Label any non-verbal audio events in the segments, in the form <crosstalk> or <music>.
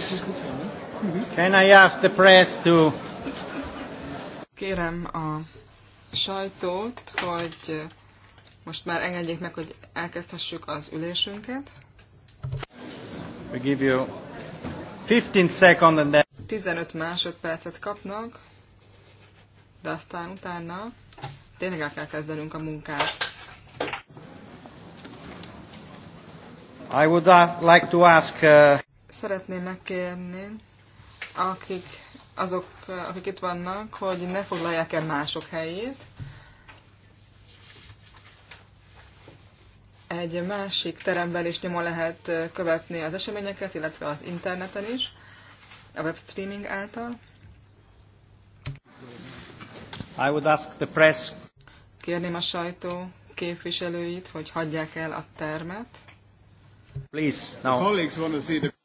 please? Can I ask the press to... Kérem a sajtót, hogy most már engedjék meg, hogy elkezdhessük az ülésünket. We give you 15 second and then... 15 másodpercet kapnak, de aztán utána tényleg el kell kezdenünk a munkát. I would uh, like to ask... Uh szeretném megkérni, akik, azok, akik itt vannak, hogy ne foglalják el mások helyét. Egy másik teremben is nyomon lehet követni az eseményeket, illetve az interneten is, a webstreaming által. I would ask the press. Kérném a sajtó képviselőit, hogy hagyják el a termet. Please, now. The colleagues want to see the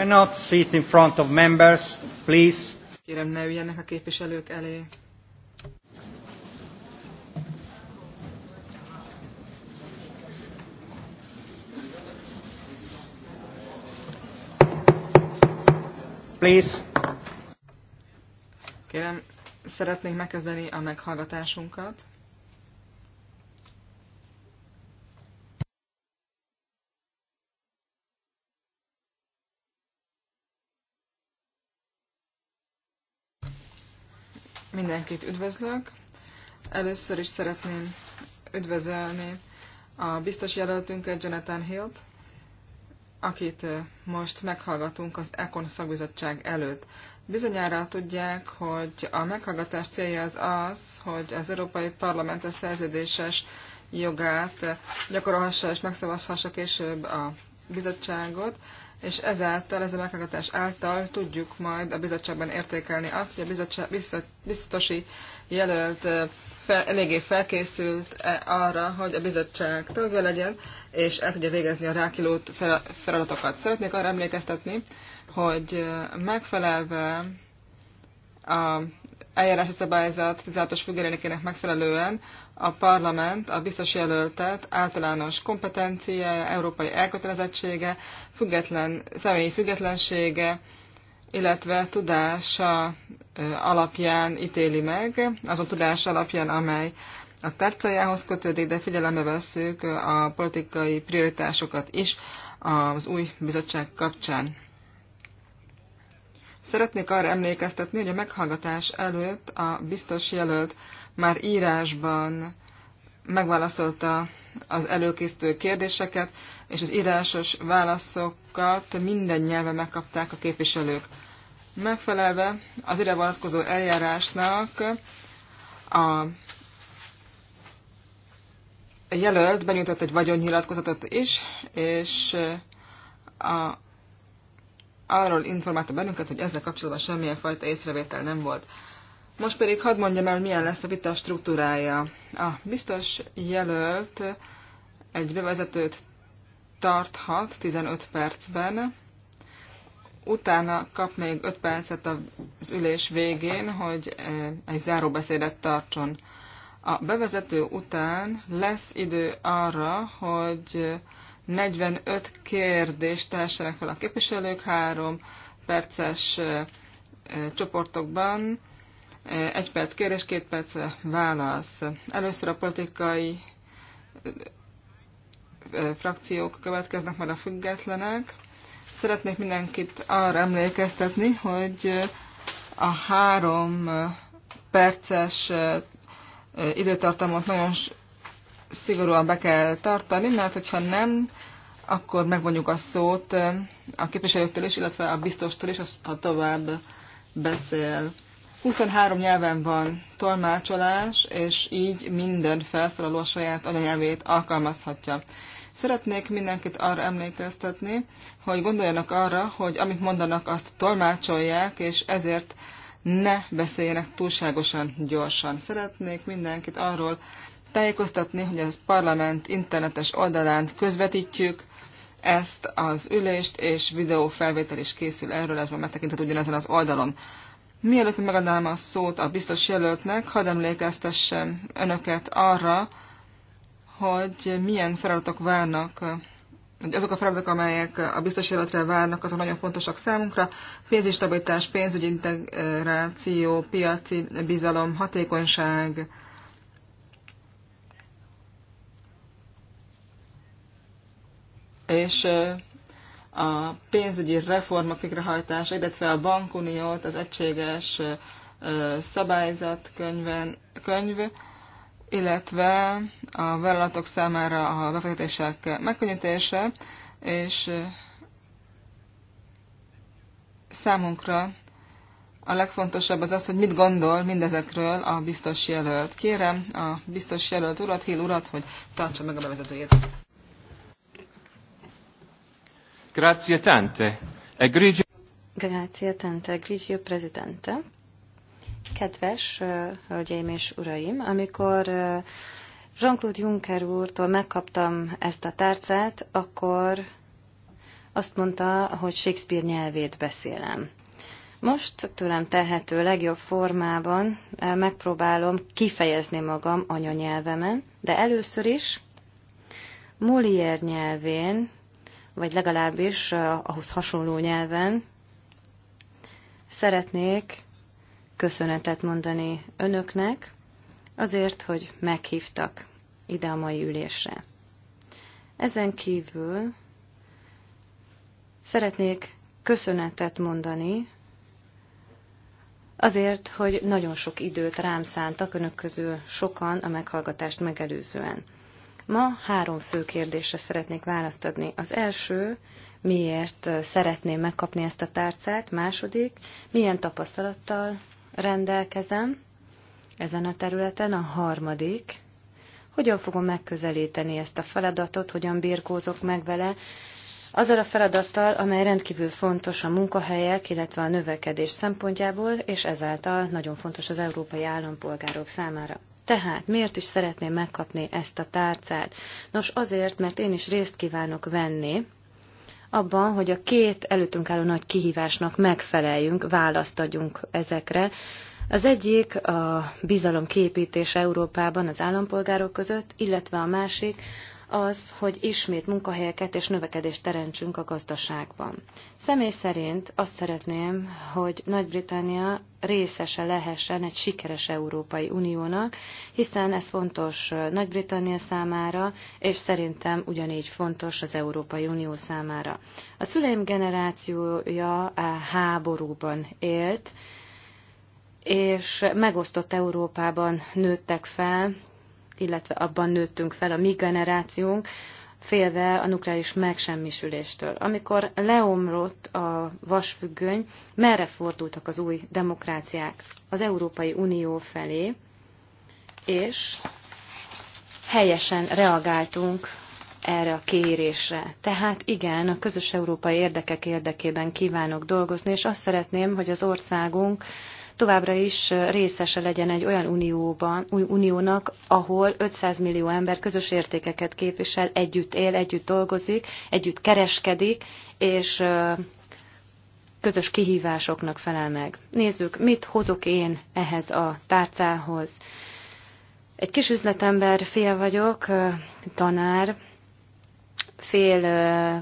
Cannot sit in front of members, please. Kérem, ne üljenek a képviselők elé. Please. Kérem, szeretnénk megkezdeni a meghallgatásunkat. mindenkit üdvözlök. Először is szeretném üdvözölni a biztos jelöltünket, Jonathan Hilt, akit most meghallgatunk az Econ szakbizottság előtt. Bizonyára tudják, hogy a meghallgatás célja az az, hogy az Európai Parlament a szerződéses jogát gyakorolhassa és megszavazhassa később a bizottságot, és ezáltal, ez a meghallgatás által tudjuk majd a bizottságban értékelni azt, hogy a bizottság, biztosi jelölt fel, eléggé felkészült -e arra, hogy a bizottság tagja legyen, és el tudja végezni a rákilót feladatokat. Szeretnék arra emlékeztetni, hogy megfelelve a eljárási szabályzat 16-os függelének megfelelően a parlament a biztos jelöltet általános kompetenciája, európai elkötelezettsége, független, személyi függetlensége, illetve tudása alapján ítéli meg, azon tudás alapján, amely a tercajához kötődik, de figyelembe veszük a politikai prioritásokat is az új bizottság kapcsán. Szeretnék arra emlékeztetni, hogy a meghallgatás előtt a biztos jelölt már írásban megválaszolta az előkészítő kérdéseket, és az írásos válaszokat minden nyelven megkapták a képviselők. Megfelelve az ide vonatkozó eljárásnak a jelölt benyújtott egy vagyonnyilatkozatot is, és a arról informálta bennünket, hogy ezzel kapcsolatban semmilyen fajta észrevétel nem volt. Most pedig hadd mondjam el, milyen lesz a vita struktúrája. A biztos jelölt egy bevezetőt tarthat 15 percben, utána kap még 5 percet az ülés végén, hogy eh, egy záróbeszédet tartson. A bevezető után lesz idő arra, hogy 45 kérdést tessenek fel a képviselők három perces csoportokban. Egy perc kérdés, két perc válasz. Először a politikai frakciók következnek, majd a függetlenek. Szeretnék mindenkit arra emlékeztetni, hogy a három perces időtartamot nagyon szigorúan be kell tartani, mert hogyha nem, akkor megvonjuk a szót a képviselőktől is, illetve a biztostól is, ha tovább beszél. 23 nyelven van tolmácsolás, és így minden felszólaló a saját anyanyelvét alkalmazhatja. Szeretnék mindenkit arra emlékeztetni, hogy gondoljanak arra, hogy amit mondanak, azt tolmácsolják, és ezért ne beszéljenek túlságosan gyorsan. Szeretnék mindenkit arról tájékoztatni, hogy a parlament internetes oldalán közvetítjük ezt az ülést, és videófelvétel is készül erről, ez már megtekinthető ugyanezen az oldalon. Mielőtt megadnám a szót a biztos jelöltnek, hadd emlékeztessem önöket arra, hogy milyen feladatok várnak, hogy azok a feladatok, amelyek a biztos jelöltre várnak, azok nagyon fontosak számunkra. Pénzügyi stabilitás, pénzügyi integráció, piaci bizalom, hatékonyság, és a pénzügyi reformok végrehajtása, illetve a bankuniót, az egységes szabályzat könyven, könyv, illetve a vállalatok számára a befektetések megkönnyítése, és számunkra a legfontosabb az az, hogy mit gondol mindezekről a biztos jelölt. Kérem a biztos jelölt urat, Hill urat, hogy tartsa meg a bevezetőjét. Grazie tante. Egrigio. Grazie tante, Egrigio presidente. Kedves uh, hölgyeim és uraim, amikor uh, Jean-Claude Juncker úrtól megkaptam ezt a tárcát, akkor azt mondta, hogy Shakespeare nyelvét beszélem. Most tőlem tehető legjobb formában megpróbálom kifejezni magam anyanyelvemen, de először is Molière nyelvén vagy legalábbis eh, ahhoz hasonló nyelven. Szeretnék köszönetet mondani önöknek azért, hogy meghívtak ide a mai ülésre. Ezen kívül szeretnék köszönetet mondani azért, hogy nagyon sok időt rám szántak önök közül sokan a meghallgatást megelőzően. Ma három fő kérdésre szeretnék választ adni. Az első, miért szeretném megkapni ezt a tárcát, második, milyen tapasztalattal rendelkezem ezen a területen, a harmadik, hogyan fogom megközelíteni ezt a feladatot, hogyan birkózok meg vele, azzal a feladattal, amely rendkívül fontos a munkahelyek, illetve a növekedés szempontjából, és ezáltal nagyon fontos az európai állampolgárok számára. Tehát miért is szeretném megkapni ezt a tárcát? Nos, azért, mert én is részt kívánok venni abban, hogy a két előttünk álló nagy kihívásnak megfeleljünk, választ adjunk ezekre. Az egyik a bizalom képítés Európában az állampolgárok között, illetve a másik az, hogy ismét munkahelyeket és növekedést teremtsünk a gazdaságban. Személy szerint azt szeretném, hogy Nagy-Britannia részese lehessen egy sikeres Európai Uniónak, hiszen ez fontos Nagy-Britannia számára, és szerintem ugyanígy fontos az Európai Unió számára. A szüleim generációja háborúban élt, és megosztott Európában nőttek fel, illetve abban nőttünk fel a mi generációnk, félve a nukleáris megsemmisüléstől. Amikor leomlott a vasfüggöny, merre fordultak az új demokráciák? Az Európai Unió felé, és helyesen reagáltunk erre a kérésre. Tehát igen, a közös európai érdekek érdekében kívánok dolgozni, és azt szeretném, hogy az országunk továbbra is részese legyen egy olyan unióban, uniónak, ahol 500 millió ember közös értékeket képvisel, együtt él, együtt dolgozik, együtt kereskedik, és közös kihívásoknak felel meg. Nézzük, mit hozok én ehhez a tárcához. Egy kis üzletember fél vagyok, tanár, fél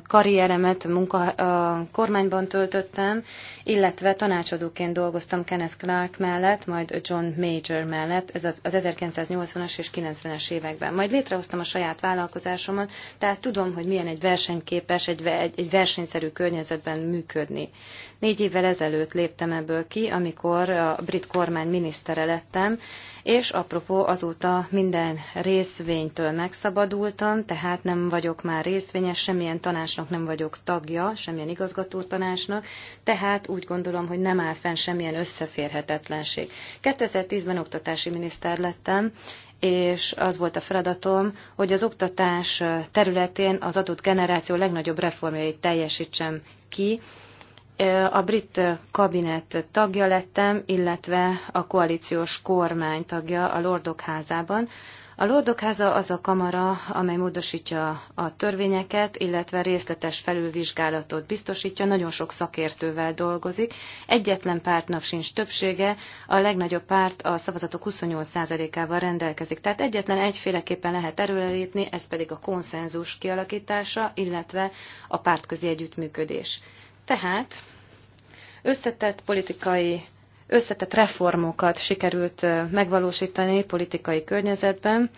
karrieremet munka, a kormányban töltöttem, illetve tanácsadóként dolgoztam Kenneth Clark mellett, majd John Major mellett, ez az 1980-as és 90-es években. Majd létrehoztam a saját vállalkozásomat, tehát tudom, hogy milyen egy versenyképes, egy, egy, egy versenyszerű környezetben működni. Négy évvel ezelőtt léptem ebből ki, amikor a brit kormány minisztere lettem, és apropó azóta minden részvénytől megszabadultam, tehát nem vagyok már részvényes, semmilyen tanácsnak nem vagyok tagja, semmilyen igazgató tanácsnak, tehát úgy úgy gondolom, hogy nem áll fenn semmilyen összeférhetetlenség. 2010-ben oktatási miniszter lettem, és az volt a feladatom, hogy az oktatás területén az adott generáció legnagyobb reformjait teljesítsem ki. A brit kabinet tagja lettem, illetve a koalíciós kormány tagja a Lordok házában, a Lordok háza az a kamara, amely módosítja a törvényeket, illetve részletes felülvizsgálatot biztosítja, nagyon sok szakértővel dolgozik. Egyetlen pártnak sincs többsége, a legnagyobb párt a szavazatok 28%-ával rendelkezik. Tehát egyetlen egyféleképpen lehet erőlépni, ez pedig a konszenzus kialakítása, illetve a pártközi együttműködés. Tehát összetett politikai összetett reformokat sikerült megvalósítani politikai környezetben,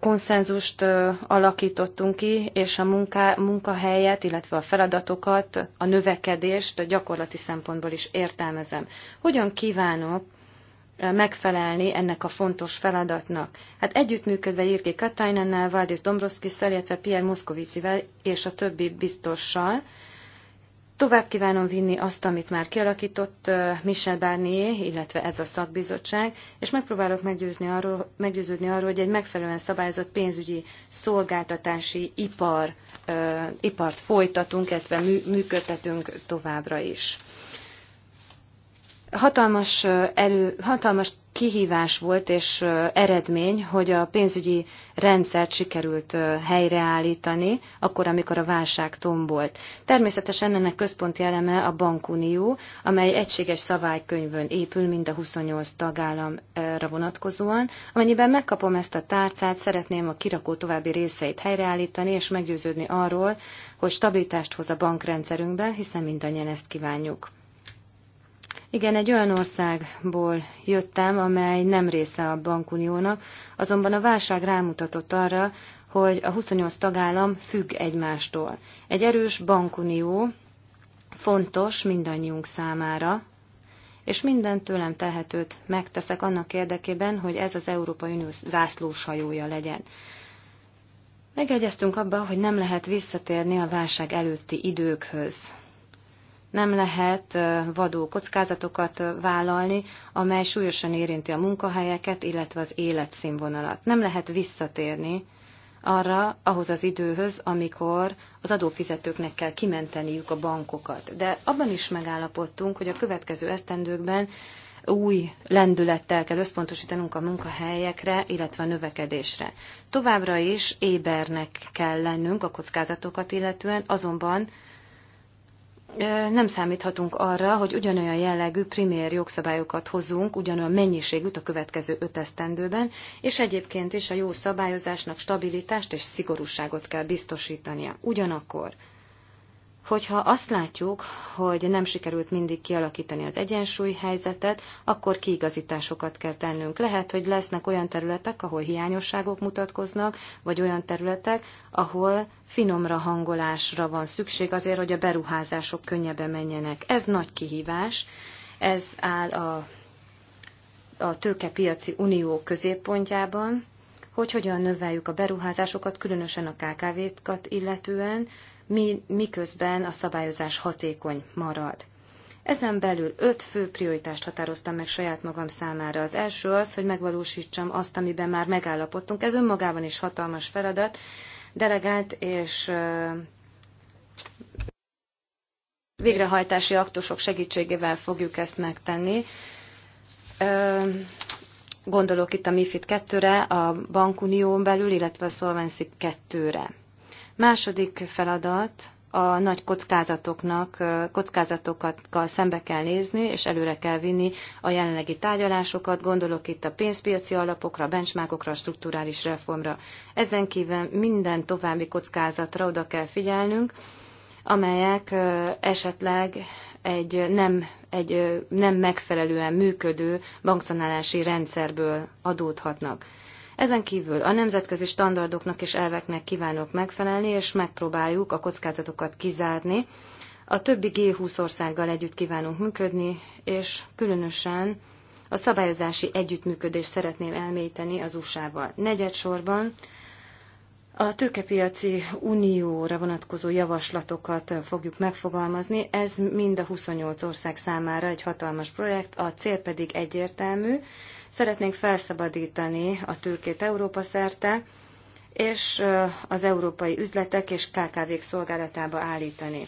konszenzust alakítottunk ki, és a munká, munkahelyet, illetve a feladatokat, a növekedést gyakorlati szempontból is értelmezem. Hogyan kívánok megfelelni ennek a fontos feladatnak. Hát együttműködve Irgi Katainennel, Valdis Dombrovszkisszel, illetve Pierre Moszkovicivel és a többi biztossal, Tovább kívánom vinni azt, amit már kialakított Michel Barnier, illetve ez a szakbizottság, és megpróbálok meggyőzni arról, meggyőződni arról, hogy egy megfelelően szabályozott pénzügyi szolgáltatási ipar, ipart folytatunk, illetve működtetünk továbbra is. Hatalmas, elő, hatalmas kihívás volt és eredmény, hogy a pénzügyi rendszert sikerült helyreállítani, akkor, amikor a válság tombolt. Természetesen ennek központi eleme a bankunió, amely egységes szabálykönyvön épül mind a 28 tagállamra vonatkozóan. Amennyiben megkapom ezt a tárcát, szeretném a kirakó további részeit helyreállítani és meggyőződni arról, hogy stabilitást hoz a bankrendszerünkbe, hiszen mindannyian ezt kívánjuk. Igen, egy olyan országból jöttem, amely nem része a bankuniónak, azonban a válság rámutatott arra, hogy a 28 tagállam függ egymástól. Egy erős bankunió fontos mindannyiunk számára, és minden tőlem tehetőt megteszek annak érdekében, hogy ez az Európai Unió zászlós hajója legyen. Megegyeztünk abba, hogy nem lehet visszatérni a válság előtti időkhöz. Nem lehet vadó kockázatokat vállalni, amely súlyosan érinti a munkahelyeket, illetve az életszínvonalat. Nem lehet visszatérni arra, ahhoz az időhöz, amikor az adófizetőknek kell kimenteniük a bankokat. De abban is megállapodtunk, hogy a következő esztendőkben új lendülettel kell összpontosítanunk a munkahelyekre, illetve a növekedésre. Továbbra is ébernek kell lennünk a kockázatokat illetően, azonban nem számíthatunk arra, hogy ugyanolyan jellegű primér jogszabályokat hozunk, ugyanolyan mennyiségűt a következő öt esztendőben, és egyébként is a jó szabályozásnak stabilitást és szigorúságot kell biztosítania. Ugyanakkor Hogyha azt látjuk, hogy nem sikerült mindig kialakítani az egyensúly helyzetet, akkor kiigazításokat kell tennünk. Lehet, hogy lesznek olyan területek, ahol hiányosságok mutatkoznak, vagy olyan területek, ahol finomra hangolásra van szükség azért, hogy a beruházások könnyebben menjenek. Ez nagy kihívás, ez áll a, a tőkepiaci unió középpontjában, hogy hogyan növeljük a beruházásokat, különösen a KKV-kat illetően, mi, miközben a szabályozás hatékony marad. Ezen belül öt fő prioritást határoztam meg saját magam számára. Az első az, hogy megvalósítsam azt, amiben már megállapodtunk. Ez önmagában is hatalmas feladat, delegált és végrehajtási aktusok segítségével fogjuk ezt megtenni. Gondolok itt a MIFID 2-re, a bankunión belül, illetve a Solvency 2-re. Második feladat a nagy kockázatoknak, kockázatokkal szembe kell nézni, és előre kell vinni a jelenlegi tárgyalásokat, gondolok itt a pénzpiaci alapokra, benchmarkokra, a strukturális reformra. Ezen kívül minden további kockázatra oda kell figyelnünk, amelyek esetleg egy nem, egy nem megfelelően működő bankszanálási rendszerből adódhatnak. Ezen kívül a nemzetközi standardoknak és elveknek kívánok megfelelni, és megpróbáljuk a kockázatokat kizárni. A többi G20 országgal együtt kívánunk működni, és különösen a szabályozási együttműködést szeretném elmélyíteni az USA-val. Negyedsorban a tőkepiaci unióra vonatkozó javaslatokat fogjuk megfogalmazni. Ez mind a 28 ország számára egy hatalmas projekt, a cél pedig egyértelmű. Szeretnénk felszabadítani a tőkét Európa szerte, és az európai üzletek és KKV-k szolgálatába állítani.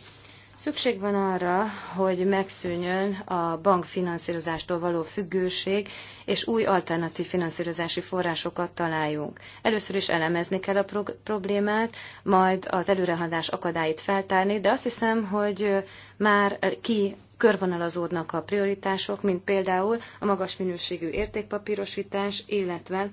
Szükség van arra, hogy megszűnjön a bankfinanszírozástól való függőség, és új alternatív finanszírozási forrásokat találjunk. Először is elemezni kell a problémát, majd az előrehaladás akadályt feltárni, de azt hiszem, hogy már ki körvonalazódnak a prioritások, mint például a magas minőségű értékpapírosítás, illetve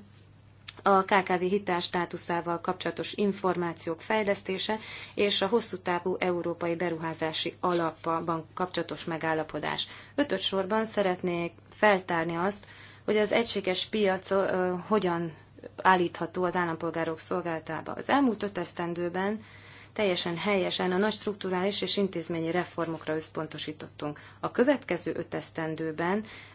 a KKV státuszával kapcsolatos információk fejlesztése és a hosszú távú európai beruházási alapban kapcsolatos megállapodás. Ötöt sorban szeretnék feltárni azt, hogy az egységes piac hogyan állítható az állampolgárok szolgáltába. Az elmúlt öt esztendőben teljesen helyesen a nagy strukturális és intézményi reformokra összpontosítottunk. A következő öt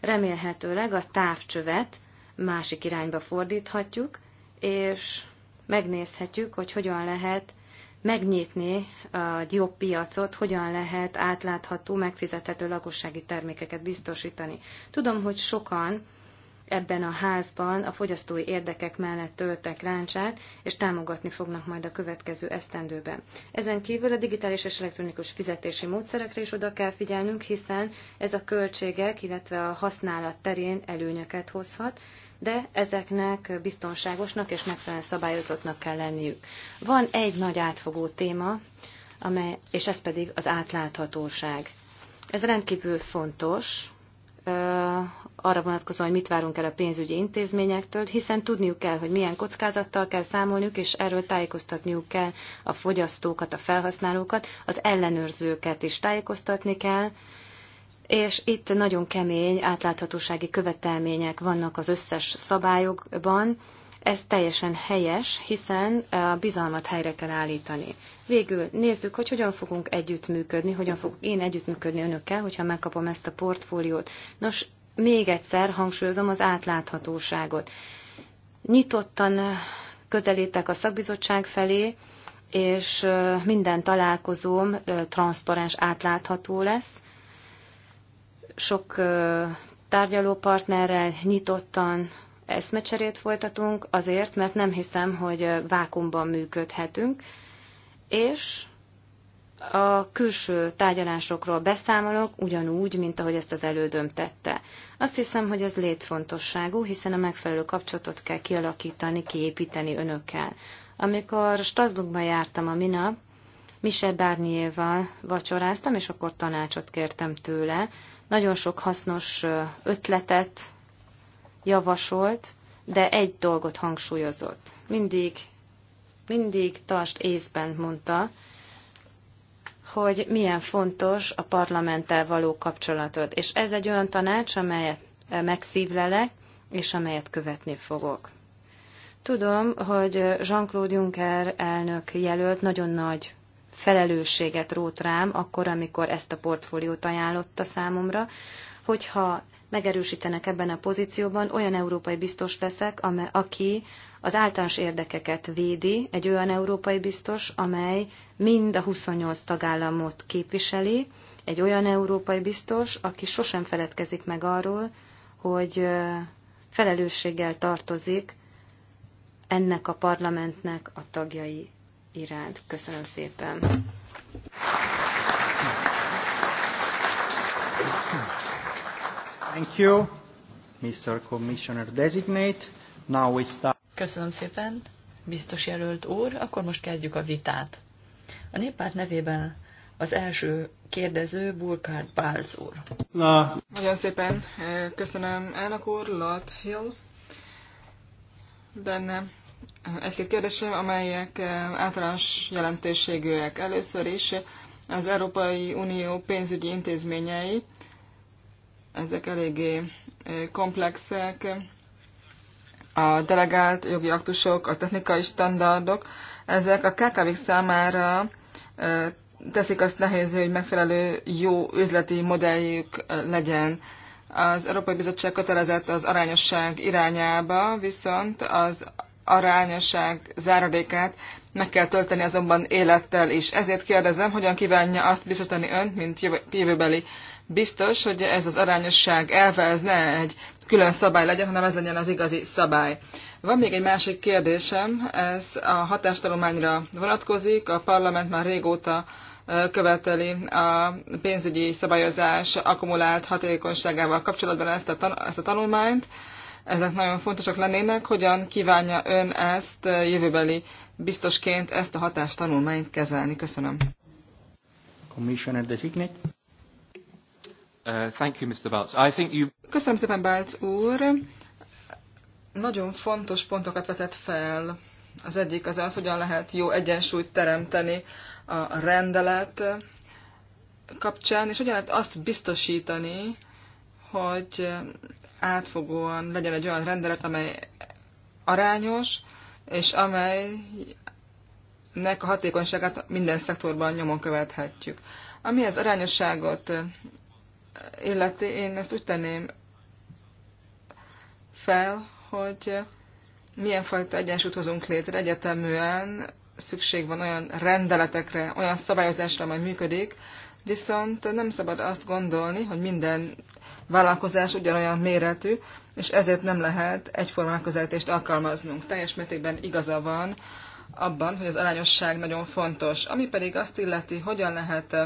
remélhetőleg a távcsövet másik irányba fordíthatjuk, és megnézhetjük, hogy hogyan lehet megnyitni a jobb piacot, hogyan lehet átlátható, megfizethető lakossági termékeket biztosítani. Tudom, hogy sokan ebben a házban a fogyasztói érdekek mellett töltek ráncsát, és támogatni fognak majd a következő esztendőben. Ezen kívül a digitális és elektronikus fizetési módszerekre is oda kell figyelnünk, hiszen ez a költségek, illetve a használat terén előnyöket hozhat, de ezeknek biztonságosnak és megfelelően szabályozottnak kell lenniük. Van egy nagy átfogó téma, amely, és ez pedig az átláthatóság. Ez rendkívül fontos, arra vonatkozóan, hogy mit várunk el a pénzügyi intézményektől, hiszen tudniuk kell, hogy milyen kockázattal kell számolniuk, és erről tájékoztatniuk kell a fogyasztókat, a felhasználókat, az ellenőrzőket is tájékoztatni kell, és itt nagyon kemény átláthatósági követelmények vannak az összes szabályokban, ez teljesen helyes, hiszen a bizalmat helyre kell állítani. Végül nézzük, hogy hogyan fogunk együttműködni, hogyan fogok én együttműködni önökkel, hogyha megkapom ezt a portfóliót. Nos, még egyszer hangsúlyozom az átláthatóságot. Nyitottan közelítek a szakbizottság felé, és minden találkozóm transzparens átlátható lesz. Sok tárgyalópartnerrel nyitottan eszmecserét folytatunk, azért, mert nem hiszem, hogy vákumban működhetünk, és a külső tárgyalásokról beszámolok, ugyanúgy, mint ahogy ezt az elődöm tette. Azt hiszem, hogy ez létfontosságú, hiszen a megfelelő kapcsolatot kell kialakítani, kiépíteni önökkel. Amikor Strasbourgban jártam a minap, Michel Barnier-val vacsoráztam, és akkor tanácsot kértem tőle. Nagyon sok hasznos ötletet javasolt, de egy dolgot hangsúlyozott. Mindig, mindig tartsd észben, mondta, hogy milyen fontos a parlamenttel való kapcsolatod. És ez egy olyan tanács, amelyet eh, megszívlelek, és amelyet követni fogok. Tudom, hogy Jean-Claude Juncker elnök jelölt nagyon nagy felelősséget rót rám akkor, amikor ezt a portfóliót ajánlotta számomra, hogyha megerősítenek ebben a pozícióban, olyan európai biztos leszek, amely, aki az általános érdekeket védi, egy olyan európai biztos, amely mind a 28 tagállamot képviseli, egy olyan európai biztos, aki sosem feledkezik meg arról, hogy felelősséggel tartozik ennek a parlamentnek a tagjai iránt. Köszönöm szépen! Thank you. Thank you, Mr. Commissioner Designate. Now we start. Köszönöm szépen, biztos jelölt úr. Akkor most kezdjük a vitát. A néppárt nevében az első kérdező Burkhard Bálz úr. Na. Nagyon szépen eh, köszönöm elnök úr, Lord Hill. Benne eh, egy-két kérdésem, amelyek eh, általános jelentőségűek. Először is az Európai Unió pénzügyi intézményei ezek eléggé komplexek, a delegált jogi aktusok, a technikai standardok, ezek a kkv számára teszik azt nehézé, hogy megfelelő jó üzleti modelljük legyen. Az Európai Bizottság kötelezett az arányosság irányába, viszont az arányosság záradékát meg kell tölteni azonban élettel is. Ezért kérdezem, hogyan kívánja azt biztosítani önt, mint jövőbeli biztos, hogy ez az arányosság elve, ez ne egy külön szabály legyen, hanem ez legyen az igazi szabály. Van még egy másik kérdésem, ez a hatástalományra vonatkozik, a parlament már régóta követeli a pénzügyi szabályozás akkumulált hatékonyságával kapcsolatban ezt a, tan- ezt a tanulmányt. Ezek nagyon fontosak lennének, hogyan kívánja ön ezt jövőbeli biztosként ezt a hatástanulmányt kezelni. Köszönöm. Commissioner designate. Uh, thank you, Mr. I think you... Köszönöm szépen, Balz úr. Nagyon fontos pontokat vetett fel. Az egyik az az, hogyan lehet jó egyensúlyt teremteni a rendelet kapcsán, és hogyan lehet azt biztosítani, hogy átfogóan legyen egy olyan rendelet, amely arányos, és amelynek a hatékonyságát minden szektorban nyomon követhetjük. Ami az arányosságot illeti, én ezt úgy tenném fel, hogy milyen fajta egyensúlyt hozunk létre egyeteműen, szükség van olyan rendeletekre, olyan szabályozásra, amely működik, viszont nem szabad azt gondolni, hogy minden vállalkozás ugyanolyan méretű, és ezért nem lehet egyforma megközelítést alkalmaznunk. Teljes mértékben igaza van abban, hogy az arányosság nagyon fontos. Ami pedig azt illeti, hogyan lehet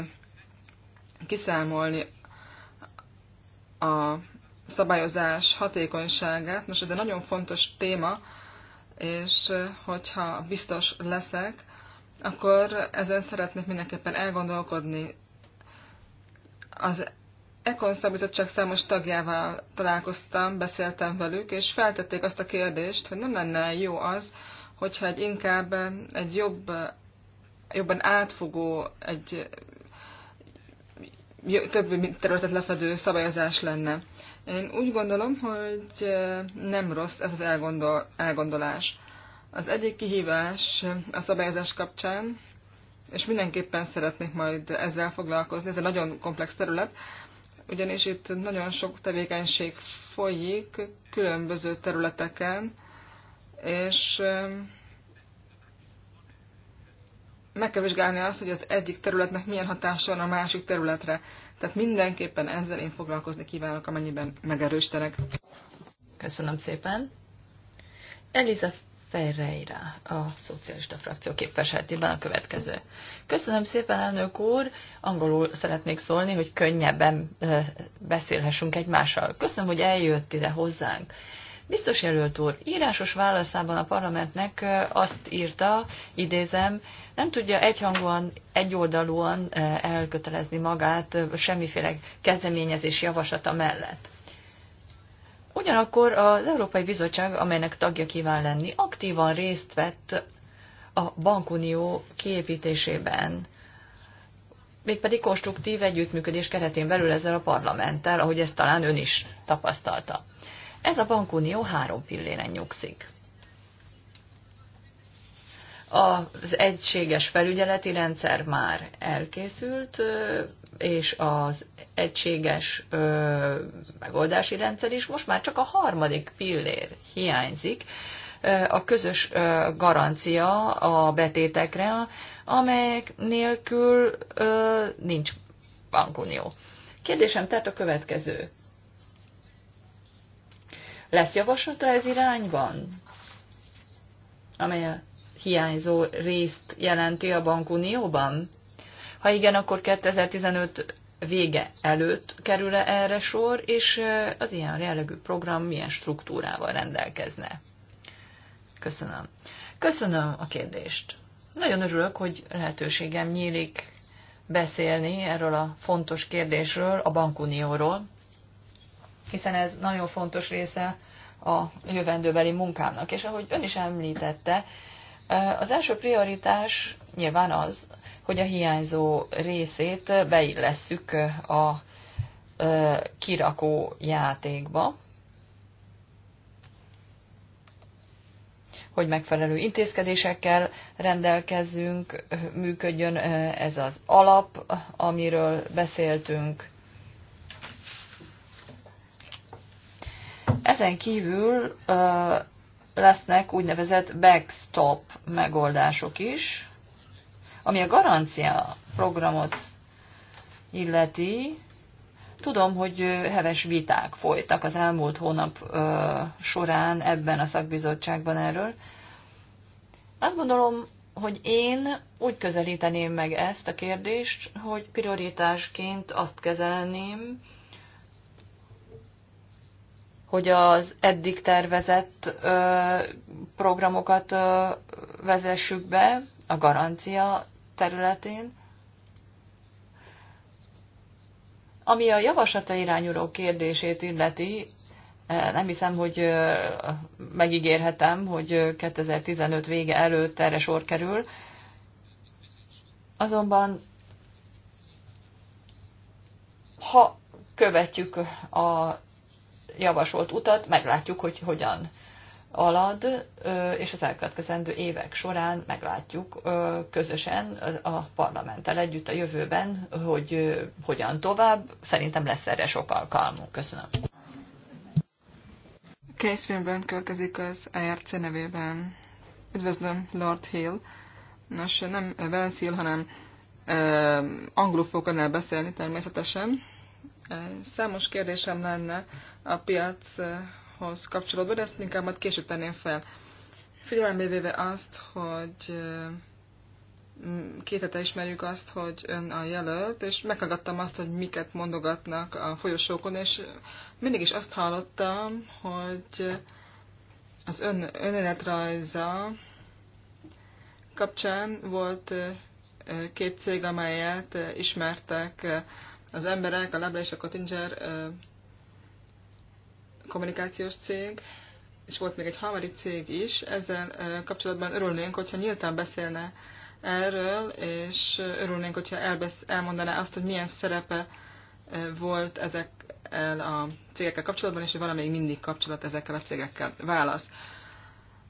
kiszámolni a szabályozás hatékonyságát. Most ez egy nagyon fontos téma, és hogyha biztos leszek, akkor ezen szeretnék mindenképpen elgondolkodni. Az Ekon Szabizottság számos tagjával találkoztam, beszéltem velük, és feltették azt a kérdést, hogy nem lenne jó az, hogyha egy inkább egy jobb, jobban átfogó, egy több területet lefedő szabályozás lenne. Én úgy gondolom, hogy nem rossz ez az elgondol, elgondolás. Az egyik kihívás a szabályozás kapcsán, és mindenképpen szeretnék majd ezzel foglalkozni, ez egy nagyon komplex terület, ugyanis itt nagyon sok tevékenység folyik különböző területeken, és meg kell vizsgálni azt, hogy az egyik területnek milyen hatása van a másik területre. Tehát mindenképpen ezzel én foglalkozni kívánok, amennyiben megerősítenek. Köszönöm szépen. Eliza Ferreira, a szocialista frakció képviseletében a következő. Köszönöm szépen, elnök úr! Angolul szeretnék szólni, hogy könnyebben beszélhessünk egymással. Köszönöm, hogy eljött ide hozzánk. Biztos jelölt úr, írásos válaszában a parlamentnek azt írta, idézem, nem tudja egyhangúan, egyoldalúan elkötelezni magát semmiféle kezdeményezés javaslata mellett. Ugyanakkor az Európai Bizottság, amelynek tagja kíván lenni, aktívan részt vett a bankunió kiépítésében, mégpedig konstruktív együttműködés keretén belül ezzel a parlamenttel, ahogy ezt talán ön is tapasztalta. Ez a bankunió három pilléren nyugszik. Az egységes felügyeleti rendszer már elkészült, és az egységes megoldási rendszer is. Most már csak a harmadik pillér hiányzik, a közös garancia a betétekre, amelyek nélkül nincs bankunió. Kérdésem tehát a következő. Lesz javaslata ez irányban, amely a hiányzó részt jelenti a bankunióban? Ha igen, akkor 2015 vége előtt kerül -e erre sor, és az ilyen jellegű program milyen struktúrával rendelkezne? Köszönöm. Köszönöm a kérdést. Nagyon örülök, hogy lehetőségem nyílik beszélni erről a fontos kérdésről, a bankunióról, hiszen ez nagyon fontos része a jövendőbeli munkámnak. És ahogy ön is említette, az első prioritás nyilván az, hogy a hiányzó részét beillesszük a kirakó játékba, hogy megfelelő intézkedésekkel rendelkezzünk, működjön ez az alap, amiről beszéltünk, Ezen kívül lesznek úgynevezett backstop megoldások is, ami a garancia programot illeti. Tudom, hogy heves viták folytak az elmúlt hónap során ebben a szakbizottságban erről. Azt gondolom, hogy én úgy közelíteném meg ezt a kérdést, hogy prioritásként azt kezelném, hogy az eddig tervezett ö, programokat ö, vezessük be a garancia területén. Ami a javaslata irányuló kérdését illeti, nem hiszem, hogy megígérhetem, hogy 2015 vége előtt erre sor kerül. Azonban, ha követjük a javasolt utat, meglátjuk, hogy hogyan alad, és az elkövetkezendő évek során meglátjuk közösen a parlamenttel együtt a jövőben, hogy hogyan tovább. Szerintem lesz erre sok alkalmunk. Köszönöm. Készvényben következik az ARC nevében. Üdvözlöm, Lord Hill. Nos, nem Vance Hill, hanem angolul fogok beszélni természetesen. Számos kérdésem lenne a piachoz kapcsolódva, de ezt inkább majd később tenném fel. Figyelembe véve azt, hogy mm, két hete ismerjük azt, hogy ön a jelölt, és meghallgattam azt, hogy miket mondogatnak a folyosókon, és mindig is azt hallottam, hogy az ön önéletrajza kapcsán volt két cég, amelyet ismertek az emberek, a Leble és a Kottinger kommunikációs cég, és volt még egy harmadik cég is, ezzel kapcsolatban örülnénk, hogyha nyíltan beszélne erről, és örülnénk, hogyha elbesz, elmondaná azt, hogy milyen szerepe volt ezekkel a cégekkel kapcsolatban, és hogy valamelyik mindig kapcsolat ezekkel a cégekkel. Válasz.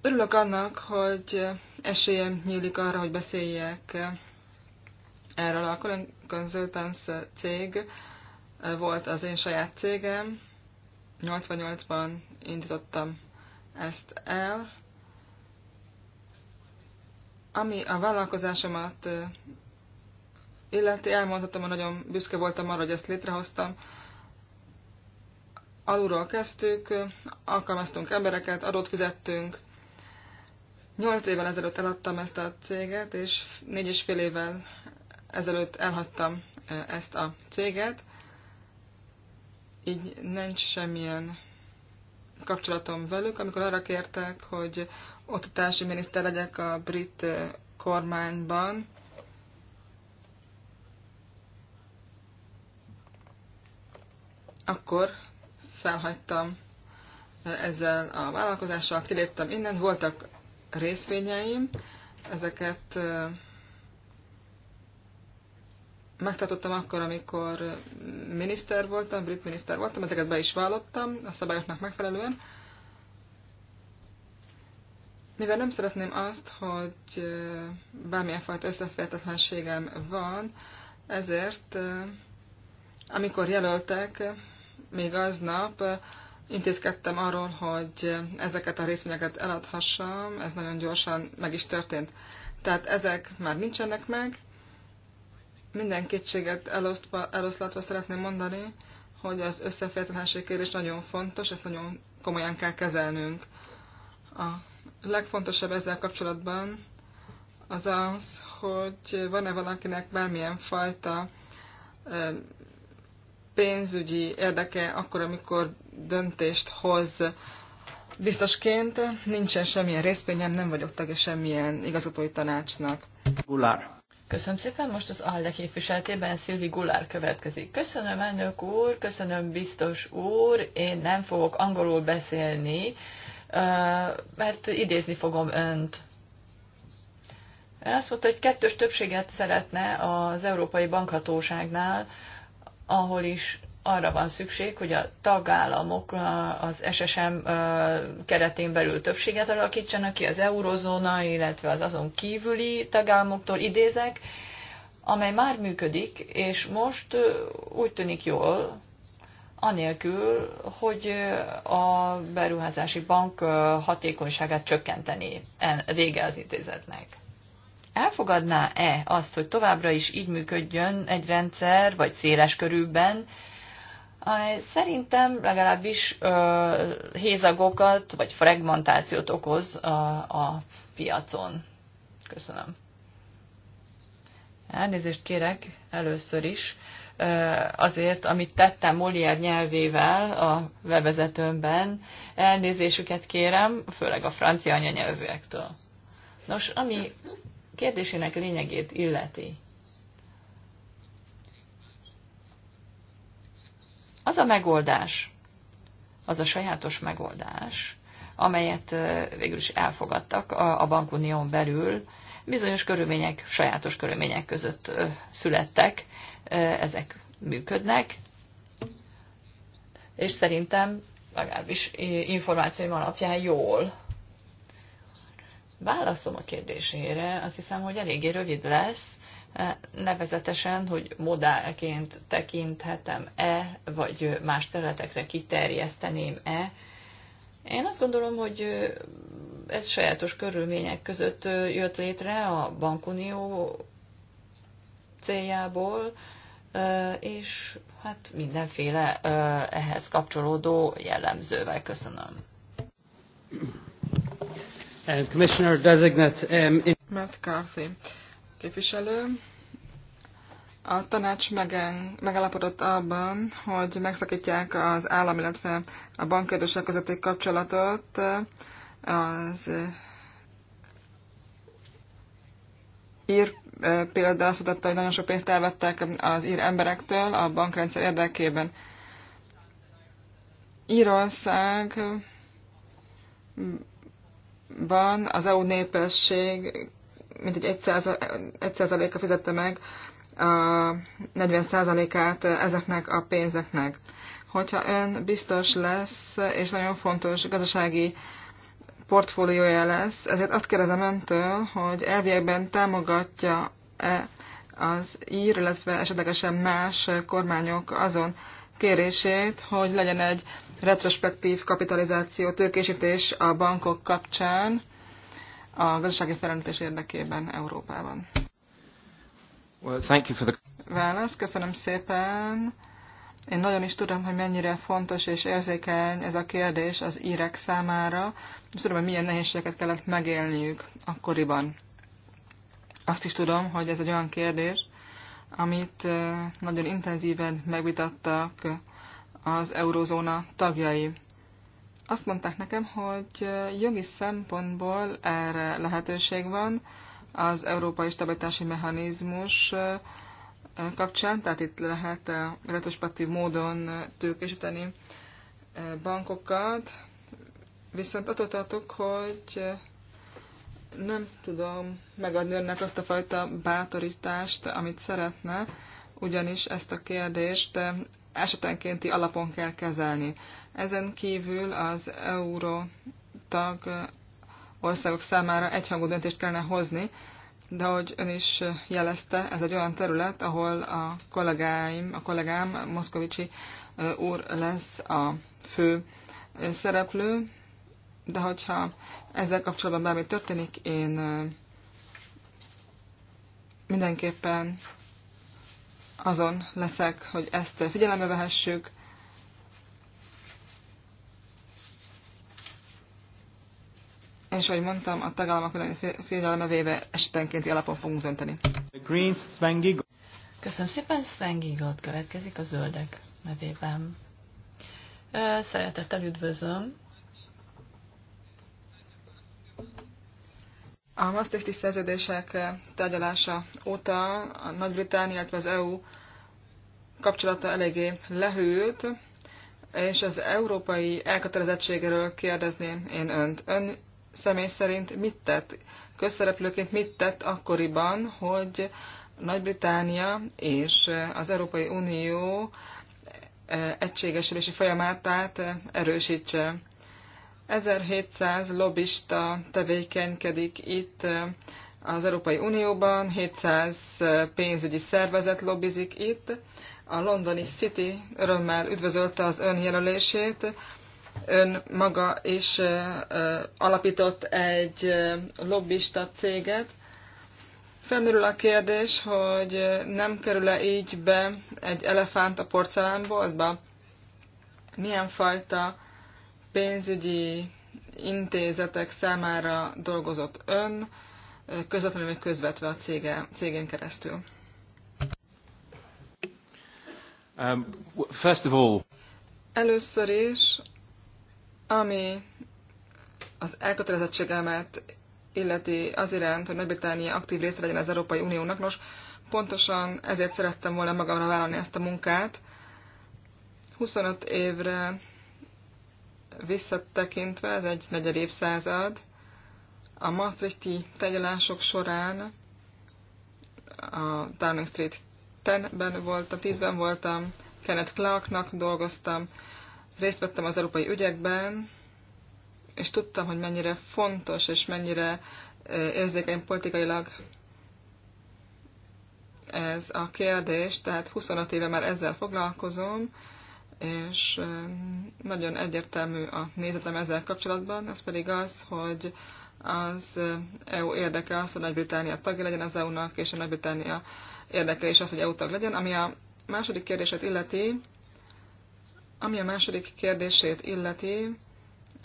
Örülök annak, hogy esélyem nyílik arra, hogy beszéljek erről a Consultants cég volt az én saját cégem. 88-ban indítottam ezt el. Ami a vállalkozásomat illeti, elmondhatom, hogy nagyon büszke voltam arra, hogy ezt létrehoztam. Alulról kezdtük, alkalmaztunk embereket, adót fizettünk, Nyolc évvel ezelőtt eladtam ezt a céget, és négy és fél évvel ezelőtt elhagytam ezt a céget, így nincs semmilyen kapcsolatom velük, amikor arra kértek, hogy oktatási miniszter legyek a brit kormányban, akkor felhagytam ezzel a vállalkozással, kiléptem innen, voltak részvényeim, ezeket megtartottam akkor, amikor miniszter voltam, brit miniszter voltam, ezeket be is vállottam a szabályoknak megfelelően. Mivel nem szeretném azt, hogy bármilyen fajta összefértetlenségem van, ezért amikor jelöltek, még aznap intézkedtem arról, hogy ezeket a részvényeket eladhassam, ez nagyon gyorsan meg is történt. Tehát ezek már nincsenek meg, minden kétséget elosztva, eloszlatva szeretném mondani, hogy az összeférhetetlenség kérdés nagyon fontos, ezt nagyon komolyan kell kezelnünk. A legfontosabb ezzel kapcsolatban az az, hogy van-e valakinek bármilyen fajta pénzügyi érdeke akkor, amikor döntést hoz. Biztosként nincsen semmilyen részpényem, nem vagyok tagja semmilyen igazgatói tanácsnak. Gulár. Köszönöm szépen, most az ALDE képviseltében Szilvi Gullár következik. Köszönöm, elnök úr, köszönöm, biztos úr, én nem fogok angolul beszélni, mert idézni fogom önt. Ön azt mondta, hogy kettős többséget szeretne az Európai Bankhatóságnál, ahol is arra van szükség, hogy a tagállamok az SSM keretén belül többséget alakítsanak ki, az eurozóna, illetve az azon kívüli tagállamoktól idézek, amely már működik, és most úgy tűnik jól, anélkül, hogy a beruházási bank hatékonyságát csökkenteni vége az intézetnek. Elfogadná-e azt, hogy továbbra is így működjön egy rendszer, vagy széles körülben, Szerintem legalábbis hézagokat vagy fragmentációt okoz a, a piacon. Köszönöm. Elnézést kérek először is azért, amit tettem Molière nyelvével a webvezetőmben. Elnézésüket kérem, főleg a francia anyanyelvűektől. Nos, ami kérdésének lényegét illeti. Az a megoldás, az a sajátos megoldás, amelyet végül is elfogadtak a bankunión belül, bizonyos körülmények, sajátos körülmények között születtek, ezek működnek, és szerintem legalábbis információim alapján jól. Válaszom a kérdésére, azt hiszem, hogy eléggé rövid lesz, nevezetesen, hogy modálként tekinthetem-e, vagy más területekre kiterjeszteném-e. Én azt gondolom, hogy ez sajátos körülmények között jött létre a bankunió céljából, és hát mindenféle ehhez kapcsolódó jellemzővel köszönöm. Uh, Commissioner Designate. Um, in... Matt Carthy képviselő. A tanács megen, megállapodott abban, hogy megszakítják az állam, illetve a bankkérdések közötti kapcsolatot az ír eh, példa azt mutatta, hogy nagyon sok pénzt elvettek az ír emberektől a bankrendszer érdekében. Írország van az EU népesség mint egy 1%-a fizette meg a 40%-át ezeknek a pénzeknek. Hogyha ön biztos lesz, és nagyon fontos gazdasági portfóliója lesz, ezért azt kérdezem öntől, hogy elviekben támogatja-e az ír, illetve esetlegesen más kormányok azon kérését, hogy legyen egy retrospektív kapitalizáció, tőkésítés a bankok kapcsán, a gazdasági felelőtés érdekében Európában? Well, thank you for the... Válasz, köszönöm szépen. Én nagyon is tudom, hogy mennyire fontos és érzékeny ez a kérdés az írek számára, és tudom, hogy milyen nehézségeket kellett megélniük akkoriban. Azt is tudom, hogy ez egy olyan kérdés, amit eh, nagyon intenzíven megvitattak az eurózóna tagjai azt mondták nekem, hogy jogi szempontból erre lehetőség van az Európai Stabilitási Mechanizmus kapcsán, tehát itt lehet retrospektív módon tőkésíteni bankokat, viszont attól tartok, hogy nem tudom megadni önnek azt a fajta bátorítást, amit szeretne, ugyanis ezt a kérdést esetenkénti alapon kell kezelni. Ezen kívül az euró tag országok számára egyhangú döntést kellene hozni, de ahogy ön is jelezte, ez egy olyan terület, ahol a kollégáim, a kollégám Moszkovicsi úr lesz a fő szereplő, de hogyha ezzel kapcsolatban bármi történik, én mindenképpen azon leszek, hogy ezt figyelembe vehessük. És ahogy mondtam, a tagállamok figyelembe véve esetenkénti alapon fogunk dönteni. Greens, Köszönöm szépen, Sven Gigot következik a zöldek nevében. Szeretettel üdvözlöm A Maastrichti szerződések tárgyalása óta a Nagy-Britannia, illetve az EU kapcsolata eléggé lehűlt, és az európai elkötelezettségéről kérdezném én önt. Ön személy szerint mit tett, közszereplőként mit tett akkoriban, hogy Nagy-Británia és az Európai Unió egységesülési folyamátát erősítse? 1700 lobbista tevékenykedik itt eh, az Európai Unióban, 700 eh, pénzügyi szervezet lobbizik itt. A londoni City örömmel üdvözölte az ön jelölését, Ön maga is eh, alapított egy lobbista céget. Felmerül a kérdés, hogy nem kerül-e így be egy elefánt a porcelánboltba? Milyen fajta uh, pénzügyi intézetek számára dolgozott ön, közvetlenül vagy közvetve a cége, cégén keresztül? Um, first of all... Először is, ami az elkötelezettségemet illeti az iránt, hogy Nagy-Britannia aktív része legyen az Európai Uniónak. Nos, pontosan ezért szerettem volna magamra vállalni ezt a munkát. 25 évre visszatekintve, ez egy negyed évszázad, a Maastrichti tegyelások során a Downing Street 10-ben voltam, 10 voltam, Kenneth Clarknak dolgoztam, részt vettem az európai ügyekben, és tudtam, hogy mennyire fontos és mennyire érzékeny politikailag ez a kérdés, tehát 25 éve már ezzel foglalkozom, és nagyon egyértelmű a nézetem ezzel kapcsolatban, ez pedig az, hogy az EU érdeke az, hogy Nagy-Británia tagja legyen az EU-nak, és a Nagy-Británia érdeke is az, hogy EU tag legyen. Ami a második kérdését illeti, ami a második kérdését illeti,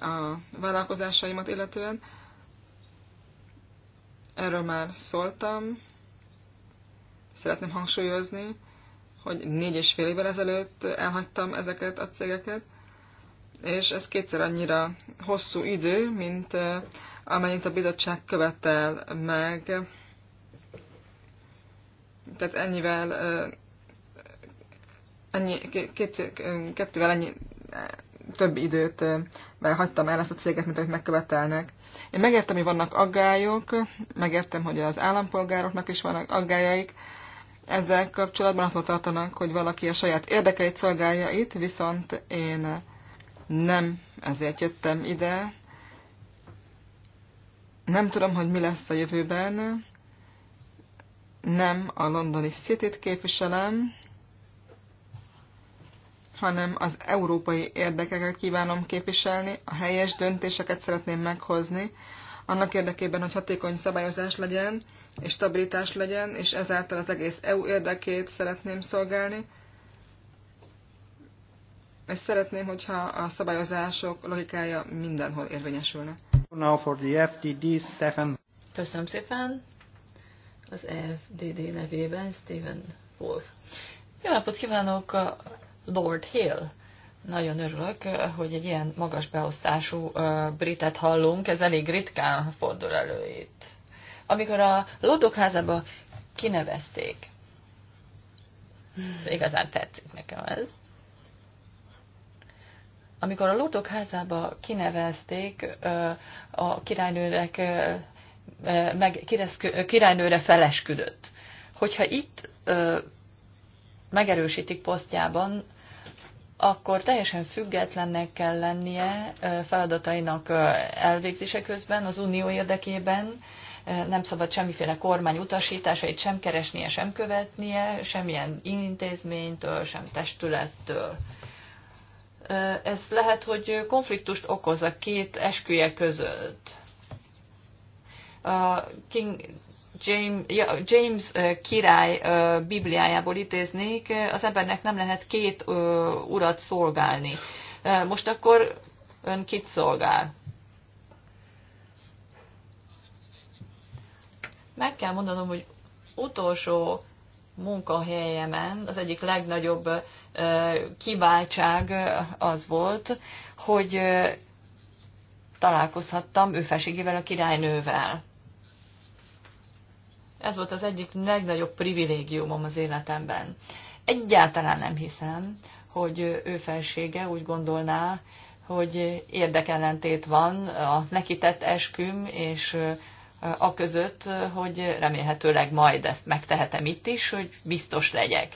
a vállalkozásaimat illetően, erről már szóltam, szeretném hangsúlyozni, hogy négy és fél évvel ezelőtt elhagytam ezeket a cégeket, és ez kétszer annyira hosszú idő, mint amennyit a bizottság követel meg. Tehát ennyivel, ennyi, két, kettővel ennyi több időt hagytam el ezt a céget, mint amit megkövetelnek. Én megértem, hogy vannak aggályok, megértem, hogy az állampolgároknak is vannak aggályaik, ezzel kapcsolatban attól tartanak, hogy valaki a saját érdekeit szolgálja itt, viszont én nem ezért jöttem ide. Nem tudom, hogy mi lesz a jövőben. Nem a londoni city képviselem, hanem az európai érdekeket kívánom képviselni, a helyes döntéseket szeretném meghozni, annak érdekében, hogy hatékony szabályozás legyen, és stabilitás legyen, és ezáltal az egész EU érdekét szeretném szolgálni. És szeretném, hogyha a szabályozások logikája mindenhol érvényesülne. Now for the FDD Stephen. Köszönöm szépen. Az FDD nevében Stephen Wolf. Jó napot kívánok, Lord Hill! Nagyon örülök, hogy egy ilyen magas beosztású britet hallunk, ez elég ritkán fordul elő itt. Amikor a Lodokházába kinevezték, igazán tetszik nekem ez. Amikor a lótok házába kinevezték a királynőnek, meg királynőre felesküdött. Hogyha itt megerősítik posztjában, akkor teljesen függetlennek kell lennie feladatainak elvégzése közben az unió érdekében, nem szabad semmiféle kormány utasításait sem keresnie, sem követnie, semmilyen intézménytől, sem testülettől. Ez lehet, hogy konfliktust okoz a két esküje között. A King James, James király Bibliájából idéznék, az embernek nem lehet két urat szolgálni. Most akkor ön kit szolgál? Meg kell mondanom, hogy utolsó munkahelyemen az egyik legnagyobb kiváltság az volt, hogy találkozhattam ő a királynővel. Ez volt az egyik legnagyobb privilégiumom az életemben. Egyáltalán nem hiszem, hogy ő felsége úgy gondolná, hogy érdekellentét van a neki tett esküm és a között, hogy remélhetőleg majd ezt megtehetem itt is, hogy biztos legyek.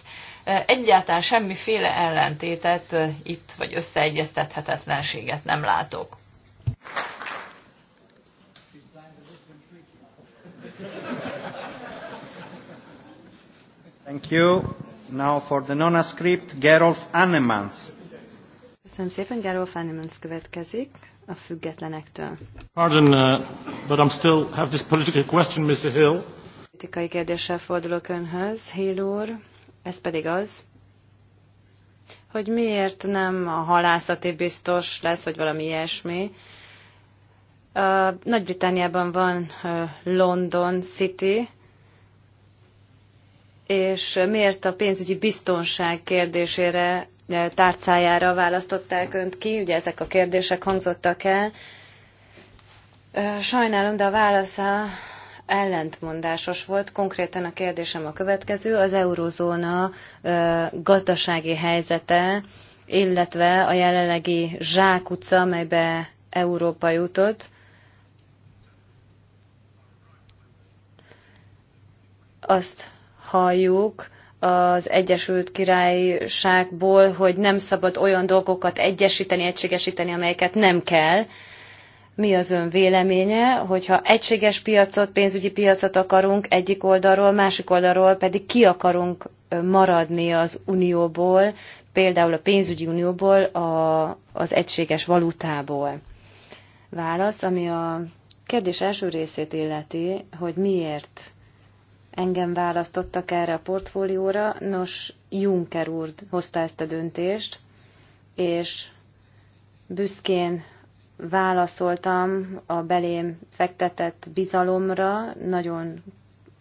Egyáltalán semmiféle ellentétet itt, vagy összeegyeztethetetlenséget nem látok. Thank you. Now for the non-script, Gerolf Annemans. Köszönöm szépen, Gerolf Annemans következik a függetlenektől. Pardon, uh, but I'm still have this political question, Mr. Hill. Politikai kérdéssel fordulok önhöz, Hill úr. Ez pedig az, hogy miért nem a halászati biztos lesz, vagy valami ilyesmi. Uh, Nagy-Britániában van uh, London City, és miért a pénzügyi biztonság kérdésére e, tárcájára választották önt ki, ugye ezek a kérdések hangzottak el. E, sajnálom, de a válasza ellentmondásos volt. Konkrétan a kérdésem a következő. Az eurozóna e, gazdasági helyzete, illetve a jelenlegi zsákutca, amelybe Európa jutott, azt halljuk az Egyesült Királyságból, hogy nem szabad olyan dolgokat egyesíteni, egységesíteni, amelyeket nem kell. Mi az ön véleménye, hogyha egységes piacot, pénzügyi piacot akarunk egyik oldalról, másik oldalról pedig ki akarunk maradni az unióból, például a pénzügyi unióból, a, az egységes valutából? Válasz, ami a kérdés első részét illeti, hogy miért engem választottak erre a portfólióra. Nos, Juncker úr hozta ezt a döntést, és büszkén válaszoltam a belém fektetett bizalomra, nagyon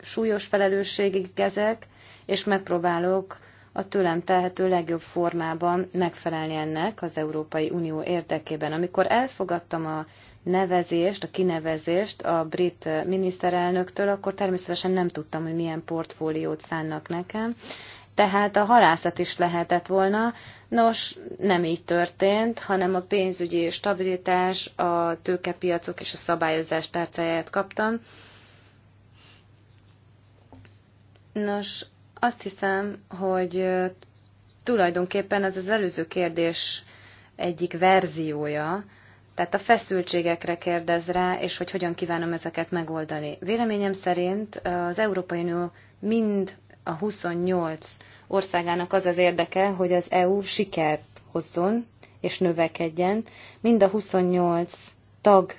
súlyos felelősségig kezek, és megpróbálok a tőlem telhető legjobb formában megfelelni ennek az Európai Unió érdekében. Amikor elfogadtam a nevezést, a kinevezést a brit miniszterelnöktől, akkor természetesen nem tudtam, hogy milyen portfóliót szánnak nekem. Tehát a halászat is lehetett volna. Nos, nem így történt, hanem a pénzügyi stabilitás, a tőkepiacok és a szabályozás tárcáját kaptam. Nos, azt hiszem, hogy tulajdonképpen ez az előző kérdés egyik verziója, tehát a feszültségekre kérdez rá, és hogy hogyan kívánom ezeket megoldani. Véleményem szerint az Európai Unió mind a 28 országának az az érdeke, hogy az EU sikert hozzon és növekedjen. Mind a 28 tagnak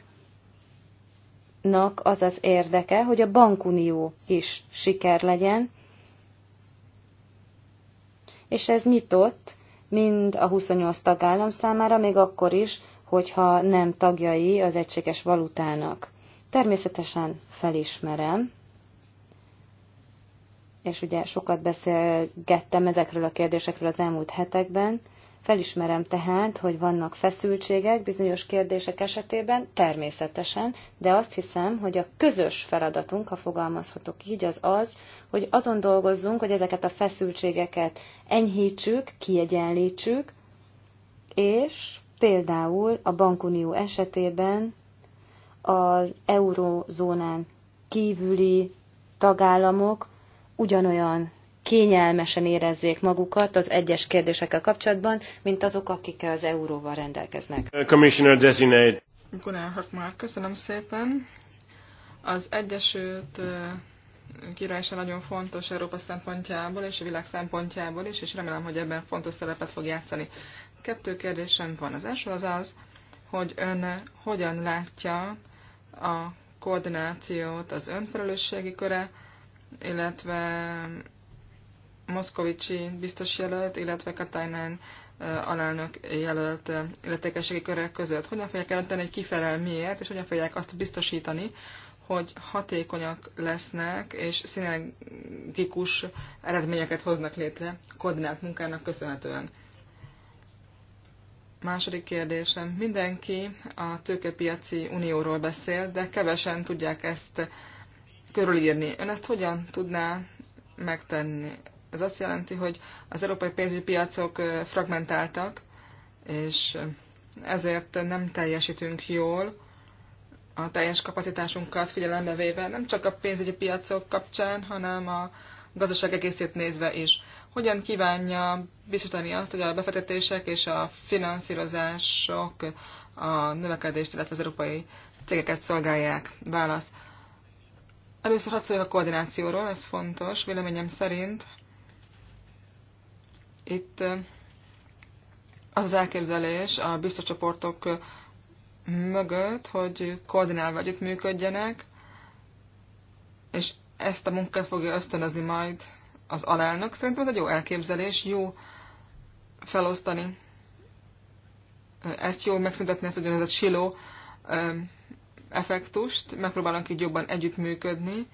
az az érdeke, hogy a bankunió is siker legyen, és ez nyitott mind a 28 tagállam számára, még akkor is, hogyha nem tagjai az egységes valutának. Természetesen felismerem, és ugye sokat beszélgettem ezekről a kérdésekről az elmúlt hetekben, felismerem tehát, hogy vannak feszültségek bizonyos kérdések esetében, természetesen, de azt hiszem, hogy a közös feladatunk, ha fogalmazhatok így, az az, hogy azon dolgozzunk, hogy ezeket a feszültségeket enyhítsük, kiegyenlítsük, és Például a bankunió esetében az eurozónán kívüli tagállamok ugyanolyan kényelmesen érezzék magukat az egyes kérdésekkel kapcsolatban, mint azok, akik az euróval rendelkeznek. Commissioner Designate. Gunnar Hakmar, köszönöm szépen. Az Egyesült Királyság nagyon fontos Európa szempontjából és a világ szempontjából is, és remélem, hogy ebben fontos szerepet fog játszani. Kettő kérdésem van. Az első az az, hogy ön hogyan látja a koordinációt az önfelelősségi köre, illetve Moszkovicsi biztos jelölt, illetve Katajnán eh, alelnök jelölt eh, illetékességi körök között. Hogyan fogják jelenteni, hogy kifelel miért, és hogyan fogják azt biztosítani, hogy hatékonyak lesznek, és szinergikus eredményeket hoznak létre koordinált munkának köszönhetően. Második kérdésem. Mindenki a tőkepiaci unióról beszél, de kevesen tudják ezt körülírni. Ön ezt hogyan tudná megtenni? Ez azt jelenti, hogy az európai pénzügyi piacok fragmentáltak, és ezért nem teljesítünk jól a teljes kapacitásunkat figyelembe véve, nem csak a pénzügyi piacok kapcsán, hanem a gazdaság egészét nézve is. Hogyan kívánja biztosítani azt, hogy a befektetések és a finanszírozások a növekedést, illetve az európai cégeket szolgálják? Válasz. Először hadd a koordinációról, ez fontos. Véleményem szerint itt az az elképzelés a biztos csoportok mögött, hogy koordinálva együttműködjenek, és ezt a munkát fogja ösztönözni majd az alelnök. Szerintem ez egy jó elképzelés, jó felosztani ezt, jó megszüntetni ezt a siló effektust, megpróbálunk így jobban együttműködni,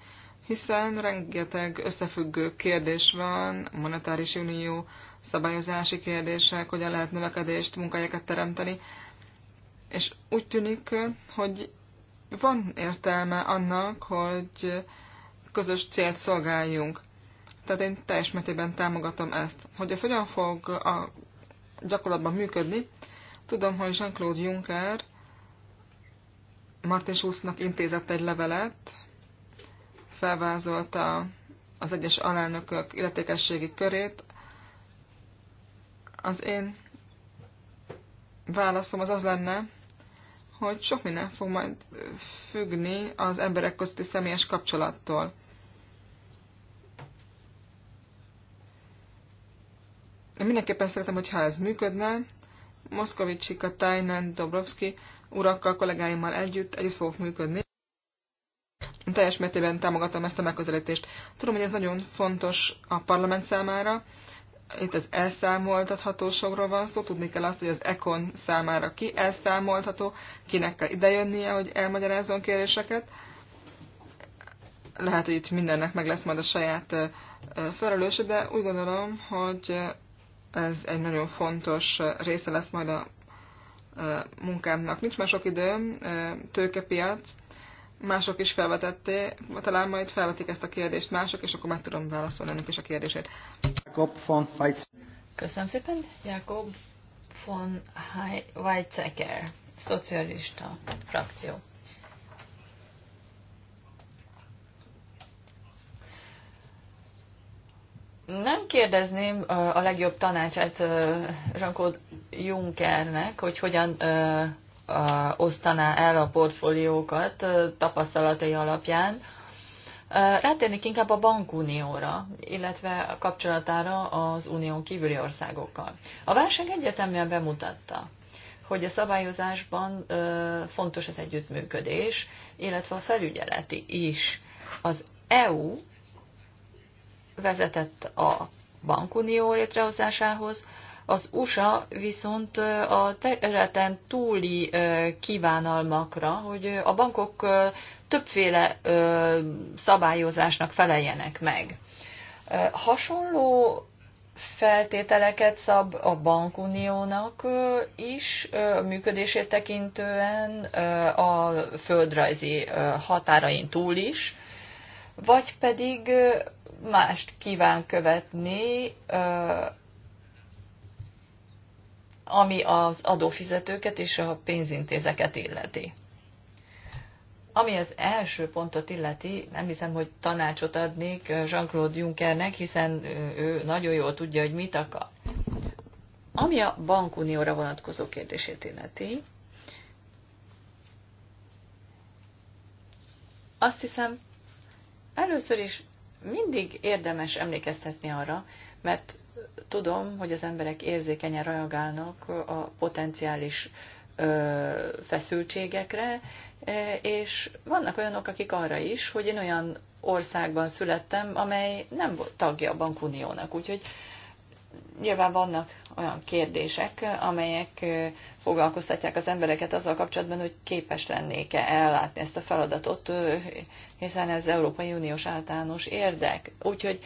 hiszen rengeteg összefüggő kérdés van, monetáris unió, szabályozási kérdések, hogyan lehet növekedést, munkahelyeket teremteni, és úgy tűnik, hogy van értelme annak, hogy közös célt szolgáljunk. Tehát én teljes mértékben támogatom ezt. Hogy ez hogyan fog a gyakorlatban működni, tudom, hogy Jean-Claude Juncker Martin Schulznak intézett egy levelet, felvázolta az egyes alelnökök illetékességi körét. Az én válaszom az az lenne, hogy sok minden fog majd függni az emberek közti személyes kapcsolattól. Én mindenképpen szeretem, hogyha ez működne. Moszkovicsi, Katajnen, Dobrovski urakkal, kollégáimmal együtt, együtt fogok működni. Én teljes mértében támogatom ezt a megközelítést. Tudom, hogy ez nagyon fontos a parlament számára. Itt az elszámoltathatóságról van szó, tudni kell azt, hogy az ECON számára ki elszámoltható, kinek kell idejönnie, hogy elmagyarázzon kéréseket. Lehet, hogy itt mindennek meg lesz majd a saját felelőse, de úgy gondolom, hogy ez egy nagyon fontos része lesz majd a e, munkámnak. Nincs már sok időm, e, tőkepiac, mások is felvetették, talán majd felvetik ezt a kérdést mások, és akkor meg tudom válaszolni ennek is a kérdését. Köszönöm szépen, Jakob von Weizsäcker, szocialista frakció. Nem kérdezném a legjobb tanácsát Rankó claude Junckernek, hogy hogyan osztaná el a portfóliókat tapasztalatai alapján. Rátérnék inkább a bankunióra, illetve a kapcsolatára az unión kívüli országokkal. A válság egyértelműen bemutatta, hogy a szabályozásban fontos az együttműködés, illetve a felügyeleti is. Az EU vezetett a bankunió létrehozásához, az USA viszont a területen túli kívánalmakra, hogy a bankok többféle szabályozásnak feleljenek meg. Hasonló feltételeket szab a bankuniónak is működését tekintően a földrajzi határain túl is, vagy pedig mást kíván követni, ami az adófizetőket és a pénzintézeket illeti. Ami az első pontot illeti, nem hiszem, hogy tanácsot adnék Jean-Claude Junckernek, hiszen ő nagyon jól tudja, hogy mit akar. Ami a bankunióra vonatkozó kérdését illeti, azt hiszem, először is mindig érdemes emlékeztetni arra, mert tudom, hogy az emberek érzékenyen reagálnak a potenciális feszültségekre, e, és vannak olyanok, akik arra is, hogy én olyan országban születtem, amely nem tagja a bankuniónak. Úgyhogy nyilván vannak olyan kérdések, amelyek foglalkoztatják az embereket azzal kapcsolatban, hogy képes lennék-e ellátni ezt a feladatot, hiszen ez Európai Uniós általános érdek. Úgyhogy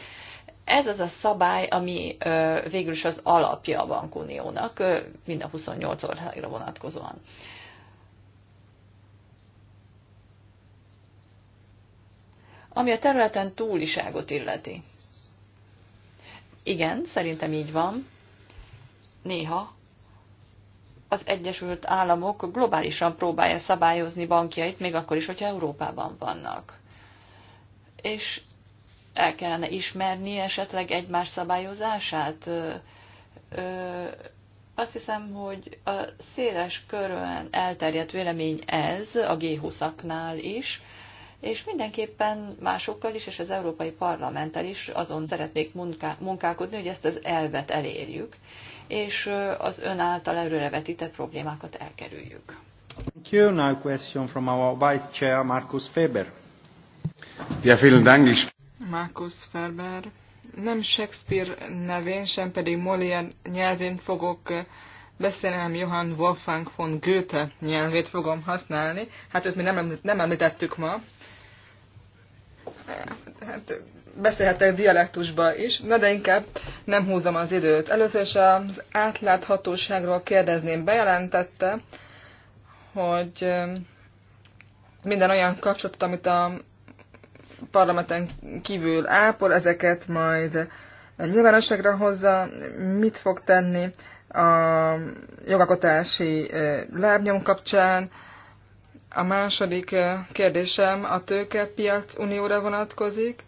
ez az a szabály, ami végül is az alapja a bankuniónak, mind a 28 országra vonatkozóan. Ami a területen túliságot illeti. Igen, szerintem így van. Néha az Egyesült Államok globálisan próbálja szabályozni bankjait, még akkor is, hogyha Európában vannak. És el kellene ismerni esetleg egymás szabályozását. Ö, ö, azt hiszem, hogy a széles körön elterjedt vélemény ez, a G20-aknál is, és mindenképpen másokkal is, és az Európai Parlamenttel is azon szeretnék munká- munkálkodni, hogy ezt az elvet elérjük, és az ön által előrevetített problémákat elkerüljük. Thank you. Now question from our Vice Chair, Markus Feber. Ja, vielen Dank. Markus Feber. Nem Shakespeare nevén, sem pedig Molière nyelvén fogok beszélni, hanem Johann Wolfgang von Goethe nyelvét fogom használni. Hát őt mi nem, nem említettük ma hát beszélhetek dialektusba is, na de inkább nem húzom az időt. Először is az átláthatóságról kérdezném. Bejelentette, hogy eh, minden olyan kapcsolatot, amit a parlamenten kívül ápol, ezeket majd nyilvánosságra hozza, mit fog tenni a jogalkotási eh, lábnyom kapcsán, a második eh, kérdésem a tőkepiac unióra vonatkozik.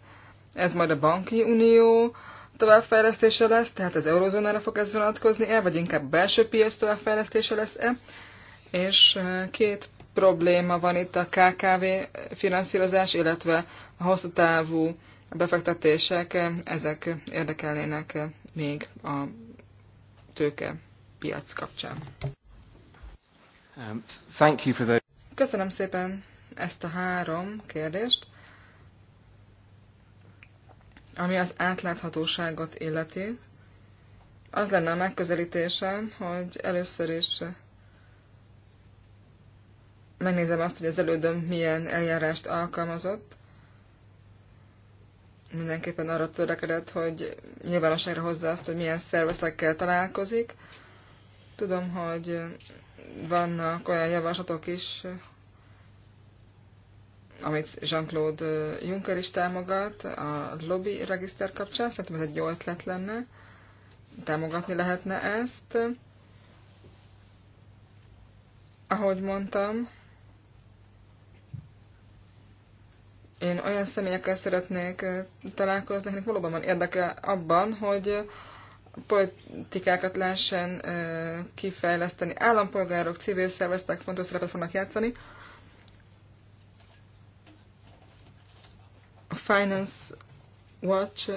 Ez majd a banki unió továbbfejlesztése lesz, tehát az eurozónára fog ez vonatkozni-e, vagy inkább a belső piac továbbfejlesztése lesz-e. És eh, két probléma van itt a KKV finanszírozás, illetve a hosszú távú befektetések, eh, ezek érdekelnének még a tőkepiac kapcsán. Um, thank you for the... Köszönöm szépen ezt a három kérdést, ami az átláthatóságot illeti. Az lenne a megközelítésem, hogy először is megnézem azt, hogy az elődöm milyen eljárást alkalmazott. Mindenképpen arra törekedett, hogy nyilvánosságra hozza azt, hogy milyen szervezetekkel találkozik. Tudom, hogy vannak olyan javaslatok is, amit Jean-Claude Juncker is támogat a lobby regiszter kapcsán. Szerintem ez egy jó ötlet lenne. Támogatni lehetne ezt. Ahogy mondtam, én olyan személyekkel szeretnék találkozni, akiknek valóban van érdeke abban, hogy politikákat lehessen kifejleszteni. Állampolgárok, civil szervezetek fontos szerepet fognak játszani. A Finance Watch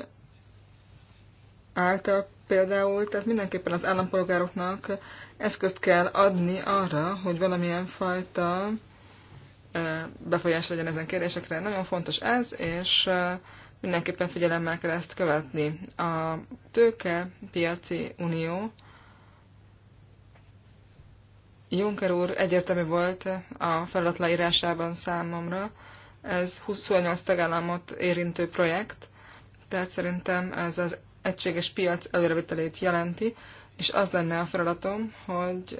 által például, tehát mindenképpen az állampolgároknak eszközt kell adni arra, hogy valamilyen fajta befolyás legyen ezen kérdésekre. Nagyon fontos ez, és mindenképpen figyelemmel kell ezt követni. A piaci unió Juncker úr egyértelmű volt a feladat leírásában számomra. Ez 28 tagállamot érintő projekt, tehát szerintem ez az egységes piac előrevitelét jelenti, és az lenne a feladatom, hogy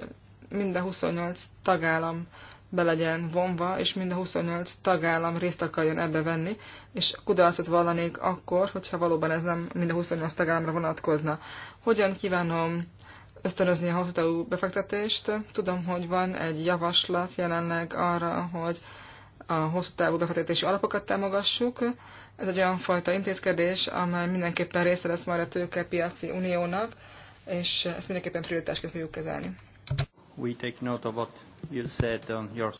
mind a 28 tagállam be legyen vonva, és mind a 28 tagállam részt akarjon ebbe venni, és kudarcot vallanék akkor, hogyha valóban ez nem mind a 28 tagállamra vonatkozna. Hogyan kívánom ösztönözni a hosszú távú befektetést? Tudom, hogy van egy javaslat jelenleg arra, hogy a hosszú távú befektetési alapokat támogassuk. Ez egy olyan fajta intézkedés, amely mindenképpen része lesz majd a tőkepiaci uniónak, és ezt mindenképpen prioritásként fogjuk kezelni. We take note of what you said on your...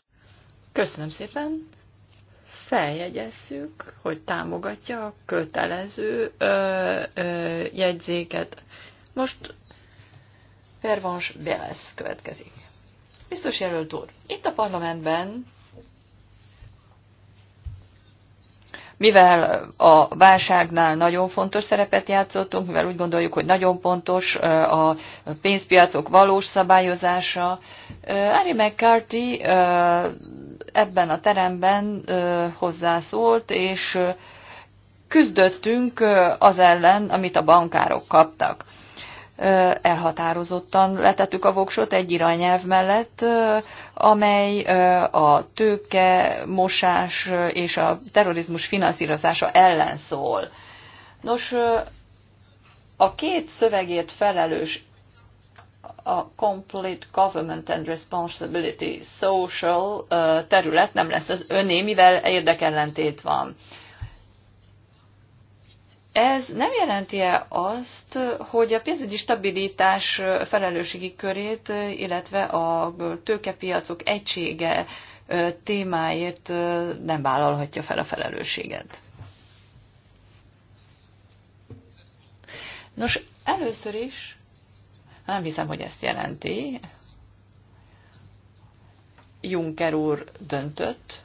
Köszönöm szépen. Feljegyezzük, hogy támogatja a kötelező ö, ö, jegyzéket. Most Pervans Belesz következik. Biztos jelölt úr, itt a parlamentben mivel a válságnál nagyon fontos szerepet játszottunk, mivel úgy gondoljuk, hogy nagyon pontos a pénzpiacok valós szabályozása, Ari McCarthy ebben a teremben hozzászólt, és küzdöttünk az ellen, amit a bankárok kaptak elhatározottan letettük a voksot egy irányelv mellett, amely a tőke, mosás és a terrorizmus finanszírozása ellen szól. Nos, a két szövegért felelős a Complete Government and Responsibility Social terület nem lesz az öné, mivel érdekellentét van ez nem jelenti-e azt, hogy a pénzügyi stabilitás felelősségi körét, illetve a tőkepiacok egysége témáért nem vállalhatja fel a felelősséget? Nos, először is, nem hiszem, hogy ezt jelenti, Juncker úr döntött,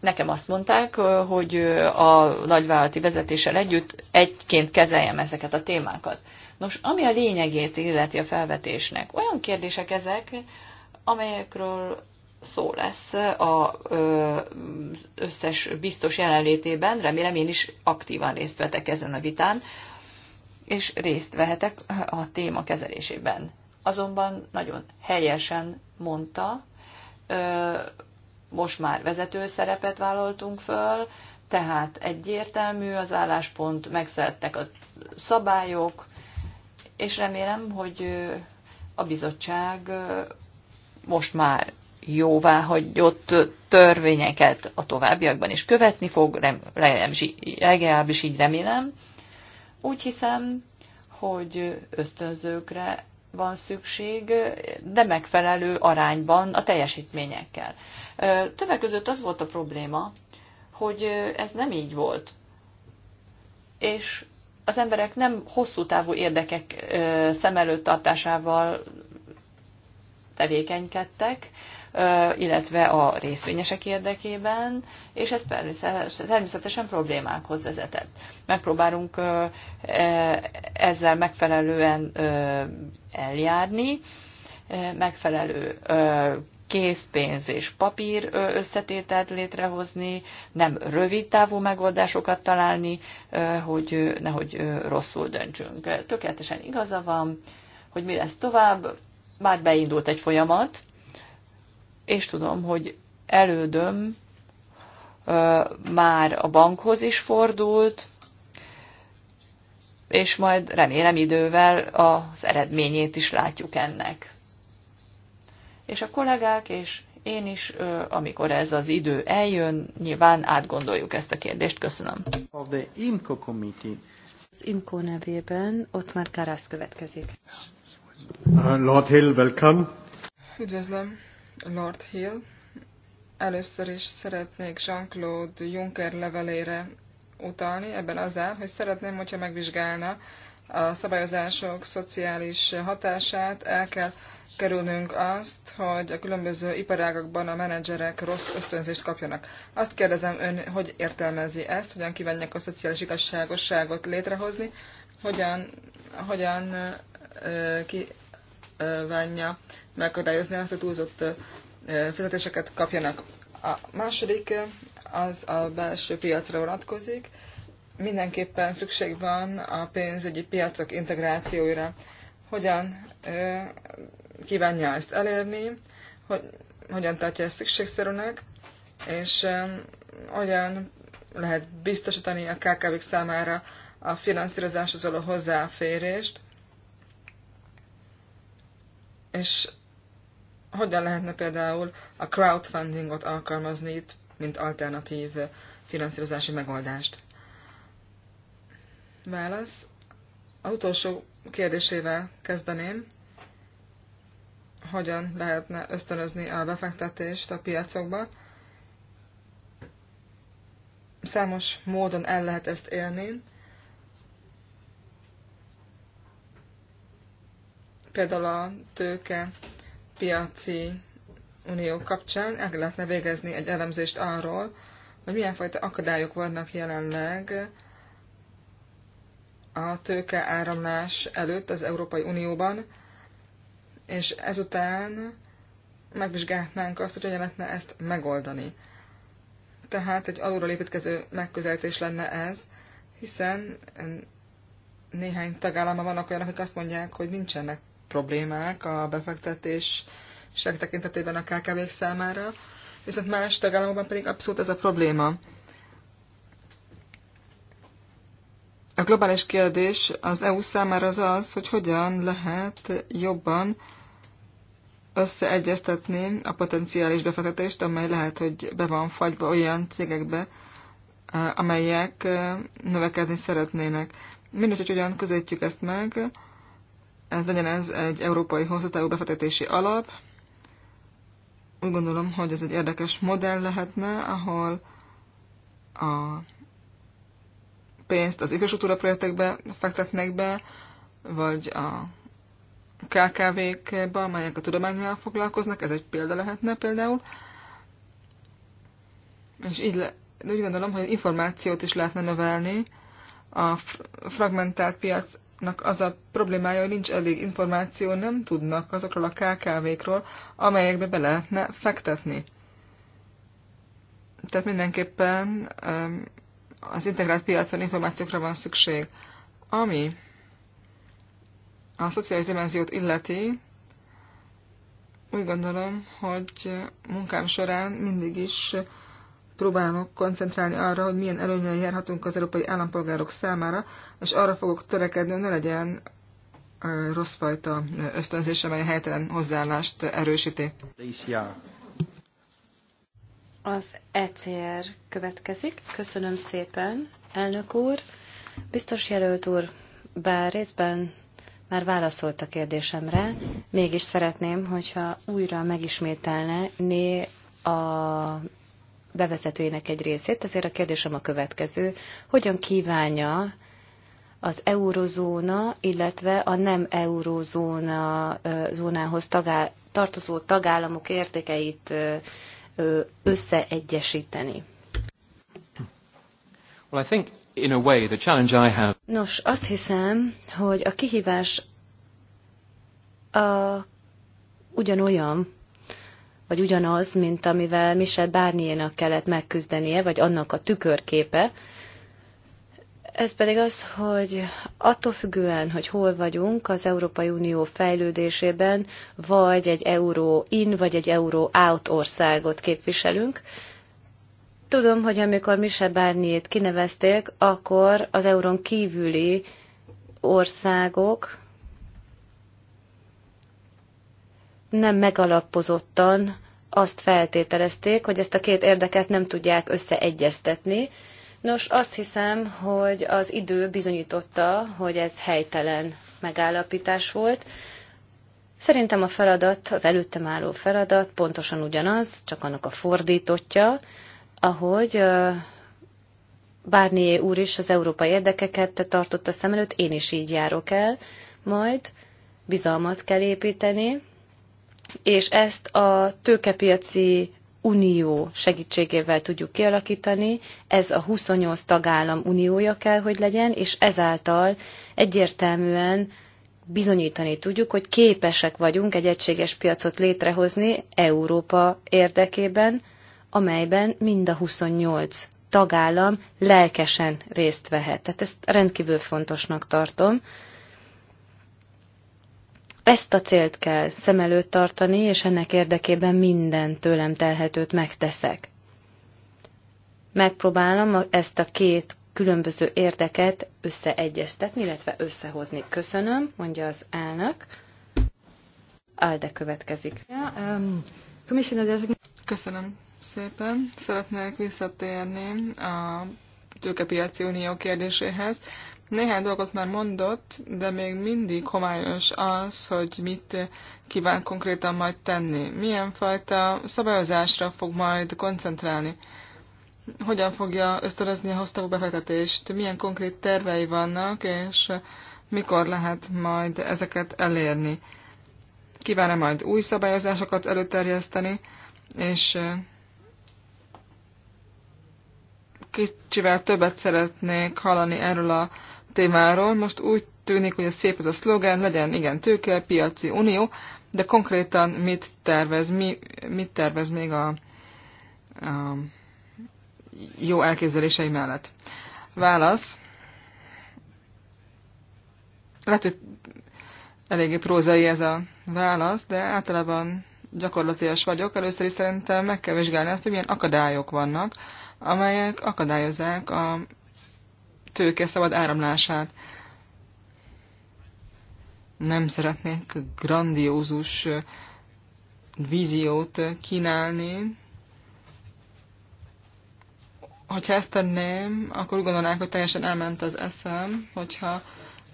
nekem azt mondták, hogy a nagyvállalati vezetéssel együtt egyként kezeljem ezeket a témákat. Nos, ami a lényegét illeti a felvetésnek, olyan kérdések ezek, amelyekről szó lesz az összes biztos jelenlétében, remélem én is aktívan részt vetek ezen a vitán, és részt vehetek a téma kezelésében. Azonban nagyon helyesen mondta most már vezető szerepet vállaltunk föl, tehát egyértelmű az álláspont, megszerettek a szabályok, és remélem, hogy a bizottság most már jóvá hagyott törvényeket a továbbiakban is követni fog, legalábbis így remélem. Úgy hiszem, hogy ösztönzőkre van szükség, de megfelelő arányban a teljesítményekkel. Többek között az volt a probléma, hogy ez nem így volt. És az emberek nem hosszú távú érdekek szem előtt tartásával tevékenykedtek, illetve a részvényesek érdekében, és ez természetesen problémákhoz vezetett. Megpróbálunk e, ezzel megfelelően eljárni, megfelelő készpénz és papír összetételt létrehozni, nem rövid távú megoldásokat találni, hogy nehogy rosszul döntsünk. Tökéletesen igaza van, hogy mi lesz tovább, már beindult egy folyamat, és tudom, hogy elődöm már a bankhoz is fordult, és majd remélem idővel az eredményét is látjuk ennek. És a kollégák és én is, amikor ez az idő eljön, nyilván átgondoljuk ezt a kérdést. Köszönöm. Of the IMCO committee. Az IMCO nevében ott már Karász következik. Lord Hill, welcome. Üdvözlöm, Lord Hill. Először is szeretnék Jean-Claude Juncker levelére utalni. Ebben az áll, hogy szeretném, hogyha megvizsgálna a szabályozások szociális hatását. El kell kerülnünk azt, hogy a különböző iparágakban a menedzserek rossz ösztönzést kapjanak. Azt kérdezem ön, hogy értelmezi ezt, hogyan kívánják a szociális igazságosságot létrehozni, hogyan, hogyan ö, ki, megakadályozni azt, hogy túlzott fizetéseket kapjanak. A második az a belső piacra vonatkozik. Mindenképpen szükség van a pénzügyi piacok integrációira. Hogyan kívánja ezt elérni, hogy, hogyan tartja ezt szükségszerűnek, és hogyan lehet biztosítani a kkv számára a finanszírozáshoz való hozzáférést, és hogyan lehetne például a crowdfundingot alkalmazni itt, mint alternatív finanszírozási megoldást? Válasz. Az utolsó kérdésével kezdeném. Hogyan lehetne ösztönözni a befektetést a piacokba? Számos módon el lehet ezt élni. Például a tőke piaci unió kapcsán el lehetne végezni egy elemzést arról, hogy milyen fajta akadályok vannak jelenleg a tőke áramlás előtt az Európai Unióban, és ezután megvizsgálhatnánk azt, hogy hogyan lehetne ezt megoldani. Tehát egy alulról építkező megközelítés lenne ez, hiszen néhány tagállama vannak olyanok, akik azt mondják, hogy nincsenek problémák a befektetések tekintetében a kkv számára, viszont más tagállamokban pedig abszolút ez a probléma. A globális kérdés az EU számára az az, hogy hogyan lehet jobban összeegyeztetni a potenciális befektetést, amely lehet, hogy be van fagyva olyan cégekbe, eh, amelyek eh, növekedni szeretnének. Mindegy, hogy hogyan közöttjük ezt meg, ez legyen ez egy európai hosszútávú befektetési alap. Úgy gondolom, hogy ez egy érdekes modell lehetne, ahol a pénzt az infrastruktúra projektekbe fektetnek be, vagy a kkv kbe amelyek a tudományjal foglalkoznak, ez egy példa lehetne például. És így le, úgy gondolom, hogy információt is lehetne növelni a fragmentált piac nak az a problémája, hogy nincs elég információ, nem tudnak azokról a KKV-król, amelyekbe be lehetne fektetni. Tehát mindenképpen az integrált piacon információkra van szükség. Ami a szociális dimenziót illeti, úgy gondolom, hogy munkám során mindig is próbálok koncentrálni arra, hogy milyen előnyel járhatunk az európai állampolgárok számára, és arra fogok törekedni, hogy ne legyen rosszfajta ösztönzés, amely helytelen hozzáállást erősíti. Az ECR következik. Köszönöm szépen, elnök úr. Biztos jelölt úr, bár részben már válaszolt a kérdésemre, mégis szeretném, hogyha újra megismételne né a bevezetőjének egy részét, ezért a kérdésem a következő. Hogyan kívánja az eurozóna, illetve a nem eurozóna zónához tagál, tartozó tagállamok értékeit összeegyesíteni? Well, I think in a way the challenge I have... Nos, azt hiszem, hogy a kihívás a, ugyanolyan, vagy ugyanaz, mint amivel Michel Barnier-nak kellett megküzdenie, vagy annak a tükörképe. Ez pedig az, hogy attól függően, hogy hol vagyunk az Európai Unió fejlődésében, vagy egy euró in, vagy egy euró out országot képviselünk, Tudom, hogy amikor Mise Bárnyét kinevezték, akkor az eurón kívüli országok nem megalapozottan azt feltételezték, hogy ezt a két érdeket nem tudják összeegyeztetni. Nos, azt hiszem, hogy az idő bizonyította, hogy ez helytelen megállapítás volt. Szerintem a feladat, az előttem álló feladat pontosan ugyanaz, csak annak a fordítotja, ahogy Bárnié úr is az európai érdekeket tartotta szem előtt, én is így járok el, majd bizalmat kell építeni, és ezt a tőkepiaci unió segítségével tudjuk kialakítani. Ez a 28 tagállam uniója kell, hogy legyen, és ezáltal egyértelműen bizonyítani tudjuk, hogy képesek vagyunk egy egységes piacot létrehozni Európa érdekében, amelyben mind a 28 tagállam lelkesen részt vehet. Tehát ezt rendkívül fontosnak tartom. Ezt a célt kell szem előtt tartani, és ennek érdekében minden tőlem telhetőt megteszek. Megpróbálom ezt a két különböző érdeket összeegyeztetni, illetve összehozni. Köszönöm, mondja az elnök. Alde következik. Um, Köszönöm szépen. Szeretnék visszatérni a tőkepiaci unió kérdéséhez. Néhány dolgot már mondott, de még mindig homályos az, hogy mit kíván konkrétan majd tenni. Milyen fajta szabályozásra fog majd koncentrálni? Hogyan fogja ösztönözni a hosszú befektetést? Milyen konkrét tervei vannak, és mikor lehet majd ezeket elérni? Kíván-e majd új szabályozásokat előterjeszteni, és kicsivel többet szeretnék hallani erről a témáról. Most úgy tűnik, hogy ez szép ez a szlogen, legyen igen tőke, piaci unió, de konkrétan mit tervez, mi, mit tervez még a, a jó elképzelései mellett? Válasz. Lehet, hogy eléggé prózai ez a válasz, de általában gyakorlatilag vagyok. Először is szerintem meg kell vizsgálni azt, hogy milyen akadályok vannak, amelyek akadályozzák a tőke szabad áramlását. Nem szeretnék grandiózus víziót kínálni. Hogyha ezt tenném, akkor gondolnák, hogy teljesen elment az eszem, hogyha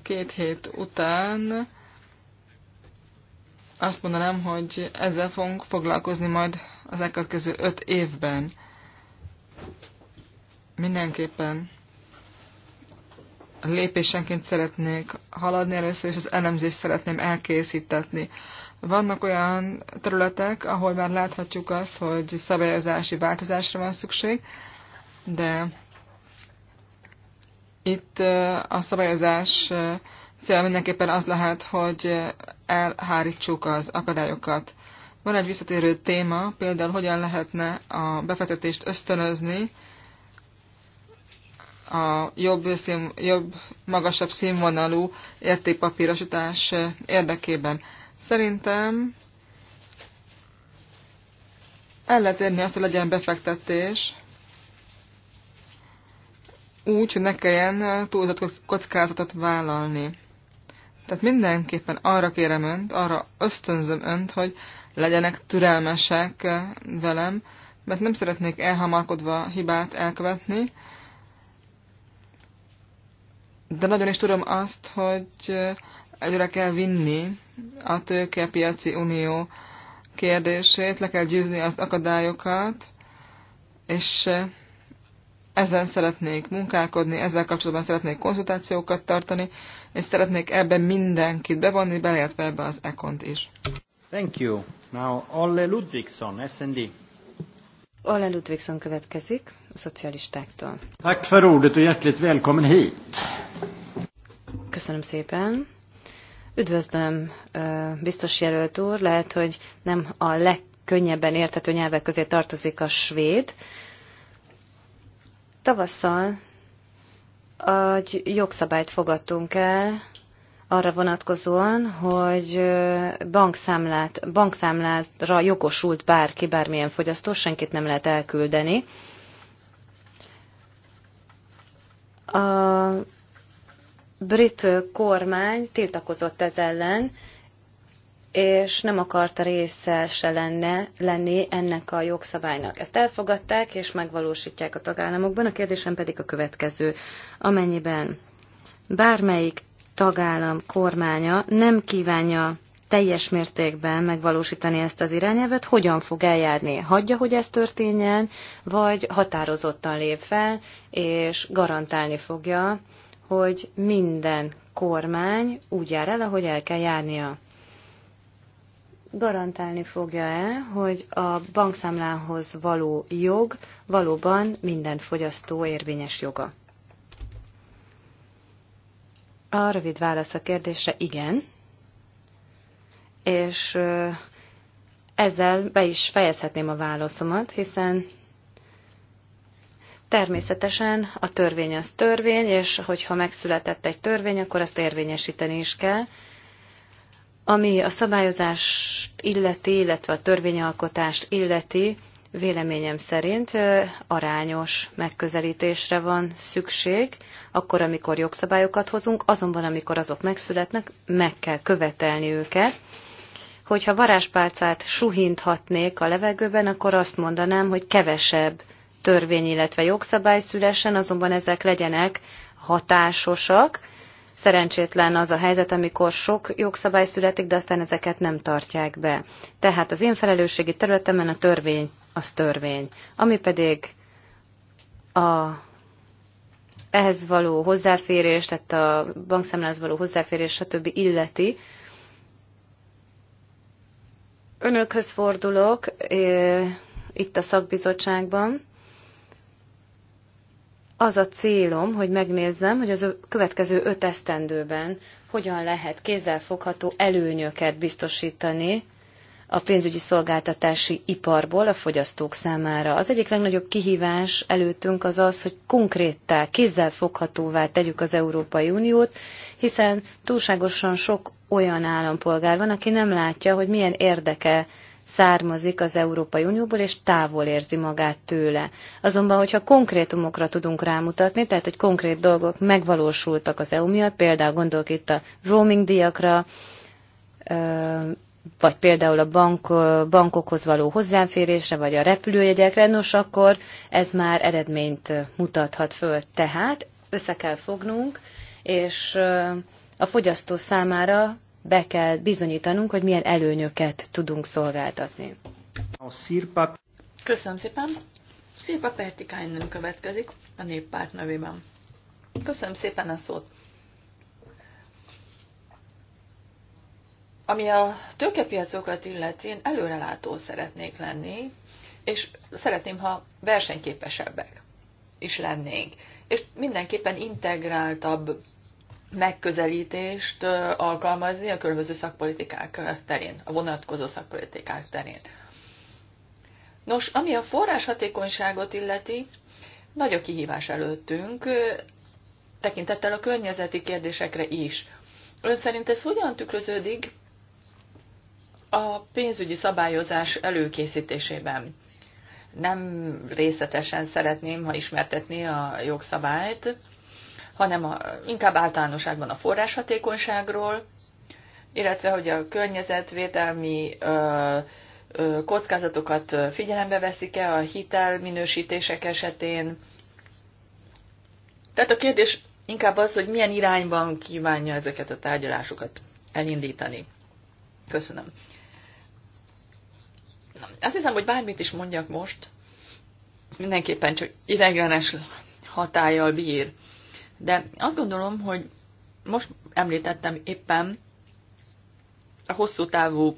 két hét után azt mondanám, hogy ezzel fogunk foglalkozni majd az elkövetkező öt évben. Mindenképpen lépésenként szeretnék haladni először, és az elemzést szeretném elkészítetni. Vannak olyan területek, ahol már láthatjuk azt, hogy szabályozási változásra van szükség, de itt a szabályozás cél mindenképpen az lehet, hogy elhárítsuk az akadályokat. Van egy visszatérő téma, például hogyan lehetne a befektetést ösztönözni, a jobb, szín, jobb magasabb színvonalú értékpapírosítás érdekében. Szerintem el lehet érni azt, hogy legyen befektetés, úgy, hogy ne kelljen túlzott kockázatot vállalni. Tehát mindenképpen arra kérem önt, arra ösztönzöm önt, hogy legyenek türelmesek velem, mert nem szeretnék elhamarkodva hibát elkövetni, de nagyon is tudom azt, hogy előre kell vinni a tőkepiaci unió kérdését, le kell győzni az akadályokat, és ezen szeretnék munkálkodni, ezzel kapcsolatban szeretnék konzultációkat tartani, és szeretnék ebben mindenkit bevonni, beleértve ebbe az ekont is. Thank you. Now Olle Ludvigson, SND. Olle Ludvigson következik szocialistáktól. Tack för ordet och hjärtligt välkommen hit. Köszönöm szépen. Üdvözlöm, biztos jelölt úr. Lehet, hogy nem a legkönnyebben értető nyelvek közé tartozik a svéd. Tavasszal egy jogszabályt fogadtunk el arra vonatkozóan, hogy bankszámlát, bankszámlátra jogosult bárki, bármilyen fogyasztó, senkit nem lehet elküldeni A brit kormány tiltakozott ez ellen, és nem akarta része se lenne, lenni ennek a jogszabálynak. Ezt elfogadták, és megvalósítják a tagállamokban. A kérdésem pedig a következő. Amennyiben bármelyik tagállam kormánya nem kívánja teljes mértékben megvalósítani ezt az irányelvet, hogyan fog eljárni? Hagyja, hogy ez történjen, vagy határozottan lép fel, és garantálni fogja, hogy minden kormány úgy jár el, ahogy el kell járnia. Garantálni fogja-e, hogy a bankszámlához való jog valóban minden fogyasztó érvényes joga? A rövid válasz a kérdésre igen és ezzel be is fejezhetném a válaszomat, hiszen természetesen a törvény az törvény, és hogyha megszületett egy törvény, akkor azt érvényesíteni is kell. Ami a szabályozást illeti, illetve a törvényalkotást illeti, véleményem szerint arányos megközelítésre van szükség, akkor, amikor jogszabályokat hozunk, azonban, amikor azok megszületnek, meg kell követelni őket, Hogyha varázspálcát suhinthatnék a levegőben, akkor azt mondanám, hogy kevesebb törvény, illetve jogszabály szülessen, azonban ezek legyenek hatásosak. Szerencsétlen az a helyzet, amikor sok jogszabály születik, de aztán ezeket nem tartják be. Tehát az én felelősségi területemen a törvény az törvény. Ami pedig a ehhez való hozzáférés, tehát a bankszámlához való hozzáférés, stb. illeti, Önökhöz fordulok itt a szakbizottságban. Az a célom, hogy megnézzem, hogy az következő öt esztendőben hogyan lehet kézzelfogható előnyöket biztosítani a pénzügyi szolgáltatási iparból a fogyasztók számára. Az egyik legnagyobb kihívás előttünk az az, hogy konkréttá, foghatóvá tegyük az Európai Uniót, hiszen túlságosan sok olyan állampolgár van, aki nem látja, hogy milyen érdeke származik az Európai Unióból, és távol érzi magát tőle. Azonban, hogyha konkrétumokra tudunk rámutatni, tehát hogy konkrét dolgok megvalósultak az EU miatt, például gondolok itt a roaming díjakra, vagy például a bank, bankokhoz való hozzáférésre, vagy a repülőjegyekre, nos akkor ez már eredményt mutathat föl. Tehát össze kell fognunk, és a fogyasztó számára be kell bizonyítanunk, hogy milyen előnyöket tudunk szolgáltatni. A szírpap... Köszönöm szépen. Szirpa Pertikány nem következik a néppárt nevében. Köszönöm szépen a szót. Ami a tőkepiacokat illeti, én előrelátó szeretnék lenni, és szeretném, ha versenyképesebbek is lennénk. És mindenképpen integráltabb megközelítést alkalmazni a különböző szakpolitikák terén, a vonatkozó szakpolitikák terén. Nos, ami a forráshatékonyságot illeti, nagy a kihívás előttünk, tekintettel a környezeti kérdésekre is. Ön szerint ez hogyan tükröződik a pénzügyi szabályozás előkészítésében. Nem részletesen szeretném, ha ismertetni a jogszabályt, hanem a, inkább általánosságban a forráshatékonyságról, illetve hogy a környezetvédelmi ö, ö, kockázatokat figyelembe veszik-e a hitelminősítések esetén. Tehát a kérdés inkább az, hogy milyen irányban kívánja ezeket a tárgyalásokat elindítani. Köszönöm. Azt hiszem, hogy bármit is mondjak most, mindenképpen csak ideglenes hatállyal bír. De azt gondolom, hogy most említettem éppen a hosszú távú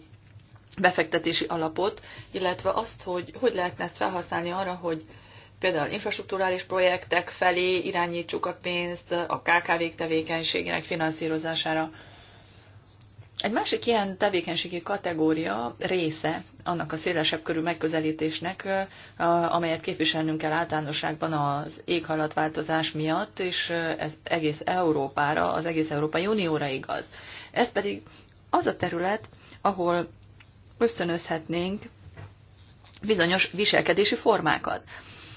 befektetési alapot, illetve azt, hogy hogy lehetne ezt felhasználni arra, hogy például infrastruktúrális projektek felé irányítsuk a pénzt, a KKV-k tevékenységének finanszírozására. Egy másik ilyen tevékenységi kategória része annak a szélesebb körű megközelítésnek, amelyet képviselnünk kell általánosságban az éghajlatváltozás miatt, és ez egész Európára, az egész Európai Unióra igaz. Ez pedig az a terület, ahol ösztönözhetnénk bizonyos viselkedési formákat.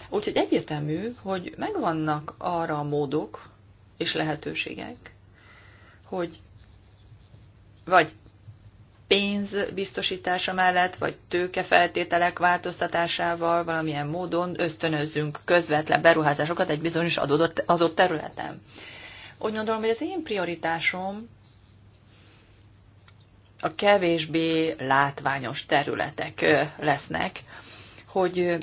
Úgyhogy egyértelmű, hogy megvannak arra a módok és lehetőségek, hogy vagy pénz biztosítása mellett, vagy tőkefeltételek változtatásával valamilyen módon ösztönözzünk közvetlen beruházásokat egy bizonyos adott, adott területen. Úgy gondolom, hogy az én prioritásom a kevésbé látványos területek lesznek, hogy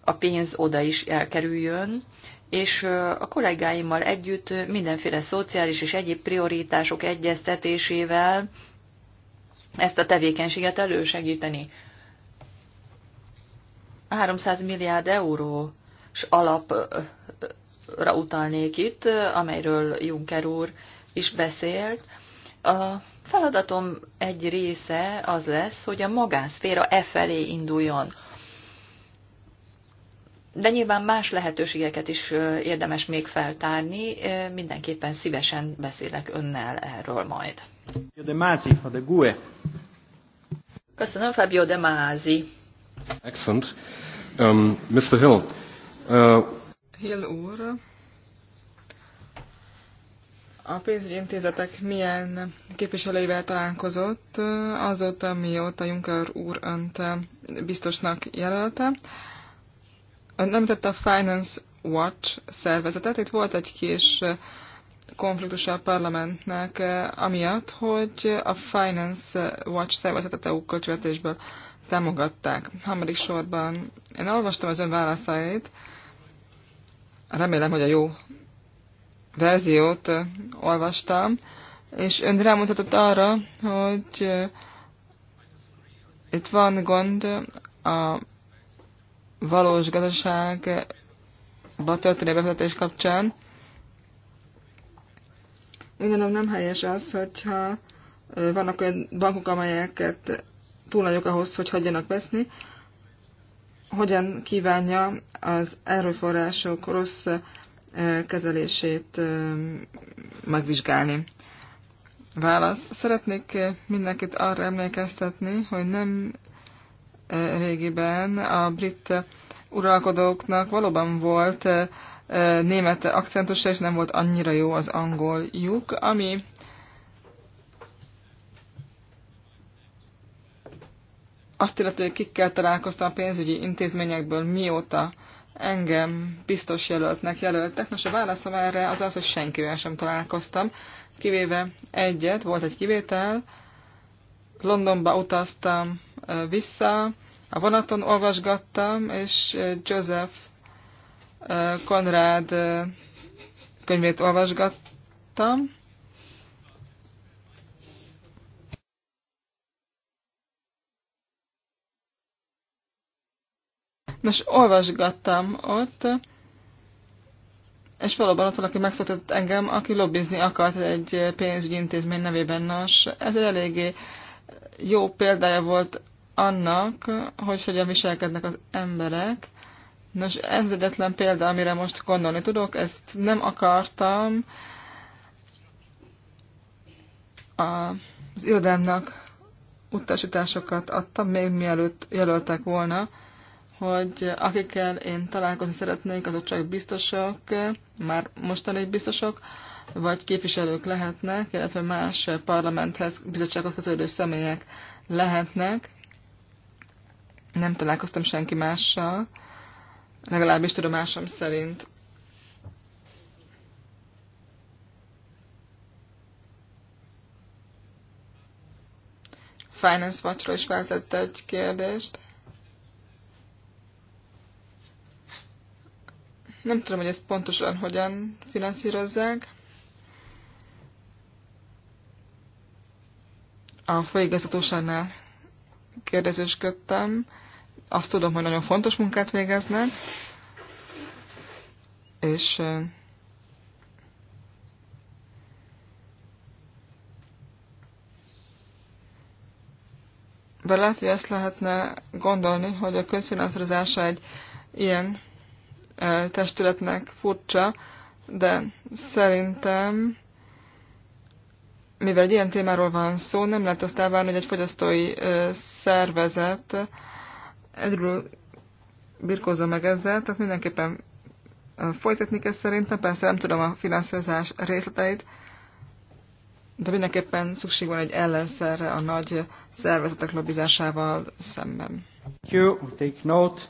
a pénz oda is elkerüljön, és a kollégáimmal együtt mindenféle szociális és egyéb prioritások egyeztetésével ezt a tevékenységet elősegíteni. 300 milliárd eurós alapra utalnék itt, amelyről Juncker úr is beszélt. A feladatom egy része az lesz, hogy a magánszféra e felé induljon. De nyilván más lehetőségeket is érdemes még feltárni, mindenképpen szívesen beszélek önnel erről majd. De GUE. E. Köszönöm, Fabio De Mázi. Excellent. Um, Mr. Hill. Uh... Hill úr. A pénzügyi intézetek milyen képviselőivel találkozott azóta, mióta Juncker úr önt biztosnak jelölte. Ön tette a Finance Watch szervezetet. Itt volt egy kis konfliktusa a parlamentnek, eh, amiatt, hogy a Finance Watch szervezetet EU költségvetésből támogatták. Harmadik sorban én olvastam az ön válaszait, remélem, hogy a jó verziót eh, olvastam, és ön rámutatott arra, hogy eh, itt van gond a valós gazdaságba történő befektetés kapcsán, én gondolom nem helyes az, hogyha vannak olyan bankok, amelyeket túl nagyok ahhoz, hogy hagyjanak veszni. Hogyan kívánja az erőforrások rossz kezelését megvizsgálni? Válasz. Szeretnék mindenkit arra emlékeztetni, hogy nem régiben a brit uralkodóknak valóban volt német akcentusa, és nem volt annyira jó az angoljuk, ami azt illető, hogy kikkel találkoztam a pénzügyi intézményekből, mióta engem biztos jelöltnek jelöltek. Nos, a válaszom erre az az, hogy senkivel sem találkoztam, kivéve egyet, volt egy kivétel. Londonba utaztam vissza, a vonaton olvasgattam, és Joseph Konrád könyvét olvasgattam. Nos, olvasgattam ott, és valóban ott valaki megszólított engem, aki lobbizni akart egy pénzügyi intézmény nevében. Nos, ez egy eléggé jó példája volt annak, hogy hogyan viselkednek az emberek, Nos, ez egyetlen példa, amire most gondolni tudok, ezt nem akartam az irodámnak utasításokat adtam, még mielőtt jelöltek volna, hogy akikkel én találkozni szeretnék, azok csak biztosok, már mostanig biztosok, vagy képviselők lehetnek, illetve más parlamenthez bizottsághoz kötődő személyek lehetnek. Nem találkoztam senki mással. Legalábbis tudomásom szerint. Finance Watchról is feltette egy kérdést. Nem tudom, hogy ezt pontosan hogyan finanszírozzák. A főigazgatóságnál kérdezősködtem. Azt tudom, hogy nagyon fontos munkát végeznek, és Bár lehet, hogy ezt lehetne gondolni, hogy a közfinanszírozása egy ilyen testületnek furcsa, de szerintem, mivel egy ilyen témáról van szó, nem lehet azt elvárni, hogy egy fogyasztói szervezet egyről birkózom meg ezzel, tehát mindenképpen folytatni kell szerintem, persze nem tudom a finanszírozás részleteit, de mindenképpen szükség van egy ellenszerre a nagy szervezetek lobbizásával szemben. Take note.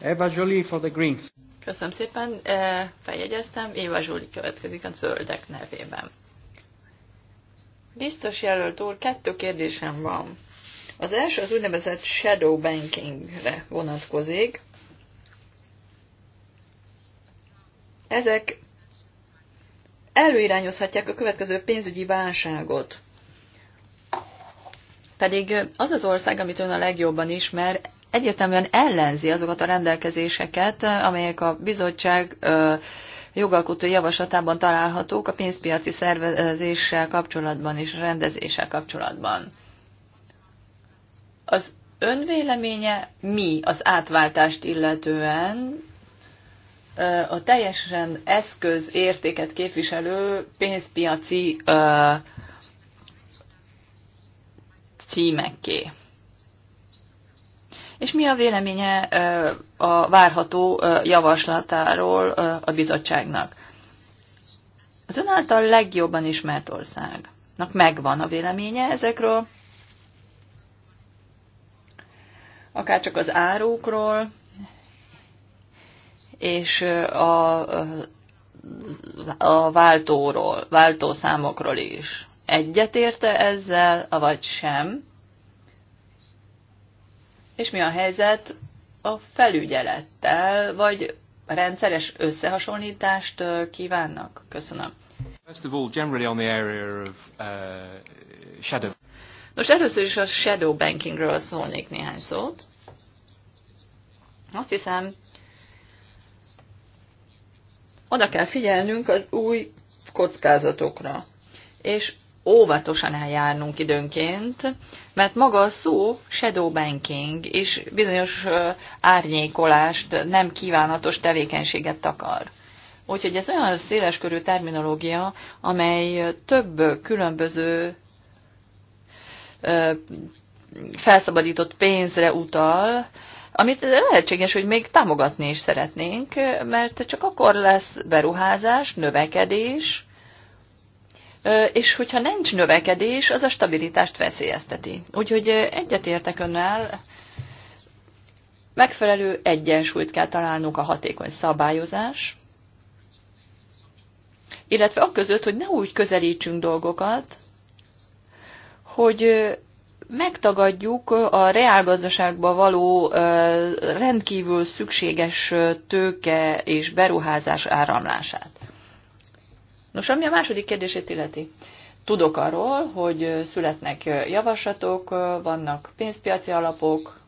Eva for the Greens. Köszönöm szépen, feljegyeztem, Éva Zsuli következik a zöldek nevében. Biztos jelölt úr, kettő kérdésem van. Az első az úgynevezett shadow bankingre vonatkozik. Ezek előirányozhatják a következő pénzügyi válságot. Pedig az az ország, amit ön a legjobban ismer, egyértelműen ellenzi azokat a rendelkezéseket, amelyek a bizottság jogalkotó javaslatában találhatók a pénzpiaci szervezéssel kapcsolatban és rendezéssel kapcsolatban. Az önvéleménye mi az átváltást illetően a teljesen eszköz értéket képviselő pénzpiaci ö, címekké. És mi a véleménye a várható javaslatáról a bizottságnak? Az ön által legjobban ismert országnak megvan a véleménye ezekről, akár csak az árukról, és a, a váltóról, váltószámokról is. Egyetérte ezzel, vagy sem? És mi a helyzet a felügyelettel, vagy rendszeres összehasonlítást kívánnak? Köszönöm. First of all, generally on the area of uh, shadow. Nos, először is a shadow bankingről szólnék néhány szót. Azt hiszem, oda kell figyelnünk az új kockázatokra, és óvatosan eljárnunk időnként, mert maga a szó shadow banking és bizonyos árnyékolást, nem kívánatos tevékenységet takar. Úgyhogy ez olyan széleskörű terminológia, amely több különböző felszabadított pénzre utal, amit lehetséges, hogy még támogatni is szeretnénk, mert csak akkor lesz beruházás, növekedés, és hogyha nincs növekedés, az a stabilitást veszélyezteti. Úgyhogy egyetértek önnel, megfelelő egyensúlyt kell találnunk a hatékony szabályozás, illetve a között, hogy ne úgy közelítsünk dolgokat, hogy megtagadjuk a reálgazdaságba való rendkívül szükséges tőke és beruházás áramlását. Nos, ami a második kérdését illeti. Tudok arról, hogy születnek javaslatok, vannak pénzpiaci alapok,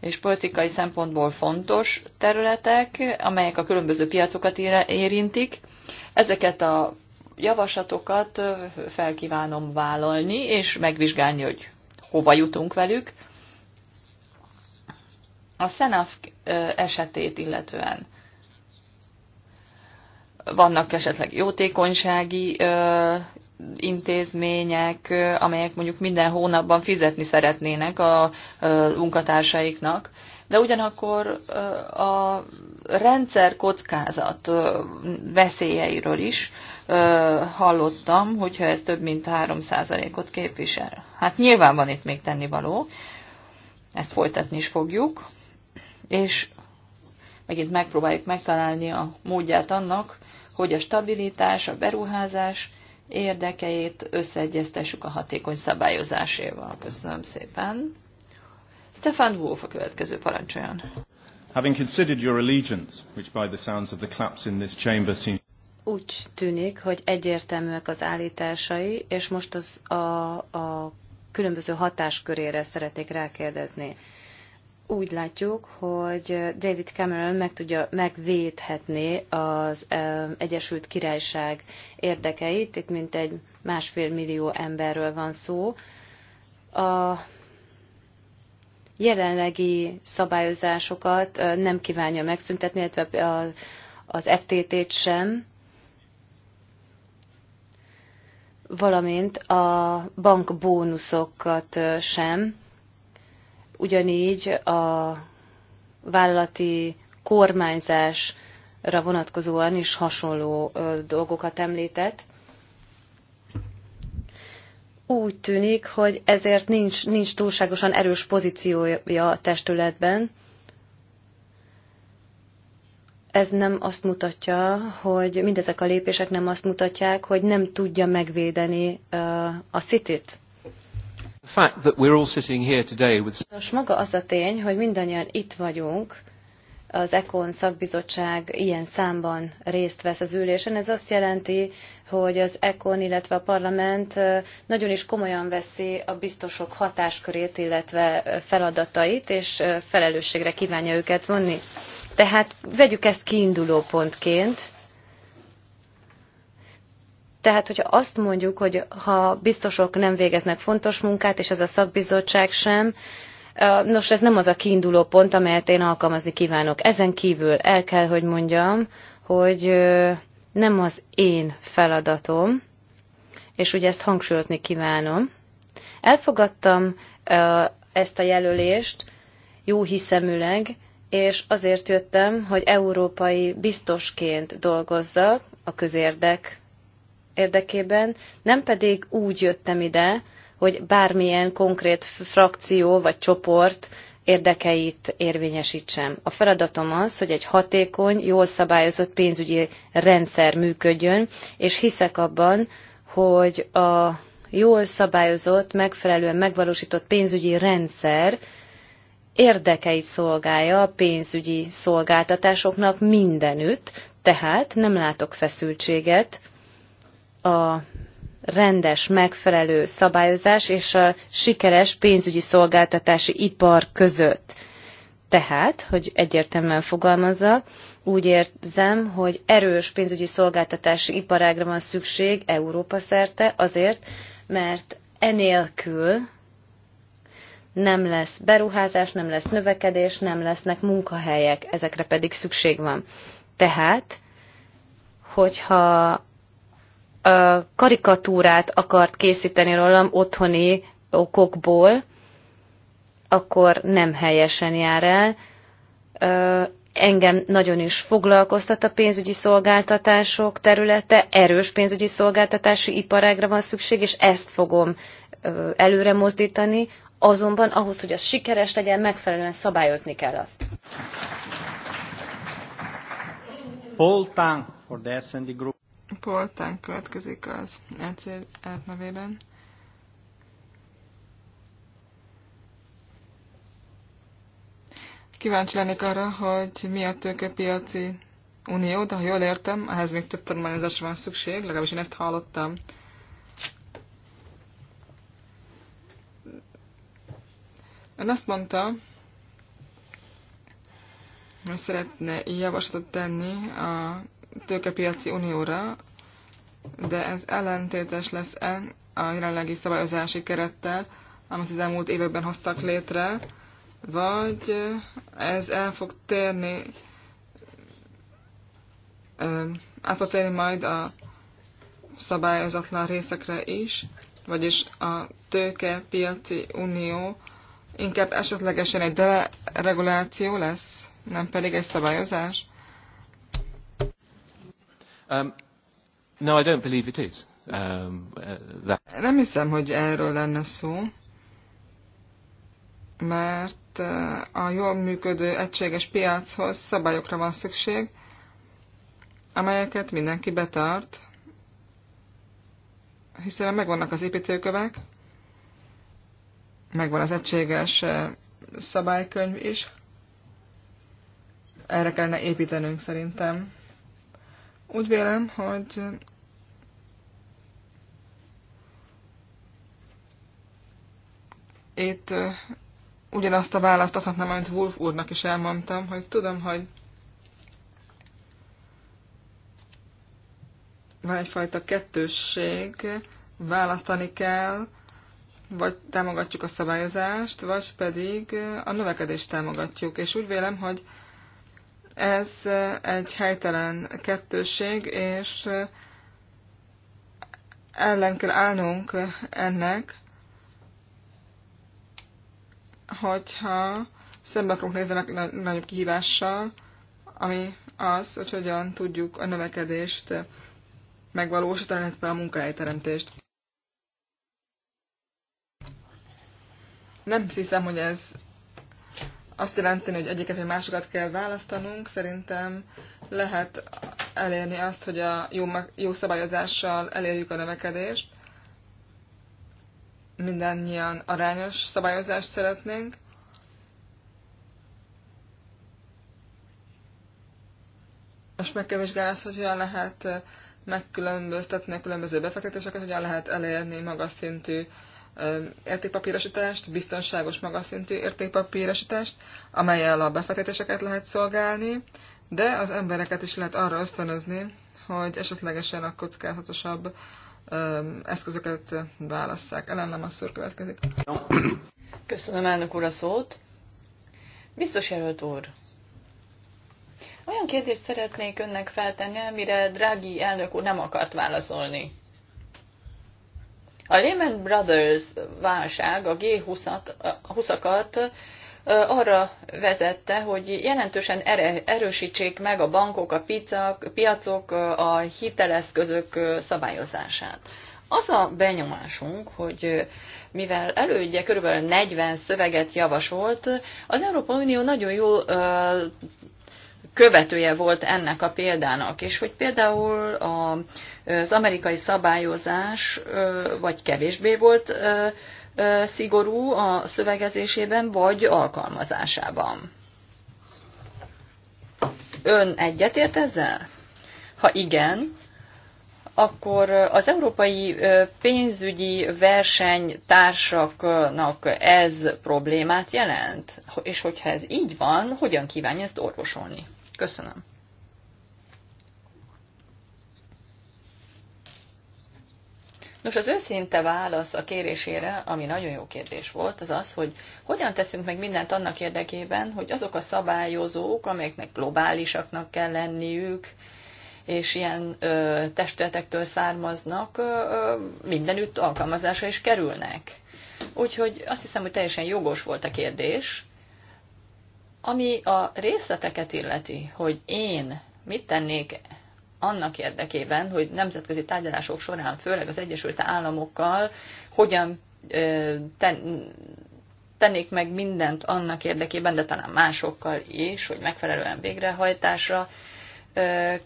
és politikai szempontból fontos területek, amelyek a különböző piacokat érintik. Ezeket a javaslatokat felkívánom vállalni, és megvizsgálni, hogy hova jutunk velük. A Szenaf esetét illetően vannak esetleg jótékonysági intézmények, amelyek mondjuk minden hónapban fizetni szeretnének a munkatársaiknak, de ugyanakkor a rendszer kockázat veszélyeiről is hallottam, hogyha ez több mint 3%-ot képvisel. Hát nyilván van itt még tennivaló, ezt folytatni is fogjuk, és megint megpróbáljuk megtalálni a módját annak, hogy a stabilitás, a beruházás érdekeit összeegyeztessük a hatékony szabályozáséval. Köszönöm szépen. Stefan Wolf a következő parancsoljon. Having considered your allegiance, which by the sounds of the claps in this chamber seems úgy tűnik, hogy egyértelműek az állításai, és most az a, a különböző hatáskörére szeretnék rákérdezni. Úgy látjuk, hogy David Cameron meg tudja, megvédhetni az Egyesült Királyság érdekeit. Itt egy másfél millió emberről van szó. A jelenlegi szabályozásokat nem kívánja megszüntetni, illetve az FTT-t sem, valamint a bankbónuszokat sem, ugyanígy a vállalati kormányzásra vonatkozóan is hasonló dolgokat említett úgy tűnik, hogy ezért nincs, nincs túlságosan erős pozíciója a testületben. Ez nem azt mutatja, hogy mindezek a lépések nem azt mutatják, hogy nem tudja megvédeni uh, a szitit. A maga az a tény, hogy mindannyian itt vagyunk, az ECON szakbizottság ilyen számban részt vesz az ülésen. Ez azt jelenti, hogy az ECON, illetve a parlament nagyon is komolyan veszi a biztosok hatáskörét, illetve feladatait, és felelősségre kívánja őket vonni. Tehát vegyük ezt kiinduló pontként, tehát, hogyha azt mondjuk, hogy ha biztosok nem végeznek fontos munkát, és ez a szakbizottság sem, Nos, ez nem az a kiinduló pont, amelyet én alkalmazni kívánok. Ezen kívül el kell, hogy mondjam, hogy nem az én feladatom, és ugye ezt hangsúlyozni kívánom. Elfogadtam ezt a jelölést jó hiszemüleg, és azért jöttem, hogy európai biztosként dolgozzak a közérdek érdekében, nem pedig úgy jöttem ide, hogy bármilyen konkrét frakció vagy csoport érdekeit érvényesítsem. A feladatom az, hogy egy hatékony, jól szabályozott pénzügyi rendszer működjön, és hiszek abban, hogy a jól szabályozott, megfelelően megvalósított pénzügyi rendszer érdekeit szolgálja a pénzügyi szolgáltatásoknak mindenütt, tehát nem látok feszültséget a rendes, megfelelő szabályozás és a sikeres pénzügyi szolgáltatási ipar között. Tehát, hogy egyértelműen fogalmazzak, úgy érzem, hogy erős pénzügyi szolgáltatási iparágra van szükség Európa szerte azért, mert enélkül nem lesz beruházás, nem lesz növekedés, nem lesznek munkahelyek, ezekre pedig szükség van. Tehát, hogyha karikatúrát akart készíteni rólam otthoni okokból, akkor nem helyesen jár el. Engem nagyon is foglalkoztat a pénzügyi szolgáltatások területe, erős pénzügyi szolgáltatási iparágra van szükség, és ezt fogom előre mozdítani, azonban ahhoz, hogy az sikeres legyen, megfelelően szabályozni kell azt. Paul Tang for the S&D Group. Poltán következik az ECR nevében. Kíváncsi lennék arra, hogy mi a tőkepiaci unió, de ha jól értem, ehhez még több tanulmányozásra van szükség, legalábbis én ezt hallottam. Ön azt mondta, hogy szeretne javaslatot tenni a tőkepiaci unióra, de ez ellentétes lesz-e a jelenlegi szabályozási kerettel, amit az elmúlt években hoztak létre, vagy ez el fog térni, át fog térni majd a szabályozatlan részekre is, vagyis a tőkepiaci unió inkább esetlegesen egy dereguláció lesz, nem pedig egy szabályozás? Um, no, I don't believe it is. Um, uh, that... Nem hiszem, hogy erről lenne szó, mert uh, a jól működő egységes piachoz szabályokra van szükség, amelyeket mindenki betart, hiszen megvannak az építőkövek, megvan az egységes uh, szabálykönyv is. Erre kellene építenünk szerintem. Úgy vélem, hogy itt ugyanazt a választ adhatnám, amit Wolf úrnak is elmondtam, hogy tudom, hogy van egyfajta kettősség, választani kell, vagy támogatjuk a szabályozást, vagy pedig a növekedést támogatjuk. És úgy vélem, hogy ez egy helytelen kettőség, és ellen kell állnunk ennek, hogyha szembe akarunk nézni a nagyobb kihívással, ami az, hogy hogyan tudjuk a növekedést megvalósítani, illetve a munkahelyteremtést. Nem hiszem, hogy ez azt jelenteni, hogy egyiket vagy másokat kell választanunk, szerintem lehet elérni azt, hogy a jó, jó szabályozással elérjük a növekedést. Mindannyian arányos szabályozást szeretnénk. Most meg kell vizsgálni azt, hogy hogyan lehet megkülönböztetni a különböző befektetéseket, hogyan lehet elérni magas szintű uh, értékpapírosítást, biztonságos magaszintű értékpapírosítást, amelyel a befektetéseket lehet szolgálni, de az embereket is lehet arra ösztönözni, hogy esetlegesen a kockázatosabb eszközöket válasszák. Ellen Lamasszúr következik. Köszönöm elnök úr a szót. Biztos jelölt úr, olyan kérdést szeretnék önnek feltenni, amire Drági elnök úr nem akart válaszolni. A Lehman Brothers válság a G20-akat arra vezette, hogy jelentősen erősítsék meg a bankok, a piacok, a hiteleszközök szabályozását. Az a benyomásunk, hogy mivel elődje kb. 40 szöveget javasolt, az Európai Unió nagyon jól követője volt ennek a példának, és hogy például a, az amerikai szabályozás vagy kevésbé volt szigorú a szövegezésében, vagy alkalmazásában. Ön egyetért ezzel? Ha igen, akkor az európai pénzügyi versenytársaknak ez problémát jelent? És hogyha ez így van, hogyan kívánja ezt orvosolni? Köszönöm. Nos, az őszinte válasz a kérésére, ami nagyon jó kérdés volt, az az, hogy hogyan teszünk meg mindent annak érdekében, hogy azok a szabályozók, amelyeknek globálisaknak kell lenniük, és ilyen ö, testületektől származnak, ö, mindenütt alkalmazásra is kerülnek. Úgyhogy azt hiszem, hogy teljesen jogos volt a kérdés, ami a részleteket illeti, hogy én mit tennék annak érdekében, hogy nemzetközi tárgyalások során, főleg az Egyesült Államokkal, hogyan ten, tennék meg mindent annak érdekében, de talán másokkal is, hogy megfelelően végrehajtásra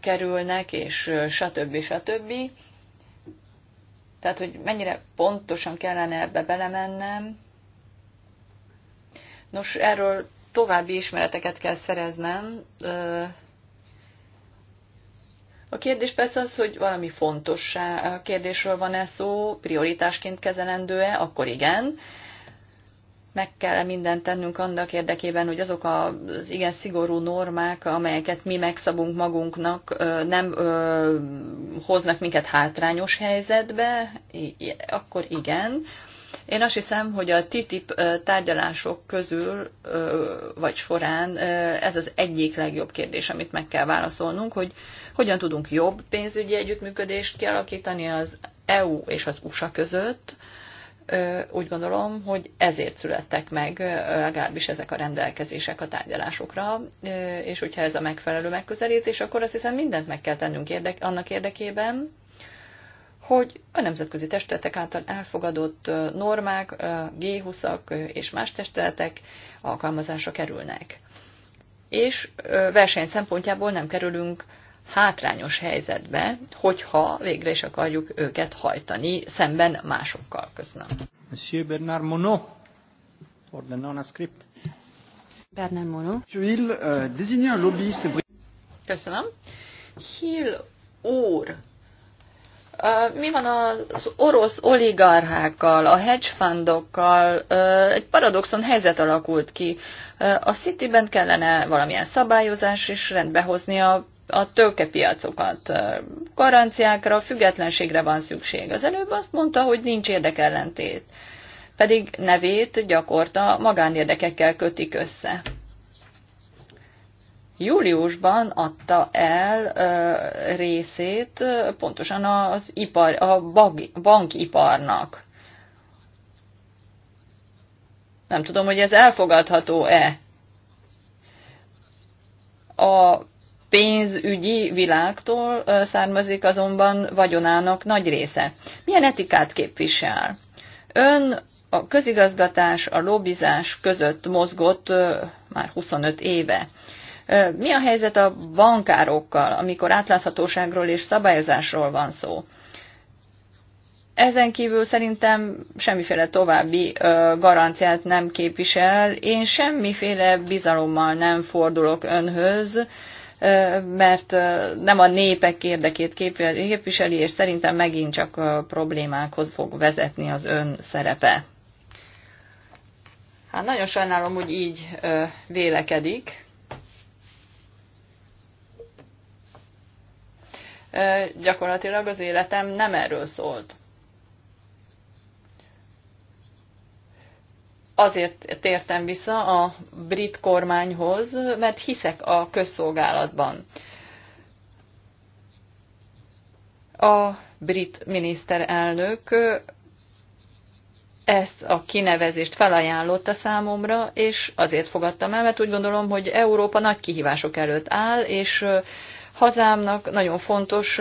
kerülnek, és stb. stb. Tehát, hogy mennyire pontosan kellene ebbe belemennem. Nos, erről további ismereteket kell szereznem. A kérdés persze az, hogy valami fontos kérdésről van-e szó, prioritásként kezelendő-e, akkor igen. Meg kell -e mindent tennünk annak érdekében, hogy azok az igen szigorú normák, amelyeket mi megszabunk magunknak, nem hoznak minket hátrányos helyzetbe, akkor igen. Én azt hiszem, hogy a TTIP tárgyalások közül, vagy során ez az egyik legjobb kérdés, amit meg kell válaszolnunk, hogy hogyan tudunk jobb pénzügyi együttműködést kialakítani az EU és az USA között. Úgy gondolom, hogy ezért születtek meg legalábbis ezek a rendelkezések a tárgyalásokra, és hogyha ez a megfelelő megközelítés, akkor azt hiszem mindent meg kell tennünk érdek- annak érdekében, hogy a nemzetközi testületek által elfogadott normák, G20-ak és más testületek alkalmazásra kerülnek. És verseny szempontjából nem kerülünk hátrányos helyzetbe, hogyha végre is akarjuk őket hajtani szemben másokkal. Köszönöm. Monsieur Bernard Monod, for the non-script. Bernard Monod. Hill, uh, désigner un lobbyiste. Köszönöm. Hill úr mi van az orosz oligarchákkal, a hedge fundokkal, egy paradoxon helyzet alakult ki. A Cityben kellene valamilyen szabályozás is rendbehozni a, a tőkepiacokat. Garanciákra, függetlenségre van szükség. Az előbb azt mondta, hogy nincs érdekellentét, pedig nevét gyakorta magánérdekekkel kötik össze júliusban adta el ö, részét pontosan az ipar, a bankiparnak. Nem tudom, hogy ez elfogadható-e. A pénzügyi világtól származik azonban vagyonának nagy része. Milyen etikát képvisel? Ön a közigazgatás, a lobbizás között mozgott már 25 éve. Mi a helyzet a bankárokkal, amikor átláthatóságról és szabályozásról van szó? Ezen kívül szerintem semmiféle további garanciát nem képvisel. Én semmiféle bizalommal nem fordulok önhöz, mert nem a népek érdekét képviseli, és szerintem megint csak problémákhoz fog vezetni az ön szerepe. Hát nagyon sajnálom, hogy így vélekedik. gyakorlatilag az életem nem erről szólt. Azért tértem vissza a brit kormányhoz, mert hiszek a közszolgálatban. A brit miniszterelnök ezt a kinevezést felajánlotta számomra, és azért fogadtam el, mert úgy gondolom, hogy Európa nagy kihívások előtt áll, és hazámnak nagyon fontos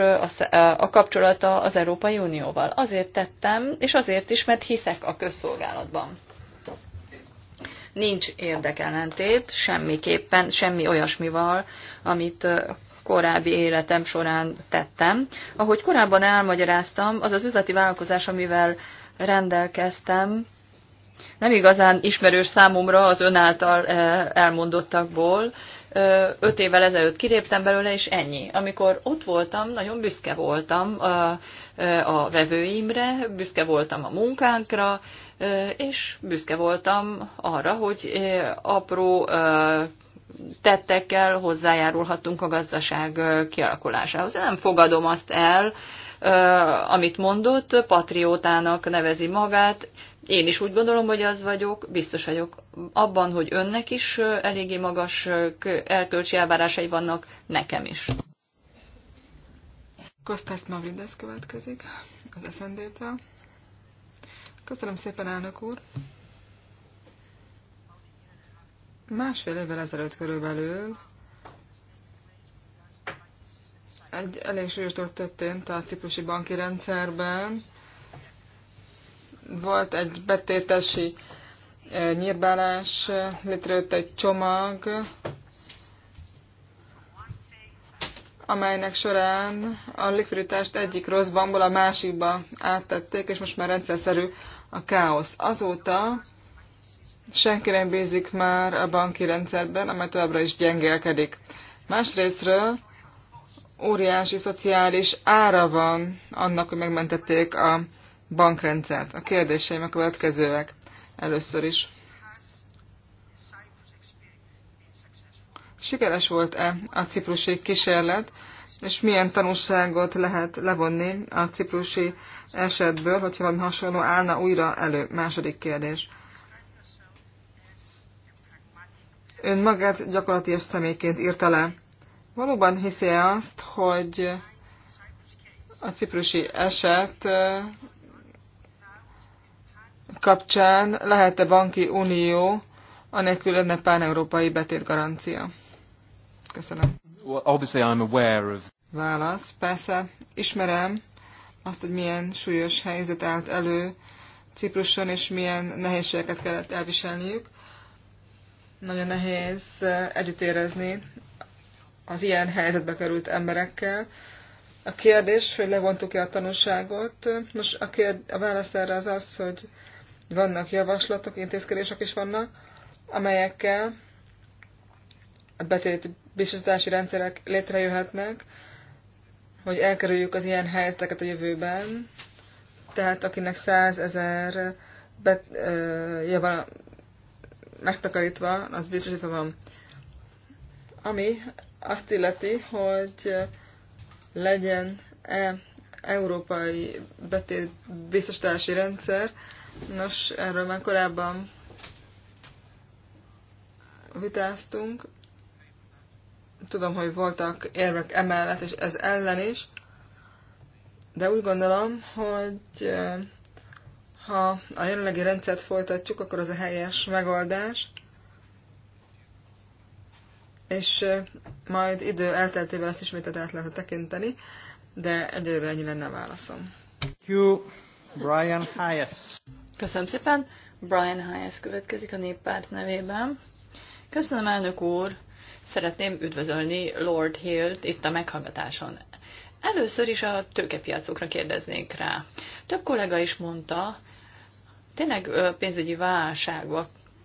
a kapcsolata az Európai Unióval. Azért tettem, és azért is, mert hiszek a közszolgálatban. Nincs érdekellentét semmiképpen, semmi olyasmival, amit korábbi életem során tettem. Ahogy korábban elmagyaráztam, az az üzleti vállalkozás, amivel rendelkeztem, nem igazán ismerős számomra az ön által elmondottakból, öt évvel ezelőtt kiléptem belőle, és ennyi. Amikor ott voltam, nagyon büszke voltam a, a vevőimre, büszke voltam a munkánkra, és büszke voltam arra, hogy apró tettekkel hozzájárulhatunk a gazdaság kialakulásához. Én nem fogadom azt el, amit mondott, patriótának nevezi magát, én is úgy gondolom, hogy az vagyok, biztos vagyok abban, hogy önnek is eléggé magas elkölcsi elvárásai vannak, nekem is. Kostas Mavrides következik az SZND-től. Köszönöm szépen, elnök úr! Másfél évvel ezelőtt körülbelül egy elég súlyos dolog történt a ciprusi banki rendszerben volt egy betétesi nyírbálás, létrejött egy csomag, amelynek során a likviditást egyik rossz a másikba áttették, és most már rendszerszerű a káosz. Azóta senki nem bízik már a banki rendszerben, amely továbbra is gyengélkedik. Másrésztről óriási szociális ára van annak, hogy megmentették a bankrendszert. A kérdéseim a következőek először is. Sikeres volt-e a ciprusi kísérlet, és milyen tanulságot lehet levonni a ciprusi esetből, hogyha valami hasonló állna újra elő? Második kérdés. Ön magát gyakorlati személyként írta le. Valóban hiszi -e azt, hogy a ciprusi eset kapcsán lehet-e banki unió, anélkül lenne pán-európai betétgarancia? Köszönöm. Well, I'm aware of... Válasz. Persze, ismerem azt, hogy milyen súlyos helyzet állt elő Cipruson, és milyen nehézségeket kellett elviselniük. Nagyon nehéz eh, együtt érezni az ilyen helyzetbe került emberekkel. A kérdés, hogy levontuk-e a tanulságot, most a, kérd, a válasz erre az az, hogy vannak javaslatok, intézkedések is vannak, amelyekkel a betét biztosítási rendszerek létrejöhetnek, hogy elkerüljük az ilyen helyzeteket a jövőben. Tehát akinek 100 ezer ja, van megtakarítva, az biztosítva van. Ami azt illeti, hogy legyen-e európai betét biztosítási rendszer. Nos, erről már korábban vitáztunk. Tudom, hogy voltak érvek emellett, és ez ellen is. De úgy gondolom, hogy ha a jelenlegi rendszert folytatjuk, akkor az a helyes megoldás. És majd idő elteltével ezt ismételt át lehet tekinteni de eddőre ennyi lenne a válaszom. You, Brian Hayes. Köszönöm szépen. Brian Hayes következik a néppárt nevében. Köszönöm, elnök úr. Szeretném üdvözölni Lord Hill-t itt a meghallgatáson. Először is a tőkepiacokra kérdeznék rá. Több kollega is mondta, tényleg pénzügyi válság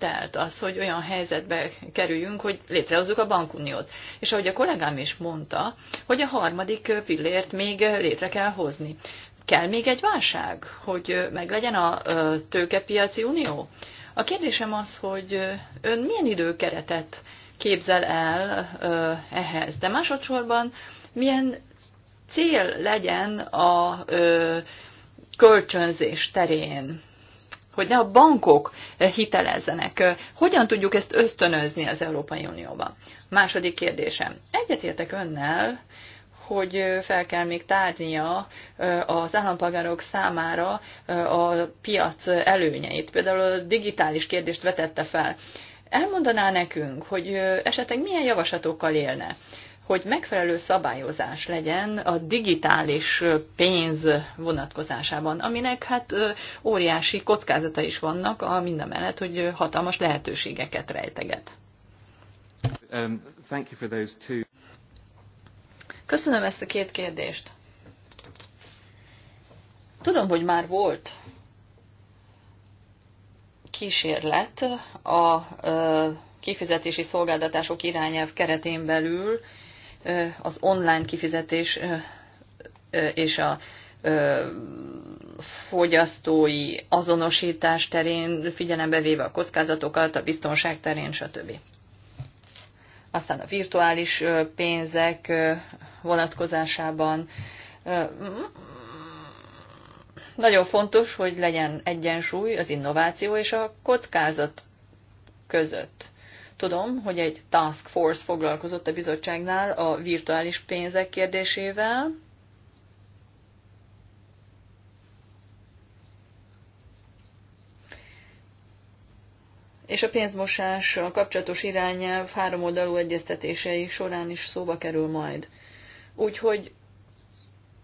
telt az, hogy olyan helyzetbe kerüljünk, hogy létrehozzuk a bankuniót. És ahogy a kollégám is mondta, hogy a harmadik pillért még létre kell hozni. Kell még egy válság, hogy meglegyen a tőkepiaci unió? A kérdésem az, hogy ön milyen időkeretet képzel el ehhez? De másodszorban milyen cél legyen a kölcsönzés terén? hogy ne a bankok eh, hitelezzenek. Eh, hogyan tudjuk ezt ösztönözni az Európai Unióban? Második kérdésem. Egyetértek önnel, hogy eh, fel kell még tárnia az állampolgárok számára a piac előnyeit. Például a digitális kérdést vetette fel. Elmondaná nekünk, hogy esetleg milyen javaslatokkal élne hogy megfelelő szabályozás legyen a digitális pénz vonatkozásában, aminek hát óriási kockázata is vannak, a mindamellett, hogy hatalmas lehetőségeket rejteget. Um, thank you for those two. Köszönöm ezt a két kérdést. Tudom, hogy már volt kísérlet a kifizetési szolgáltatások irányelv keretén belül, az online kifizetés és a fogyasztói azonosítás terén, figyelembe véve a kockázatokat, a biztonság terén, stb. Aztán a virtuális pénzek vonatkozásában nagyon fontos, hogy legyen egyensúly az innováció és a kockázat között. Tudom, hogy egy task force foglalkozott a bizottságnál a virtuális pénzek kérdésével. És a pénzmosás a kapcsolatos irányelv oldalú egyeztetései során is szóba kerül majd. Úgyhogy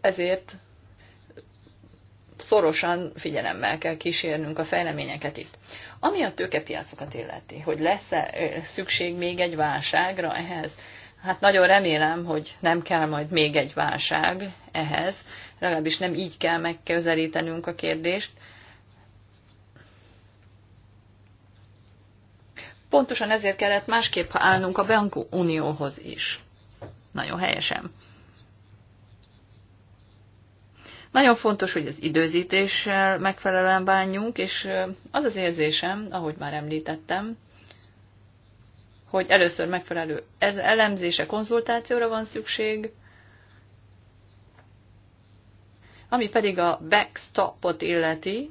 ezért szorosan figyelemmel kell kísérnünk a fejleményeket itt. Ami a tőkepiacokat illeti, hogy lesz-e szükség még egy válságra ehhez, hát nagyon remélem, hogy nem kell majd még egy válság ehhez, legalábbis nem így kell megközelítenünk a kérdést. Pontosan ezért kellett másképp állnunk a bankunióhoz is. Nagyon helyesen. Nagyon fontos, hogy az időzítéssel megfelelően bánjunk, és az az érzésem, ahogy már említettem, hogy először megfelelő elemzése, konzultációra van szükség, ami pedig a backstopot illeti,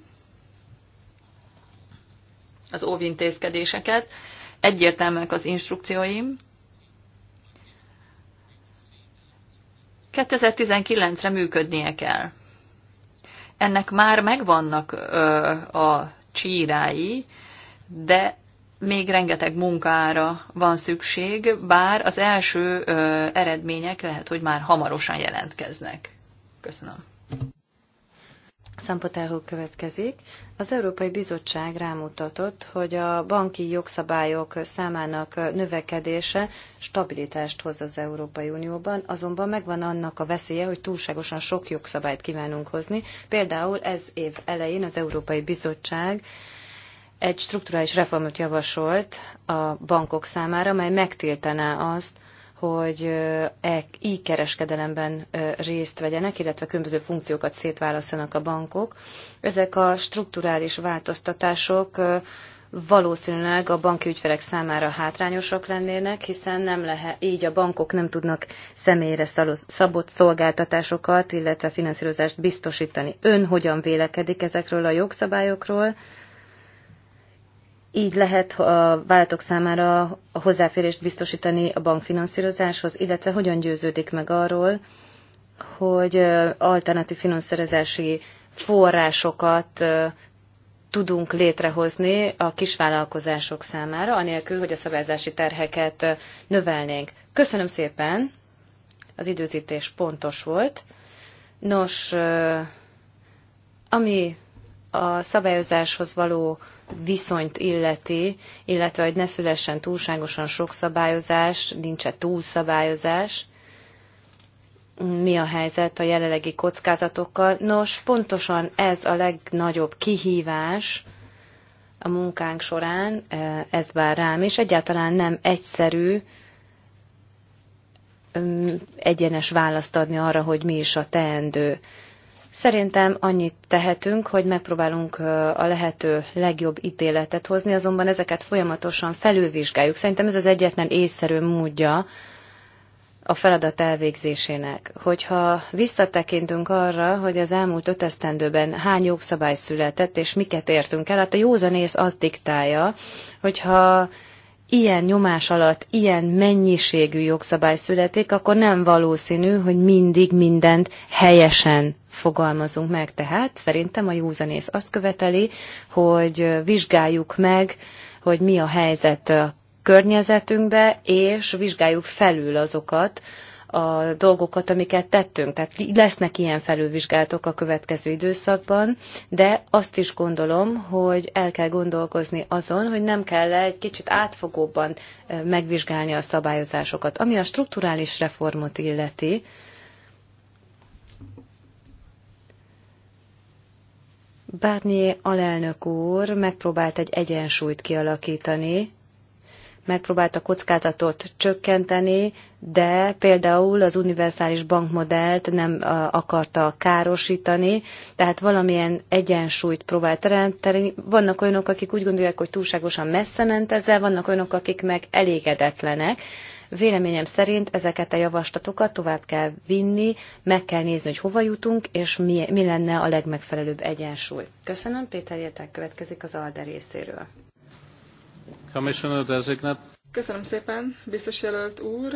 az óvintézkedéseket, egyértelműek az instrukcióim. 2019-re működnie kell ennek már megvannak ö, a csírái, de még rengeteg munkára van szükség, bár az első ö, eredmények lehet, hogy már hamarosan jelentkeznek. Köszönöm. Szampotárhó következik. Az Európai Bizottság rámutatott, hogy a banki jogszabályok számának növekedése stabilitást hoz az Európai Unióban, azonban megvan annak a veszélye, hogy túlságosan sok jogszabályt kívánunk hozni. Például ez év elején az Európai Bizottság egy strukturális reformot javasolt a bankok számára, mely megtiltaná azt, hogy e így kereskedelemben részt vegyenek, illetve különböző funkciókat szétválasztanak a bankok. Ezek a strukturális változtatások valószínűleg a banki ügyfelek számára hátrányosak lennének, hiszen nem lehet, így a bankok nem tudnak személyre szabott szolgáltatásokat, illetve finanszírozást biztosítani. Ön hogyan vélekedik ezekről a jogszabályokról, így lehet a váltok számára a hozzáférést biztosítani a bankfinanszírozáshoz, illetve hogyan győződik meg arról, hogy alternatív finanszírozási forrásokat tudunk létrehozni a kisvállalkozások számára, anélkül, hogy a szabályzási terheket növelnénk. Köszönöm szépen, az időzítés pontos volt. Nos, ami a szabályozáshoz való viszonyt illeti, illetve hogy ne szülessen túlságosan sok szabályozás, nincs-e túlszabályozás, mi a helyzet a jelenlegi kockázatokkal. Nos, pontosan ez a legnagyobb kihívás a munkánk során, e, ez vár rám, és egyáltalán nem egyszerű egyenes választ adni arra, hogy mi is a teendő. Szerintem annyit tehetünk, hogy megpróbálunk a lehető legjobb ítéletet hozni, azonban ezeket folyamatosan felülvizsgáljuk. Szerintem ez az egyetlen észszerű módja a feladat elvégzésének. Hogyha visszatekintünk arra, hogy az elmúlt öt esztendőben hány jogszabály született, és miket értünk el, hát a józanész azt diktálja, hogyha ilyen nyomás alatt ilyen mennyiségű jogszabály születik, akkor nem valószínű, hogy mindig mindent helyesen fogalmazunk meg. Tehát szerintem a józanész azt követeli, hogy vizsgáljuk meg, hogy mi a helyzet a környezetünkbe, és vizsgáljuk felül azokat, a dolgokat, amiket tettünk. Tehát lesznek ilyen felülvizsgálatok a következő időszakban, de azt is gondolom, hogy el kell gondolkozni azon, hogy nem kell -e egy kicsit átfogóbban eh, megvizsgálni a szabályozásokat. Ami a strukturális reformot illeti, Barnier alelnök úr megpróbált egy egyensúlyt kialakítani, megpróbált a kockázatot csökkenteni, de például az univerzális bankmodellt nem akarta károsítani, tehát valamilyen egyensúlyt próbált teremteni. Vannak olyanok, akik úgy gondolják, hogy túlságosan messze ment ezzel, vannak olyanok, akik meg elégedetlenek. Véleményem szerint ezeket a javaslatokat tovább kell vinni, meg kell nézni, hogy hova jutunk, és mi, mi lenne a legmegfelelőbb egyensúly. Köszönöm, Péter Értek következik az ALDE részéről. Köszönöm szépen, biztos jelölt úr.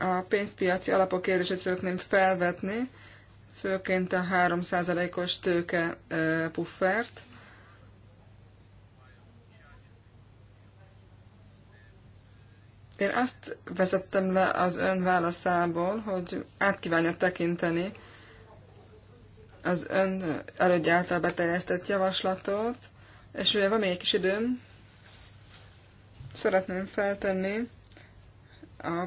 a pénzpiaci alapok kérdését szeretném felvetni, főként a 3%-os tőke puffert. Én azt vezettem le az ön válaszából, hogy át kívánja tekinteni az ön elődje által beteljesztett javaslatot, és ugye van még egy kis időm, szeretném feltenni a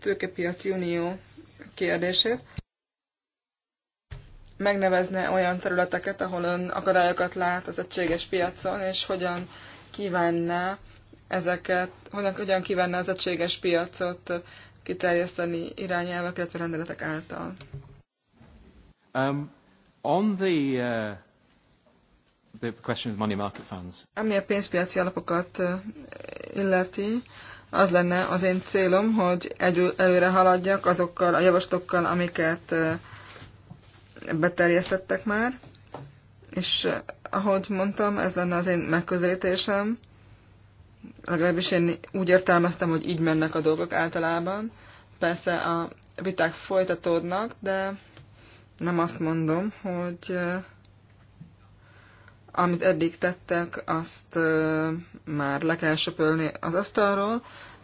tőkepiaci unió kérdését. Megnevezne olyan területeket, ahol ön akadályokat lát az egységes piacon, és hogyan kívánná ezeket, hogyan, hogyan kívánna az egységes piacot kiterjeszteni irányelvek, illetve rendeletek által. Um, on the, uh, the question of money market funds. Ami a pénzpiaci alapokat uh, illeti, az lenne az én célom, hogy egy, előre haladjak azokkal a javaslatokkal, amiket uh, beterjesztettek már, és uh, ahogy mondtam, ez lenne az én megközelítésem, legalábbis én úgy értelmeztem, hogy így mennek a dolgok általában. Persze a viták folytatódnak, de nem azt mondom, hogy amit eddig tettek, azt már le kell söpölni az asztalról.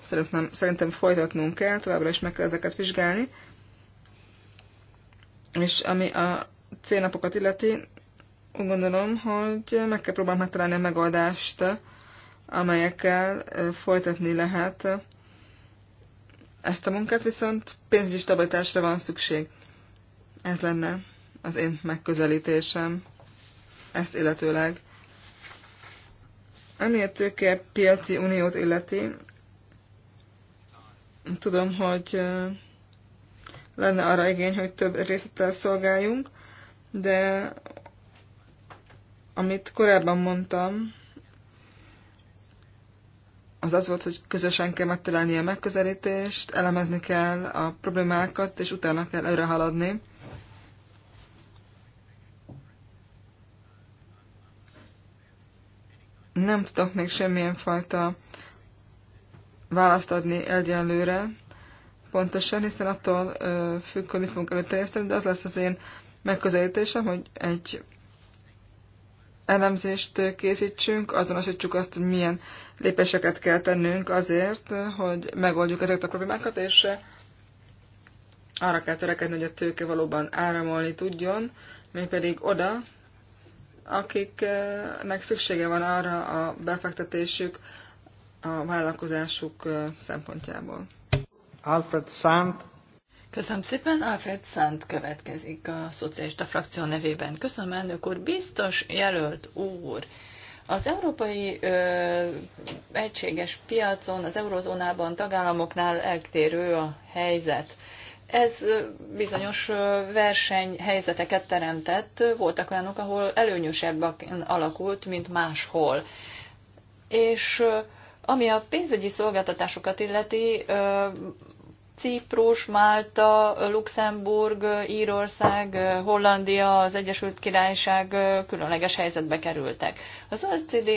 Szerintem, szerintem folytatnunk kell, továbbra is meg kell ezeket vizsgálni. És ami a célnapokat illeti, úgy gondolom, hogy meg kell próbálni megtalálni a megoldást amelyekkel folytatni lehet ezt a munkát, viszont pénzügyi stabilitásra van szükség. Ez lenne az én megközelítésem ezt illetőleg. Ami a tőke piaci uniót illeti, tudom, hogy lenne arra igény, hogy több részlettel szolgáljunk, de amit korábban mondtam, az az volt, hogy közösen kell megtalálni a megközelítést, elemezni kell a problémákat, és utána kell előre haladni. Nem tudok még semmilyen fajta választ adni egyenlőre, pontosan, hiszen attól ö, függ, hogy mit fogunk előterjeszteni, de az lesz az én megközelítésem, hogy egy elemzést készítsünk, azonosítsuk azt, hogy milyen lépéseket kell tennünk azért, hogy megoldjuk ezeket a problémákat, és arra kell törekedni, hogy a tőke valóban áramolni tudjon, pedig oda, akiknek szüksége van arra a befektetésük, a vállalkozásuk szempontjából. Alfred Sand. Köszönöm szépen, Alfred Sand következik a szocialista frakció nevében. Köszönöm, elnök úr, biztos jelölt úr. Az európai ö, egységes piacon, az eurozónában, tagállamoknál eltérő a helyzet. Ez bizonyos versenyhelyzeteket teremtett, voltak olyanok, ahol előnyösebb alakult, mint máshol. És ami a pénzügyi szolgáltatásokat illeti, Ciprus, Málta, Luxemburg, Írország, Hollandia, az Egyesült Királyság különleges helyzetbe kerültek. Az OECD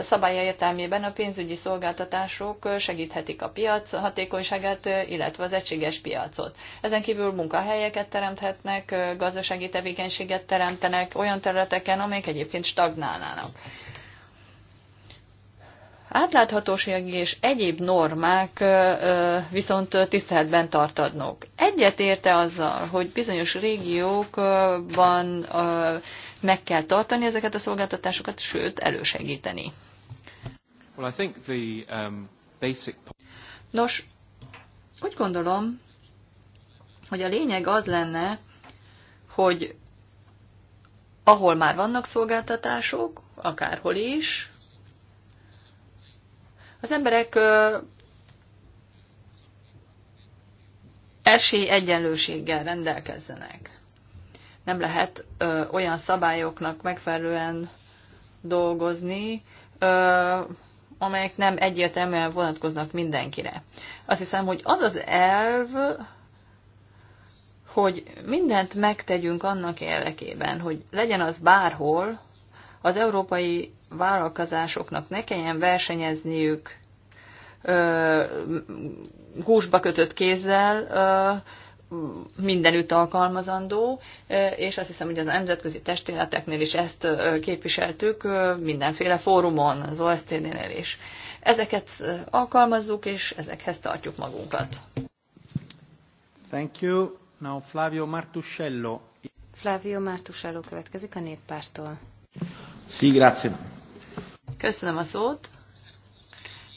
szabálya értelmében a pénzügyi szolgáltatások segíthetik a piac hatékonyságát, illetve az egységes piacot. Ezen kívül munkahelyeket teremthetnek, gazdasági tevékenységet teremtenek olyan területeken, amelyek egyébként stagnálnának átláthatósági és egyéb normák viszont tiszteletben tartadnak. Egyet érte azzal, hogy bizonyos régiókban meg kell tartani ezeket a szolgáltatásokat, sőt, elősegíteni. Well, I think the, um, basic... Nos, úgy gondolom, hogy a lényeg az lenne, hogy ahol már vannak szolgáltatások, akárhol is, az emberek egyenlőséggel rendelkezzenek. Nem lehet ö, olyan szabályoknak megfelelően dolgozni, ö, amelyek nem egyértelműen vonatkoznak mindenkire. Azt hiszem, hogy az az elv, hogy mindent megtegyünk annak érdekében, hogy legyen az bárhol, az európai vállalkozásoknak ne kelljen versenyezniük ö, kötött kézzel, ö, mindenütt alkalmazandó, és azt hiszem, hogy a nemzetközi testéleteknél is ezt képviseltük mindenféle fórumon, az OSZT-nél is. Ezeket alkalmazzuk, és ezekhez tartjuk magunkat. Thank you. Now Flavio Martuscello. Flavio Martuscello következik a néppártól. Sí, grazie. Köszönöm a szót.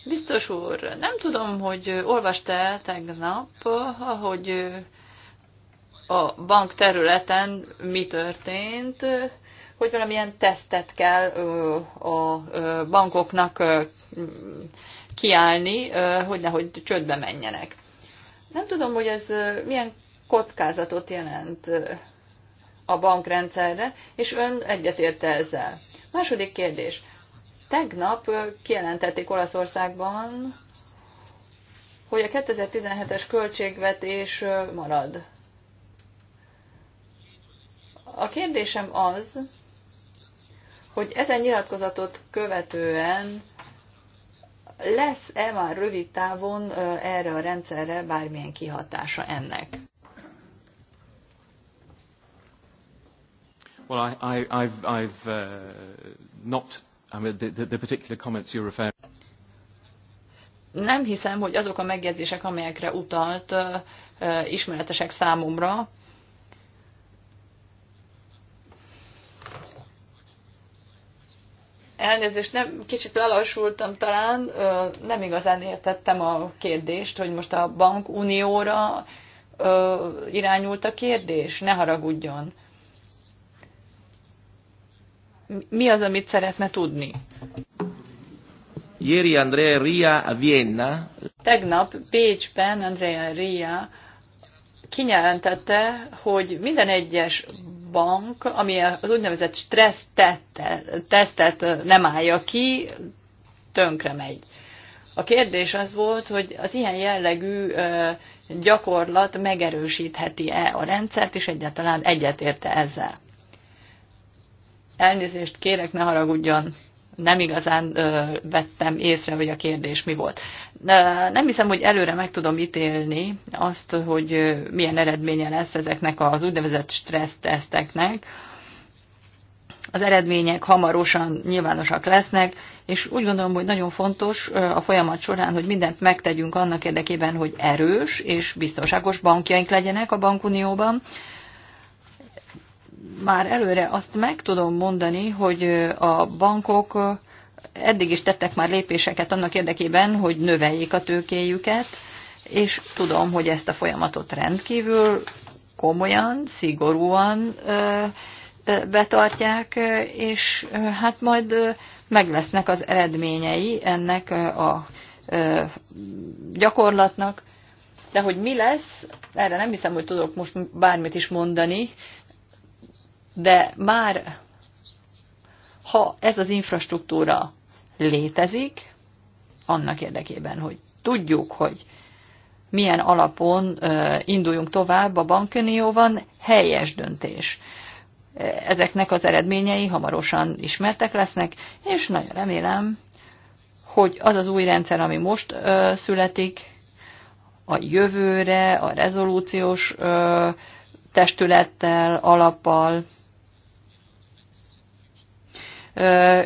Biztos úr, nem tudom, hogy olvasta tegnap, hogy a bank területen mi történt, hogy valamilyen tesztet kell a bankoknak kiállni, hogy nehogy csődbe menjenek. Nem tudom, hogy ez milyen kockázatot jelent a bankrendszerre, és ön egyetérte ezzel. Második kérdés. Tegnap kijelentették Olaszországban, hogy a 2017-es költségvetés marad. A kérdésem az, hogy ezen nyilatkozatot követően lesz-e már rövid távon erre a rendszerre bármilyen kihatása ennek? Well, I, I, I've, I've uh, not, I mean, the, the, the particular comments you refer. nem hiszem, hogy azok a megjegyzések, amelyekre utalt, uh, uh, ismeretesek számomra. Elnézést, nem, kicsit lelassultam talán, uh, nem igazán értettem a kérdést, hogy most a bankunióra irányult a kérdés, ne haragudjon mi az, amit szeretne tudni. Ieri Andrea Ria a Vienna. Tegnap Bécsben Andrea Ria kinyelentette, hogy minden egyes bank, ami az úgynevezett stressz tesztet nem állja ki, tönkre megy. A kérdés az volt, hogy az ilyen jellegű gyakorlat megerősítheti-e a rendszert, és egyáltalán egyetérte ezzel. Elnézést kérek, ne haragudjon. Nem igazán ö, vettem észre, hogy a kérdés mi volt. De nem hiszem, hogy előre meg tudom ítélni azt, hogy milyen eredménye lesz ezeknek az úgynevezett stresszteszteknek. Az eredmények hamarosan nyilvánosak lesznek, és úgy gondolom, hogy nagyon fontos a folyamat során, hogy mindent megtegyünk annak érdekében, hogy erős és biztonságos bankjaink legyenek a bankunióban, már előre azt meg tudom mondani, hogy a bankok eddig is tettek már lépéseket annak érdekében, hogy növeljék a tőkéjüket, és tudom, hogy ezt a folyamatot rendkívül komolyan, szigorúan betartják, és hát majd meg lesznek az eredményei ennek a gyakorlatnak. De hogy mi lesz, erre nem hiszem, hogy tudok most bármit is mondani, de már ha ez az infrastruktúra létezik, annak érdekében, hogy tudjuk, hogy milyen alapon induljunk tovább a van helyes döntés. E, ezeknek az eredményei hamarosan ismertek lesznek, és nagyon remélem, hogy az az új rendszer, ami most ö, születik, a jövőre, a rezolúciós ö, testülettel, alappal,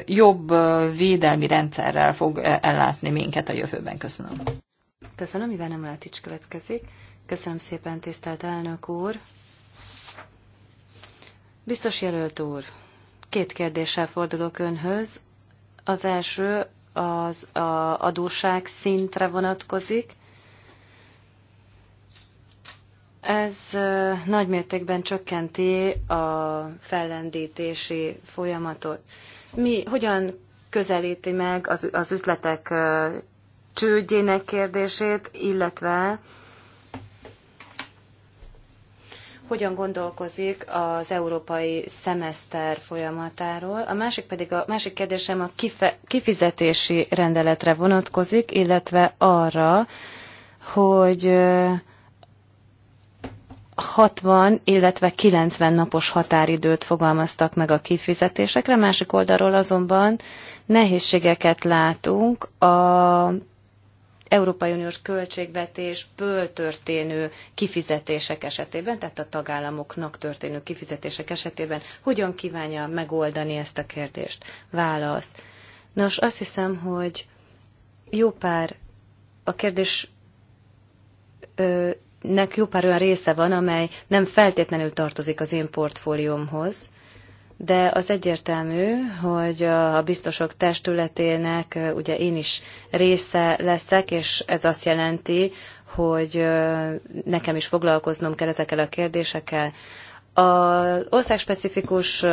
jobb védelmi rendszerrel fog ellátni minket a jövőben. Köszönöm. Köszönöm, mivel nem Látics következik. Köszönöm szépen, tisztelt elnök úr. Biztos jelölt úr, két kérdéssel fordulok önhöz. Az első az a adóság szintre vonatkozik. Ez nagymértékben csökkenti a fellendítési folyamatot. Mi hogyan közelíti meg az, az üzletek csődjének kérdését, illetve hogyan gondolkozik az európai szemeszter folyamatáról. A másik pedig a másik kérdésem a kife, kifizetési rendeletre vonatkozik, illetve arra, hogy 60, illetve 90 napos határidőt fogalmaztak meg a kifizetésekre, másik oldalról azonban nehézségeket látunk a Európai Uniós költségvetésből történő kifizetések esetében, tehát a tagállamoknak történő kifizetések esetében. Hogyan kívánja megoldani ezt a kérdést? Válasz. Nos, azt hiszem, hogy jó pár a kérdés nek jó pár olyan része van, amely nem feltétlenül tartozik az én portfóliómhoz, de az egyértelmű, hogy a biztosok testületének ugye én is része leszek, és ez azt jelenti, hogy nekem is foglalkoznom kell ezekkel a kérdésekkel. Az országspecifikus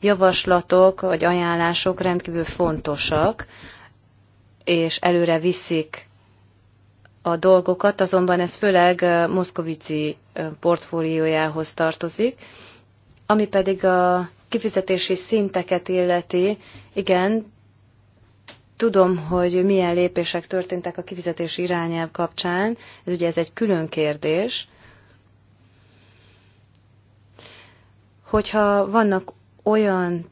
javaslatok vagy ajánlások rendkívül fontosak, és előre viszik a dolgokat, azonban ez főleg Moszkovici portfóliójához tartozik, ami pedig a kifizetési szinteket illeti, igen, tudom, hogy milyen lépések történtek a kifizetési irányelv kapcsán, ez ugye ez egy külön kérdés. Hogyha vannak olyan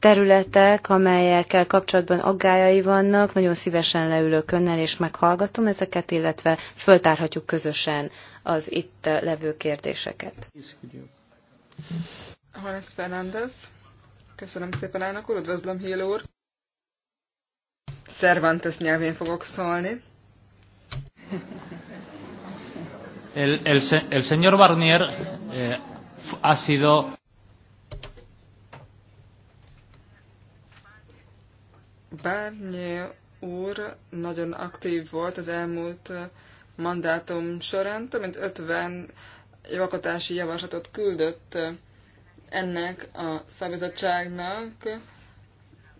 területek, amelyekkel kapcsolatban aggályai vannak, nagyon szívesen leülök önnel, és meghallgatom ezeket, illetve föltárhatjuk közösen az itt levő kérdéseket. Hannes Fernández. Köszönöm szépen, elnök úr, üdvözlöm, Hill úr. Cervantes nyelvén fogok szólni. El, el, el señor Barnier eh, ha sido... Bárnyi úr nagyon aktív volt az elmúlt mandátum során, több mint 50 javakotási javaslatot küldött ennek a szabizottságnak,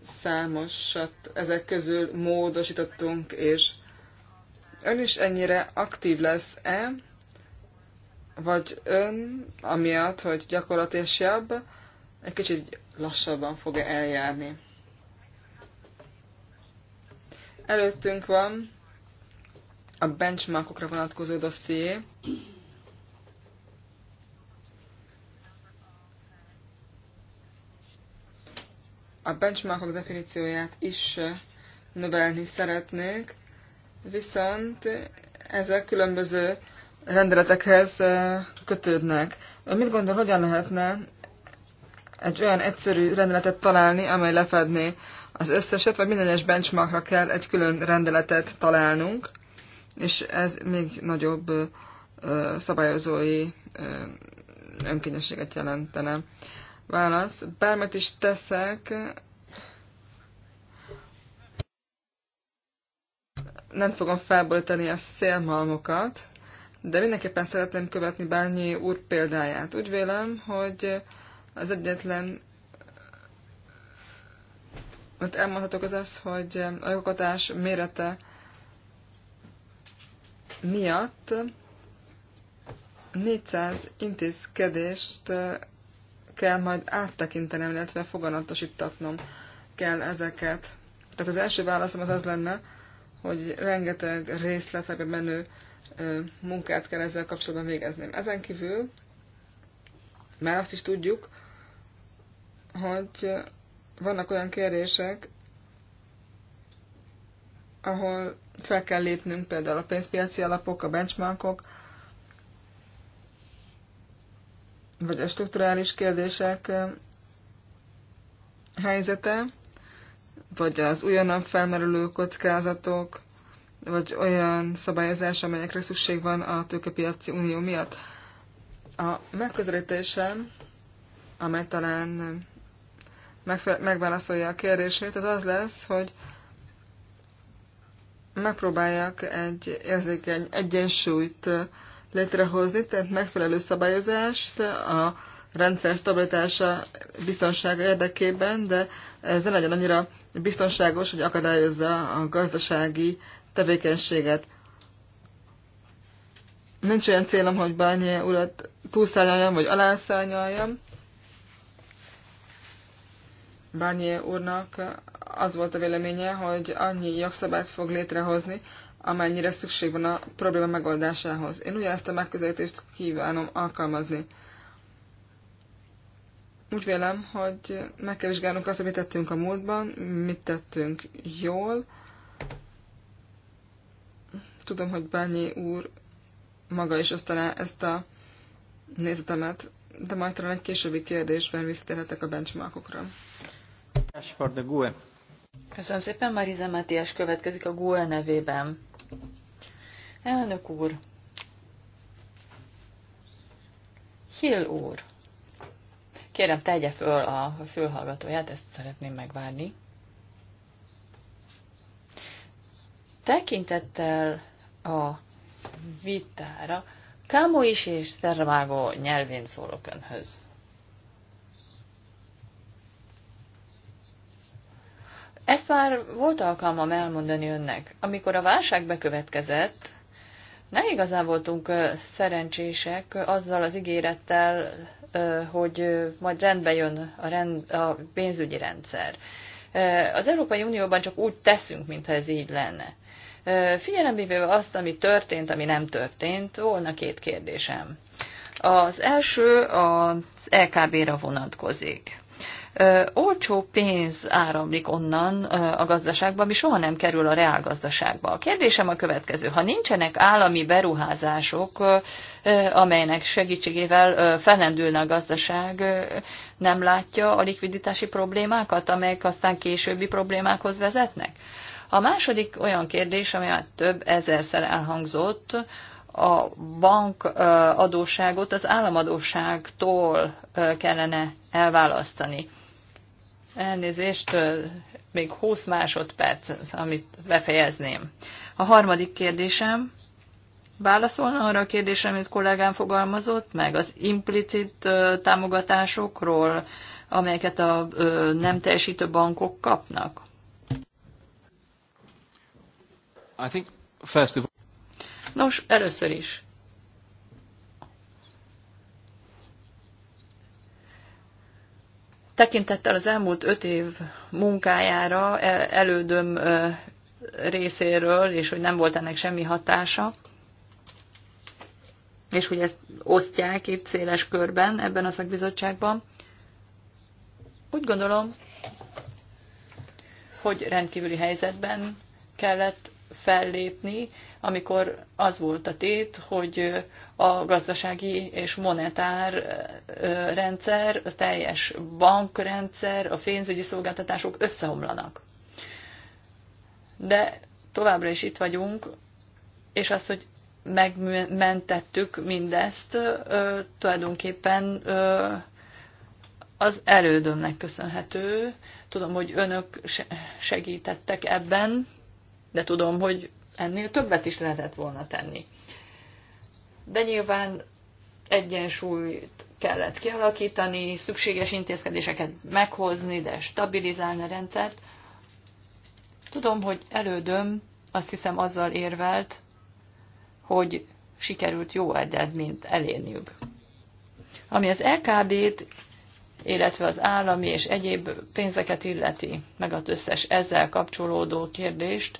számosat ezek közül módosítottunk, és ön is ennyire aktív lesz-e, vagy ön, amiatt, hogy gyakorlatilag egy kicsit lassabban fog -e eljárni? Előttünk van a benchmarkokra vonatkozó dosszié. A benchmarkok definícióját is növelni szeretnék, viszont ezek különböző rendeletekhez kötődnek. Ön mit gondol, hogyan lehetne egy olyan egyszerű rendeletet találni, amely lefedné az összeset, vagy minden egyes benchmarkra kell egy külön rendeletet találnunk, és ez még nagyobb szabályozói önkényességet jelentene. Válasz, bármit is teszek, nem fogom felboltani a szélmalmokat, de mindenképpen szeretném követni Bányi úr példáját. Úgy vélem, hogy az egyetlen mert elmondhatok az az, hogy a jogokatás mérete miatt 400 intézkedést kell majd áttekintenem, illetve foganatosítatnom kell ezeket. Tehát az első válaszom az az lenne, hogy rengeteg részletekbe menő munkát kell ezzel kapcsolatban végezném. Ezen kívül már azt is tudjuk, hogy vannak olyan kérdések, ahol fel kell lépnünk, például a pénzpiaci alapok, a benchmarkok, vagy a strukturális kérdések helyzete, vagy az újonnan felmerülő kockázatok, vagy olyan szabályozás, amelyekre szükség van a tőkepiaci unió miatt. A megközelítésem, amely talán megválaszolja a kérdését, az az lesz, hogy megpróbálják egy érzékeny egyensúlyt létrehozni, tehát megfelelő szabályozást a rendszer stabilitása biztonsága érdekében, de ez ne legyen annyira biztonságos, hogy akadályozza a gazdasági tevékenységet. Nincs olyan célom, hogy bányi urat túlszányaljam, vagy alászányaljam. Barnier úrnak az volt a véleménye, hogy annyi jogszabályt fog létrehozni, amennyire szükség van a probléma megoldásához. Én ezt a megközelítést kívánom alkalmazni. Úgy vélem, hogy meg kell vizsgálnunk azt, amit tettünk a múltban, mit tettünk jól. Tudom, hogy Bányi úr maga is osztaná ezt a nézetemet, de majd talán egy későbbi kérdésben visszatérhetek a benchmarkokra. For the GUE. Köszönöm szépen, Mariza Mátiás következik a GUE nevében. Elnök úr, Hill úr, kérem tegye föl a fülhallgatóját, ezt szeretném megvárni. Tekintettel a vitára, Kámo is és Szervágó nyelvén szólok önhöz. Ezt már volt alkalmam elmondani önnek. Amikor a válság bekövetkezett, nem igazán voltunk szerencsések azzal az ígérettel, hogy majd rendbe jön a, rend, a pénzügyi rendszer. Az Európai Unióban csak úgy teszünk, mintha ez így lenne. Figyelembe véve azt, ami történt, ami nem történt, volna két kérdésem. Az első az LKB-ra e vonatkozik olcsó pénz áramlik onnan a gazdaságba, ami soha nem kerül a reálgazdaságba. A kérdésem a következő. Ha nincsenek állami beruházások, amelynek segítségével felendülne a gazdaság, nem látja a likviditási problémákat, amelyek aztán későbbi problémákhoz vezetnek? A második olyan kérdés, ami már több ezerszer elhangzott, a bank adósságot az államadóságtól kellene elválasztani. Elnézést, még 20 másodperc, amit befejezném. A harmadik kérdésem, válaszolna arra a kérdésre, amit kollégám fogalmazott meg, az implicit támogatásokról, amelyeket a nem teljesítő bankok kapnak? I think, first of... Nos, először is. Tekintettel az elmúlt öt év munkájára, e, elődöm részéről, és hogy nem volt ennek semmi hatása, és hogy ezt osztják itt széles körben ebben a szakbizottságban, úgy gondolom, hogy rendkívüli helyzetben kellett fellépni, amikor az volt a tét, hogy a gazdasági és monetár rendszer, a teljes bankrendszer, a pénzügyi szolgáltatások összeomlanak. De továbbra is itt vagyunk, és az, hogy megmentettük mindezt, tulajdonképpen az elődömnek köszönhető. Tudom, hogy önök segítettek ebben, de tudom, hogy ennél többet is lehetett volna tenni. De nyilván egyensúlyt kellett kialakítani, szükséges intézkedéseket meghozni, de stabilizálni a rendszert. Tudom, hogy elődöm azt hiszem azzal érvelt, hogy sikerült jó eredményt elérniük. Ami az LKB-t, illetve az állami és egyéb pénzeket illeti, meg az összes ezzel kapcsolódó kérdést,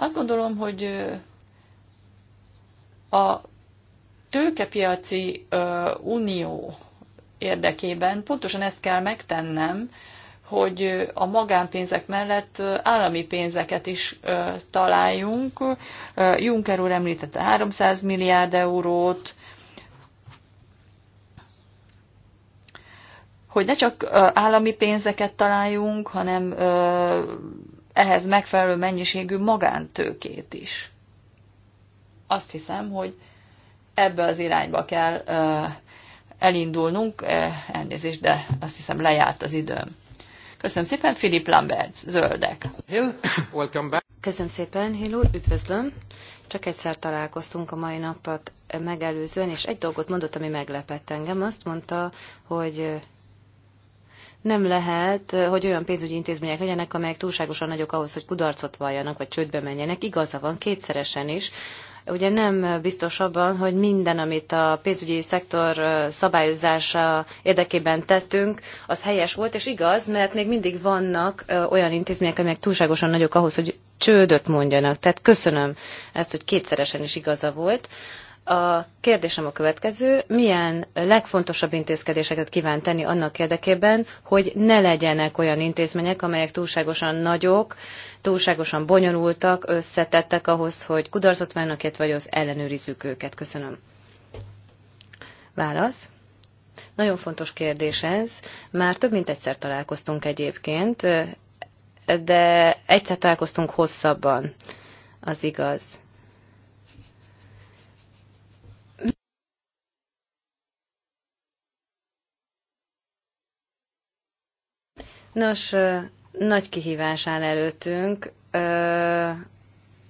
azt gondolom, hogy a tőkepiaci unió érdekében pontosan ezt kell megtennem, hogy a magánpénzek mellett állami pénzeket is találjunk. Juncker úr említette 300 milliárd eurót, hogy ne csak állami pénzeket találjunk, hanem ehhez megfelelő mennyiségű magántőkét is. Azt hiszem, hogy ebbe az irányba kell elindulnunk, elnézést, de azt hiszem lejárt az időm. Köszönöm szépen, Philip Lambert, zöldek. Hill, <coughs> welcome back. Köszönöm szépen, Hill úr, üdvözlöm. Csak egyszer találkoztunk a mai napot megelőzően, és egy dolgot mondott, ami meglepett engem. Azt mondta, hogy nem lehet, hogy olyan pénzügyi intézmények legyenek, amelyek túlságosan nagyok ahhoz, hogy kudarcot valljanak, vagy csődbe menjenek. Igaza van, kétszeresen is. Ugye nem biztos abban, hogy minden, amit a pénzügyi szektor szabályozása érdekében tettünk, az helyes volt, és igaz, mert még mindig vannak olyan intézmények, amelyek túlságosan nagyok ahhoz, hogy csődöt mondjanak. Tehát köszönöm ezt, hogy kétszeresen is igaza volt. A kérdésem a következő, milyen legfontosabb intézkedéseket kíván tenni annak érdekében, hogy ne legyenek olyan intézmények, amelyek túlságosan nagyok, túlságosan bonyolultak, összetettek ahhoz, hogy kudarcot válnak, illetve hogy az ellenőrizzük őket. Köszönöm. Válasz. Nagyon fontos kérdés ez. Már több mint egyszer találkoztunk egyébként, de egyszer találkoztunk hosszabban, az igaz. Nos, nagy kihívás áll előttünk.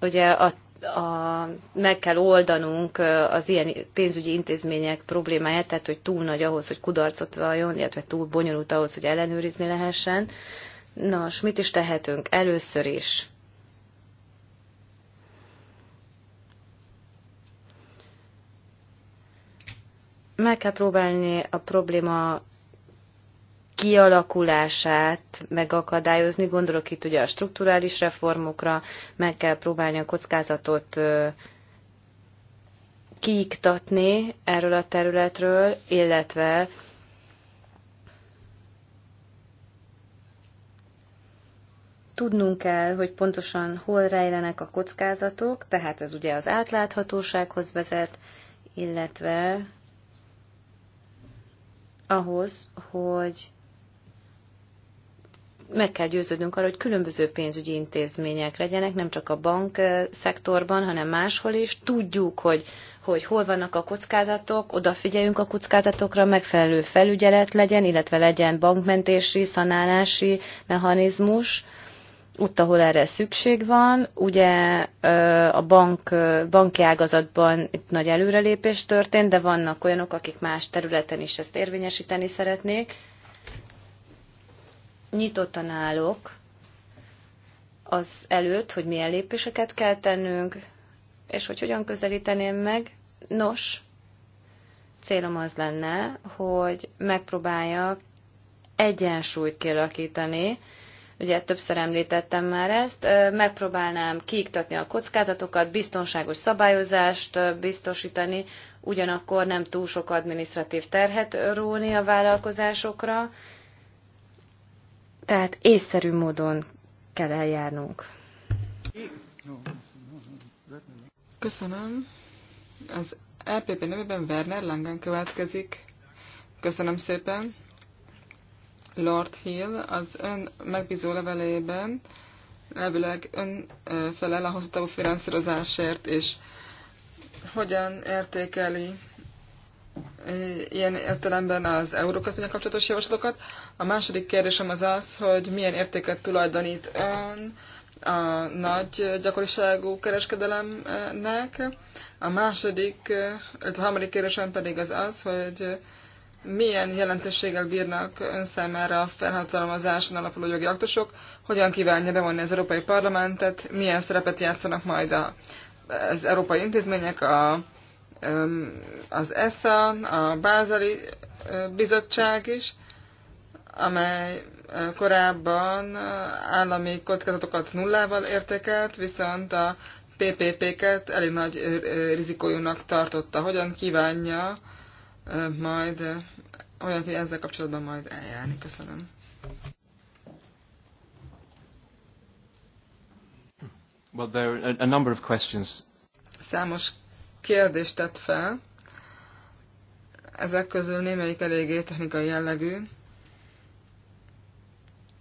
Ugye a, a, meg kell oldanunk az ilyen pénzügyi intézmények problémáját, tehát hogy túl nagy ahhoz, hogy kudarcot valljon, illetve túl bonyolult ahhoz, hogy ellenőrizni lehessen. Nos, mit is tehetünk? Először is meg kell próbálni a probléma kialakulását megakadályozni. Gondolok itt ugye a strukturális reformokra, meg kell próbálni a kockázatot kiiktatni erről a területről, illetve tudnunk kell, hogy pontosan hol rejlenek a kockázatok, tehát ez ugye az átláthatósághoz vezet, illetve ahhoz, hogy meg kell győződnünk arra, hogy különböző pénzügyi intézmények legyenek, nem csak a bank szektorban, hanem máshol is. Tudjuk, hogy, hogy hol vannak a kockázatok, odafigyeljünk a kockázatokra, megfelelő felügyelet legyen, illetve legyen bankmentési, szanálási mechanizmus, ott, ahol erre szükség van. Ugye a bank, banki ágazatban itt nagy előrelépés történt, de vannak olyanok, akik más területen is ezt érvényesíteni szeretnék nyitottan állok az előtt, hogy milyen lépéseket kell tennünk, és hogy hogyan közelíteném meg. Nos, célom az lenne, hogy megpróbáljak egyensúlyt kialakítani, ugye többször említettem már ezt, megpróbálnám kiiktatni a kockázatokat, biztonságos szabályozást biztosítani, ugyanakkor nem túl sok administratív terhet róni a vállalkozásokra, tehát észszerű módon kell eljárnunk. Köszönöm. Az LPP e nevében Werner Langen következik. Köszönöm szépen. Lord Hill az ön megbízó levelében elvileg ön felel a hosszú távú finanszírozásért, és hogyan értékeli ilyen értelemben az eurókötvények kapcsolatos javaslatokat. A második kérdésem az az, hogy milyen értéket tulajdonít ön a nagy gyakoriságú kereskedelemnek. A második, a harmadik kérdésem pedig az az, hogy milyen jelentőséggel bírnak ön számára a felhatalmazáson alapuló jogi aktusok, hogyan kívánja bevonni az Európai Parlamentet, milyen szerepet játszanak majd az európai intézmények, a az ESA, a Bázali Bizottság is, amely korábban állami kockázatokat nullával értékelt, viszont a PPP-ket elég nagy rizikójúnak tartotta. Hogyan kívánja majd, olyan, hogy ezzel kapcsolatban majd eljárni? Köszönöm. Well, there are a number of questions. Számos kérdést tett fel. Ezek közül némelyik eléggé technikai jellegű,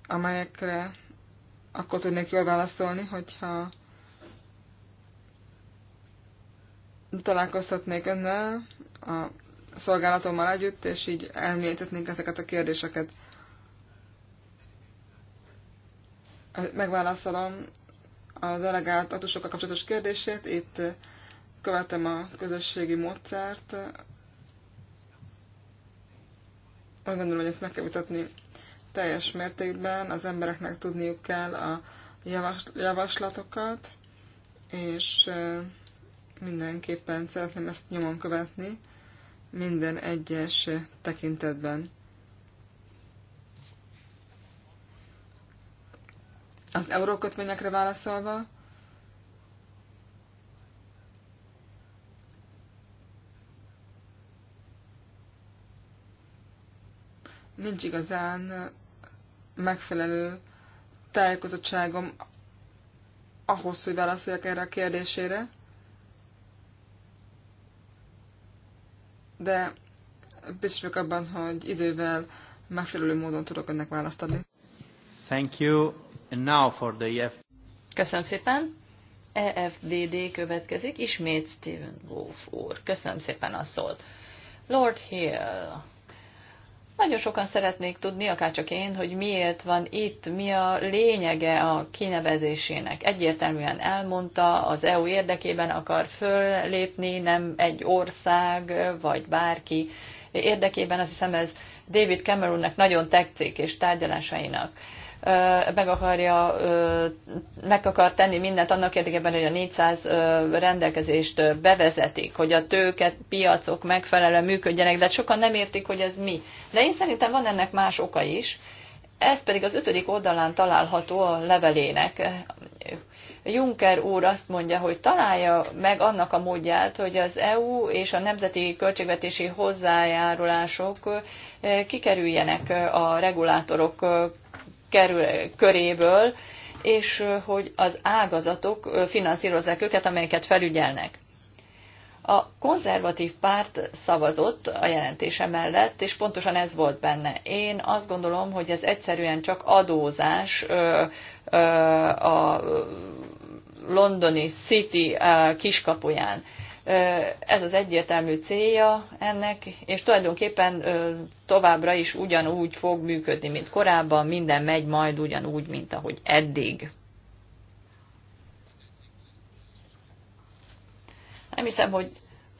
amelyekre akkor tudnék jól válaszolni, hogyha találkozhatnék önnel a szolgálatommal együtt, és így elmélyítetnénk ezeket a kérdéseket. Megválaszolom a delegált atusokkal kapcsolatos kérdését. Itt követem a közösségi módszert. Úgy gondolom, hogy ezt meg kell vitatni teljes mértékben, az embereknek tudniuk kell a javaslatokat, és mindenképpen szeretném ezt nyomon követni minden egyes tekintetben. Az eurókötvényekre válaszolva, nincs igazán megfelelő tájékozottságom ahhoz, hogy válaszoljak erre a kérdésére. De biztos vagyok abban, hogy idővel megfelelő módon tudok ennek választ adni. Thank you. And now for the EF. Köszönöm szépen. EFDD következik, ismét Stephen Wolf úr. Köszönöm szépen a szót. Lord Hill, nagyon sokan szeretnék tudni, akár csak én, hogy miért van itt, mi a lényege a kinevezésének. Egyértelműen elmondta, az EU érdekében akar föllépni, nem egy ország vagy bárki érdekében. Azt hiszem ez David Cameronnek nagyon tetszik és tárgyalásainak meg akarja, meg akar tenni mindent annak érdekében, hogy a 400 rendelkezést bevezetik, hogy a tőket, piacok megfelelően működjenek, de hát sokan nem értik, hogy ez mi. De én szerintem van ennek más oka is, ez pedig az ötödik oldalán található a levelének. Juncker úr azt mondja, hogy találja meg annak a módját, hogy az EU és a nemzeti költségvetési hozzájárulások kikerüljenek a regulátorok kerül, köréből, és hogy az ágazatok finanszírozzák őket, amelyeket felügyelnek. A konzervatív párt szavazott a jelentése mellett, és pontosan ez volt benne. Én azt gondolom, hogy ez egyszerűen csak adózás a londoni City kiskapuján. Ez az egyértelmű célja ennek, és tulajdonképpen továbbra is ugyanúgy fog működni, mint korábban, minden megy majd ugyanúgy, mint ahogy eddig. Nem hiszem, hogy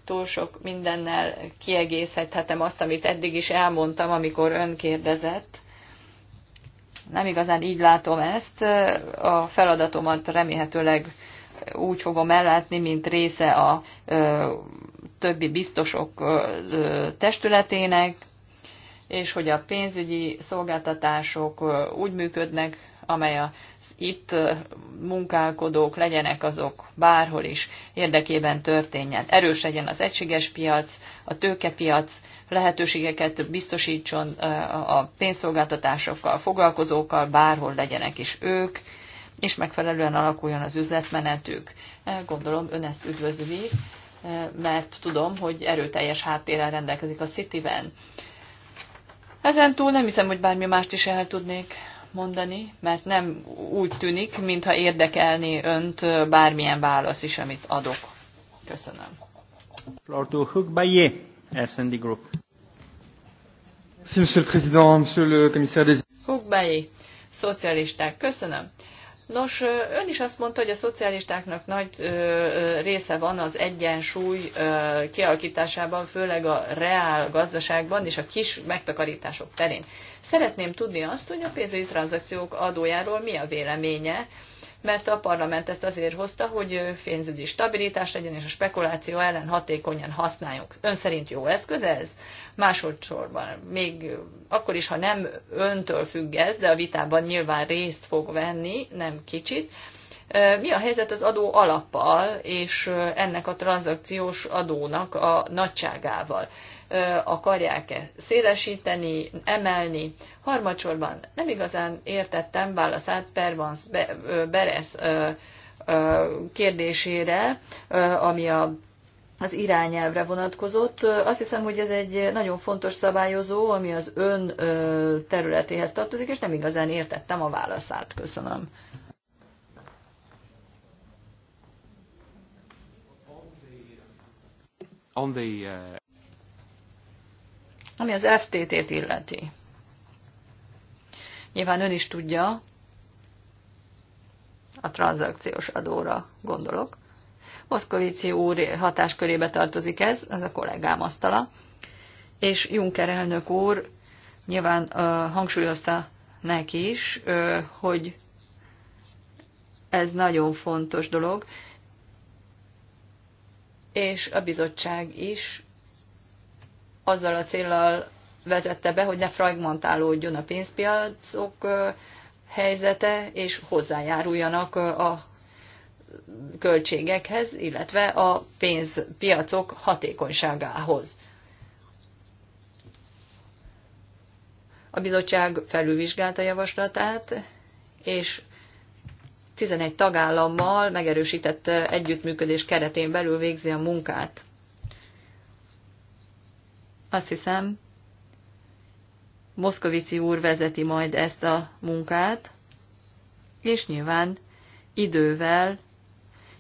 túl sok mindennel kiegészhethetem azt, amit eddig is elmondtam, amikor ön kérdezett. Nem igazán így látom ezt. A feladatomat remélhetőleg úgy fogom ellátni, mint része a többi biztosok testületének, és hogy a pénzügyi szolgáltatások úgy működnek, amely az itt munkálkodók legyenek azok bárhol is érdekében történjen. Erős legyen az egységes piac, a tőkepiac, lehetőségeket biztosítson a pénzszolgáltatásokkal, foglalkozókkal, bárhol legyenek is ők, és megfelelően alakuljon az üzletmenetük. E, gondolom ön ezt üdvözli, e, mert tudom, hogy erőteljes háttérrel rendelkezik a Cityben. Ezen túl nem hiszem, hogy bármi mást is el tudnék mondani, mert nem úgy tűnik, mintha érdekelni önt bármilyen válasz is, amit adok. Köszönöm. Floor to Hugbayé, SND Group. Monsieur le Président, Monsieur le Commissaire szocialisták, köszönöm. Nos, ön is azt mondta, hogy a szocialistáknak nagy része van az egyensúly kialakításában, főleg a reál gazdaságban és a kis megtakarítások terén. Szeretném tudni azt, hogy a pénzügyi tranzakciók adójáról mi a véleménye, mert a parlament ezt azért hozta, hogy pénzügyi stabilitás legyen, és a spekuláció ellen hatékonyan használjuk. Ön szerint jó eszköz ez? Másodszorban, még akkor is, ha nem öntől függ ez, de a vitában nyilván részt fog venni, nem kicsit, mi a helyzet az adó alappal és ennek a tranzakciós adónak a nagyságával? akarják-e szélesíteni, emelni. Harmadsorban nem igazán értettem válaszát Pervans Beres kérdésére, ami a az irányelvre vonatkozott. Azt hiszem, hogy ez egy nagyon fontos szabályozó, ami az ön területéhez tartozik, és nem igazán értettem a válaszát. Köszönöm. On the, uh... Ami az FTT-t illeti. Nyilván ön is tudja, a tranzakciós adóra gondolok. Moszkovici úr hatáskörébe tartozik ez, ez a kollégám asztala, és Juncker elnök úr nyilván uh, hangsúlyozta neki is, uh, hogy ez nagyon fontos dolog, és a bizottság is azzal a célral vezette be, hogy ne fragmentálódjon a pénzpiacok helyzete, és hozzájáruljanak a költségekhez, illetve a pénzpiacok hatékonyságához. A bizottság felülvizsgálta javaslatát, és 11 tagállammal megerősített együttműködés keretén belül végzi a munkát. Azt hiszem, Moszkovici úr vezeti majd ezt a munkát, és nyilván idővel,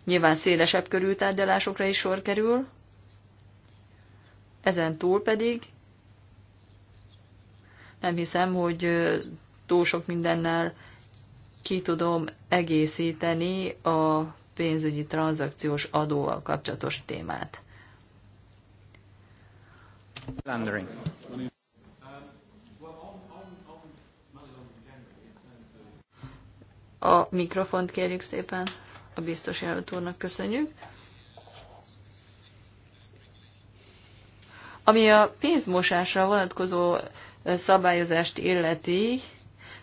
nyilván szélesebb körű tárgyalásokra is sor kerül, ezen túl pedig nem hiszem, hogy túl sok mindennel ki tudom egészíteni a pénzügyi tranzakciós adóval kapcsolatos témát. Landering. A mikrofont kérjük szépen a biztos jelölt úrnak köszönjük. Ami a pénzmosásra vonatkozó szabályozást illeti,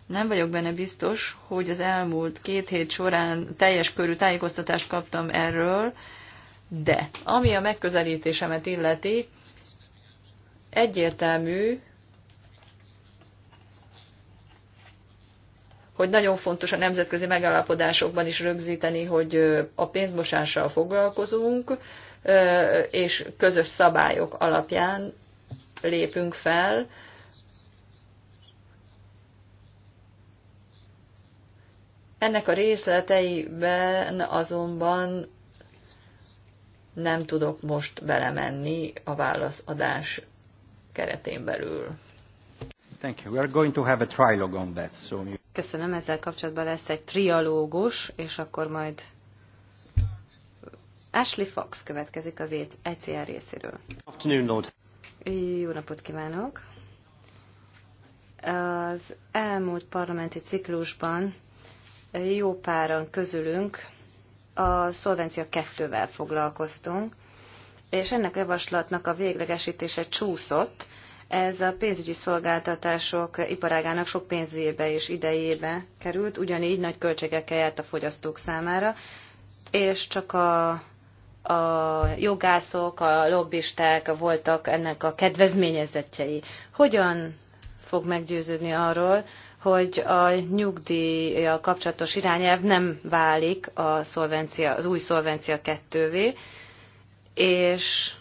nem vagyok benne biztos, hogy az elmúlt két hét során teljes körű tájékoztatást kaptam erről, de ami a megközelítésemet illeti, egyértelmű, hogy nagyon fontos a nemzetközi megállapodásokban is rögzíteni, hogy a pénzmosással foglalkozunk, és közös szabályok alapján lépünk fel. Ennek a részleteiben azonban nem tudok most belemenni a válaszadás keretén belül. Thank you. We are going to have a trilogue on that. So... you... Köszönöm, ezzel kapcsolatban lesz egy trialógus, és akkor majd Ashley Fox következik az ECR részéről. Afternoon, Lord. Jó napot kívánok! Az elmúlt parlamenti ciklusban jó páran közülünk a szolvencia 2-vel foglalkoztunk, és ennek javaslatnak a véglegesítése csúszott, ez a pénzügyi szolgáltatások iparágának sok pénzébe és idejébe került, ugyanígy nagy költségekkel járt a fogyasztók számára, és csak a, a jogászok, a lobbisták voltak ennek a kedvezményezettjei. Hogyan fog meggyőződni arról, hogy a nyugdíja kapcsolatos irányelv nem válik a szolvencia, az új szolvencia kettővé, és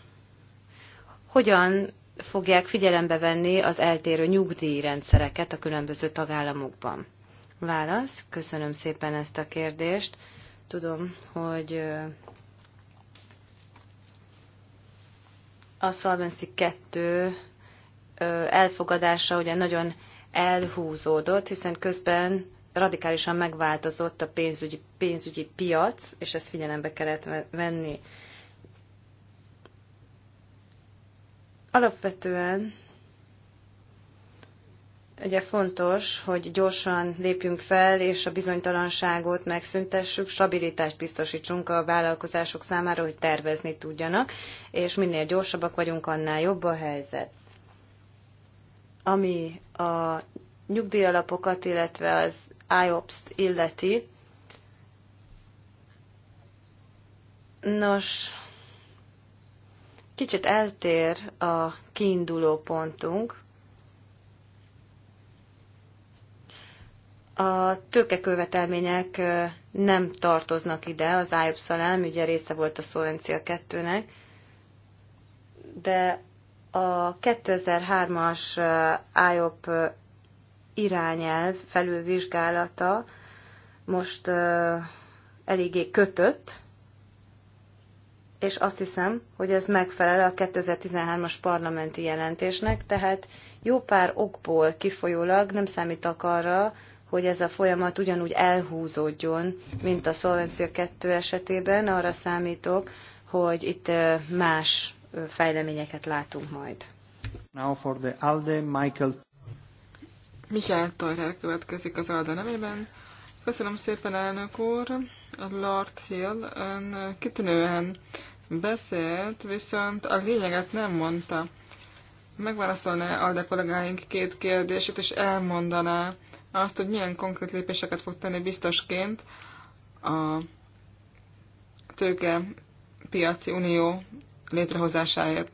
hogyan fogják figyelembe venni az eltérő nyugdíjrendszereket a különböző tagállamokban? Válasz, köszönöm szépen ezt a kérdést. Tudom, hogy a Solvency 2 elfogadása ugye nagyon elhúzódott, hiszen közben radikálisan megváltozott a pénzügyi, pénzügyi piac, és ezt figyelembe kellett venni. Alapvetően ugye fontos, hogy gyorsan lépjünk fel, és a bizonytalanságot megszüntessük, stabilitást biztosítsunk a vállalkozások számára, hogy tervezni tudjanak, és minél gyorsabbak vagyunk, annál jobb a helyzet. Ami a nyugdíjalapokat, illetve az IOPS-t illeti, nos, Kicsit eltér a kiinduló pontunk. A tőkekövetelmények nem tartoznak ide, az Ájub Szalám ugye része volt a Szolvencia 2-nek, de a 2003-as IOP irányelv felülvizsgálata most eléggé kötött, és azt hiszem, hogy ez megfelel a 2013-as parlamenti jelentésnek, tehát jó pár okból kifolyólag nem számítak arra, hogy ez a folyamat ugyanúgy elhúzódjon, mint a Szolvencia 2 esetében. Arra számítok, hogy itt más fejleményeket látunk majd. Now for the ALDE, Michael. Michael Toyer következik az ALDE nevében. Köszönöm szépen, elnök úr. Lord Hill, ön kitűnően beszélt, viszont a lényeget nem mondta. Megválaszolná Alde kollégáink két kérdését, és elmondaná azt, hogy milyen konkrét lépéseket fog tenni biztosként a tőke piaci unió létrehozásáért.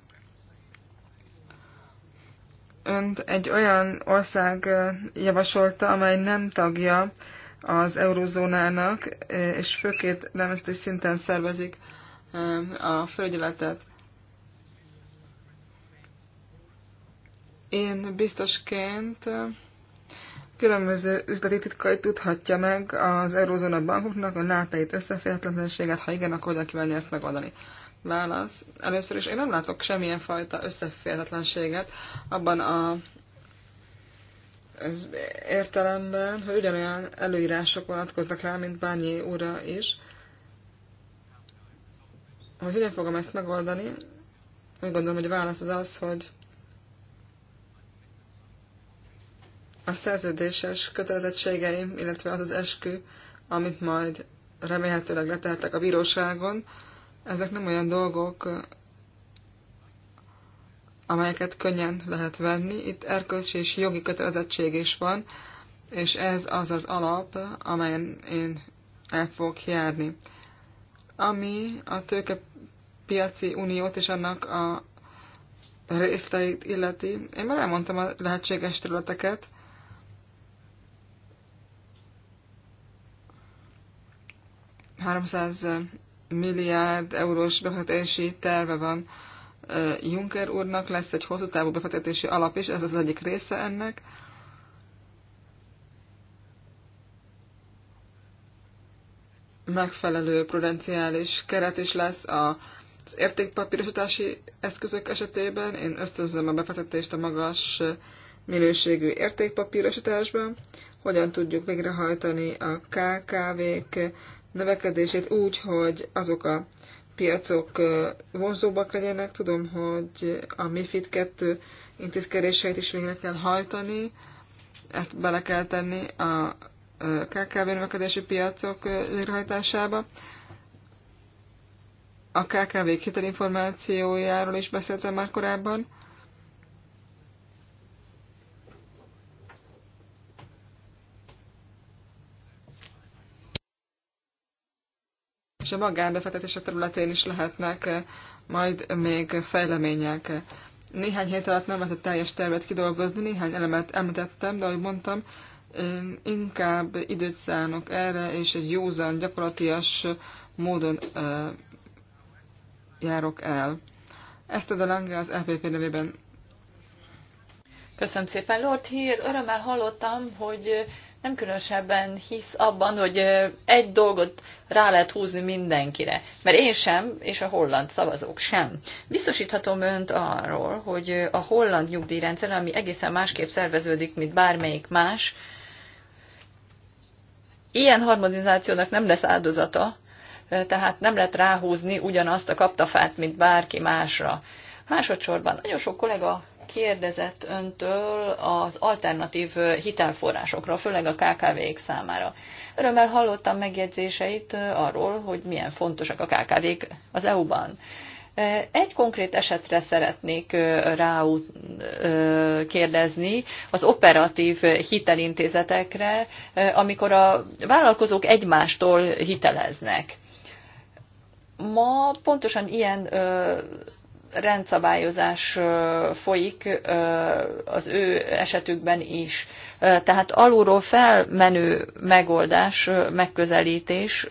Önt egy olyan ország javasolta, amely nem tagja az eurozónának, és főként nemzeti szinten szervezik a felügyeletet. Én biztosként különböző üzleti titkait tudhatja meg az Eurózóna bankoknak, a látait összeférhetetlenséget, ha igen, akkor hogyan kívánja ezt megoldani. Válasz. Először is én nem látok semmilyen fajta összeférhetetlenséget abban a ez értelemben, hogy ugyanolyan előírások vonatkoznak rá, mint Bányi úra is hogy hogyan fogom ezt megoldani, úgy gondolom, hogy a válasz az az, hogy a szerződéses kötelezettségeim, illetve az az eskü, amit majd remélhetőleg letehetek a bíróságon, ezek nem olyan dolgok, amelyeket könnyen lehet venni. Itt erkölcsi és jogi kötelezettség is van, és ez az az alap, amelyen én el fogok járni ami a tőkepiaci uniót és annak a részleit illeti. Én már elmondtam a lehetséges területeket. Háromszáz milliárd eurós befektetési terve van Juncker úrnak, lesz egy hosszú távú befektetési alap is, ez az egyik része ennek. megfelelő prudenciális keret is lesz a az értékpapírosítási eszközök esetében. Én ösztönzöm a befektetést a magas minőségű értékpapírosításban, hogyan tudjuk végrehajtani a KKV-k növekedését úgy, hogy azok a piacok vonzóbbak legyenek. Tudom, hogy a MIFID 2 intézkedéseit is végre kell hajtani, ezt bele kell tenni a KKV növekedési piacok végrehajtásába. A KKV hitelinformációjáról is beszéltem már korábban. és a magánbefektetések területén is lehetnek majd még fejlemények. Néhány hét alatt nem lehet a teljes tervet kidolgozni, néhány elemet említettem, de ahogy mondtam, én inkább időt szánok erre, és egy józan, gyakorlatias módon ö, járok el. Ezt a Lange az LPP e nevében. Köszönöm szépen, Lord Hír. Örömmel hallottam, hogy nem különösebben hisz abban, hogy egy dolgot rá lehet húzni mindenkire. Mert én sem, és a holland szavazók sem. Biztosíthatom önt arról, hogy a holland nyugdíjrendszer, ami egészen másképp szerveződik, mint bármelyik más, ilyen harmonizációnak nem lesz áldozata, tehát nem lehet ráhúzni ugyanazt a kaptafát, mint bárki másra. Másodszorban nagyon sok kollega kérdezett öntől az alternatív hitelforrásokra, főleg a KKV-k számára. Örömmel hallottam megjegyzéseit arról, hogy milyen fontosak a KKV-k az EU-ban. Egy konkrét esetre szeretnék rá kérdezni, az operatív hitelintézetekre, amikor a vállalkozók egymástól hiteleznek. Ma pontosan ilyen rendszabályozás folyik az ő esetükben is tehát alulról felmenő megoldás, megközelítés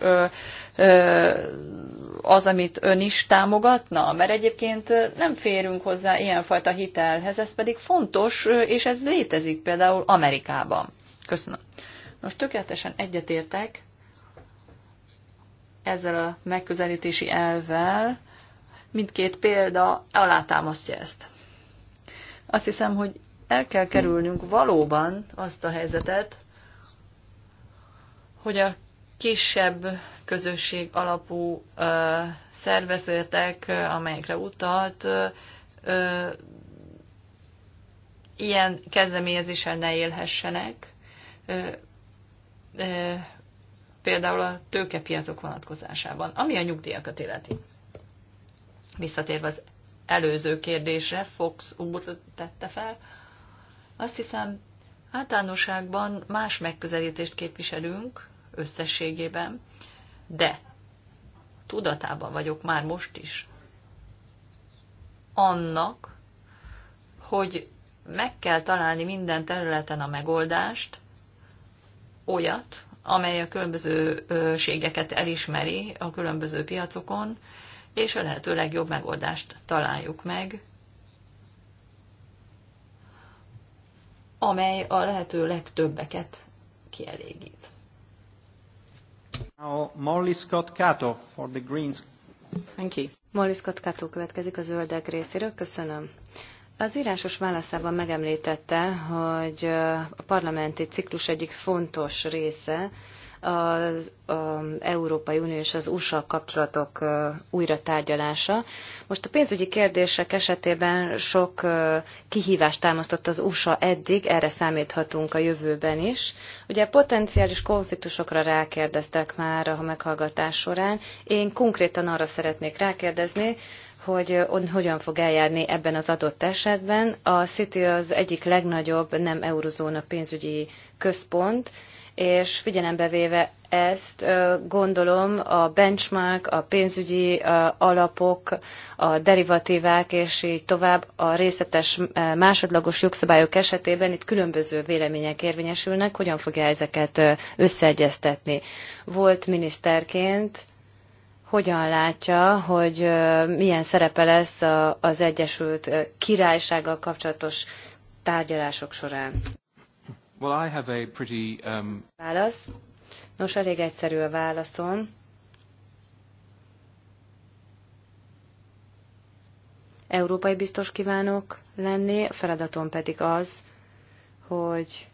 az, amit ön is támogatna? Mert egyébként nem férünk hozzá ilyenfajta hitelhez, ez pedig fontos, és ez létezik például Amerikában. Köszönöm. Most tökéletesen egyetértek ezzel a megközelítési elvvel, mindkét példa alátámasztja ezt. Azt hiszem, hogy el kell kerülnünk valóban azt a helyzetet, hogy a kisebb közösség alapú ö, szervezetek, amelyekre utalt, ö, ilyen kezdeményezéssel ne élhessenek, ö, ö, például a tőkepiacok vonatkozásában, ami a nyugdíjakat illeti. Visszatérve az előző kérdésre, Fox úr tette fel, ö, azt hiszem, általánosságban más megközelítést képviselünk összességében, de tudatában vagyok már most is annak, hogy meg kell találni minden területen a megoldást, olyat, amely a különbözőségeket elismeri a különböző piacokon, és a lehető legjobb megoldást találjuk meg amely a lehető legtöbbeket kielégít. Now, Molly Scott Cato for the Greens. Thank you. Molly Scott Cato következik a zöldek részéről. Köszönöm. Az írásos válaszában megemlítette, hogy a parlamenti ciklus egyik fontos része az um, Európai Unió és az USA kapcsolatok uh, újra tárgyalása. Most a pénzügyi kérdések esetében sok uh, kihívást támasztott az USA eddig, erre számíthatunk a jövőben is. Ugye potenciális konfliktusokra rákérdeztek már a meghallgatás során. Én konkrétan arra szeretnék rákérdezni, hogy uh, hogyan fog eljárni ebben az adott esetben. A City az egyik legnagyobb nem eurozóna pénzügyi központ, és figyelembe véve ezt gondolom a benchmark, a pénzügyi alapok, a derivatívák és így tovább a részletes másodlagos jogszabályok esetében itt különböző vélemények érvényesülnek, hogyan fogja ezeket összeegyeztetni. Volt miniszterként, hogyan látja, hogy milyen szerepe lesz az Egyesült Királysággal kapcsolatos tárgyalások során? Well, I have a pretty, um... Válasz. Nos, elég egyszerű a válaszom. Európai biztos kívánok lenni, a feladatom pedig az, hogy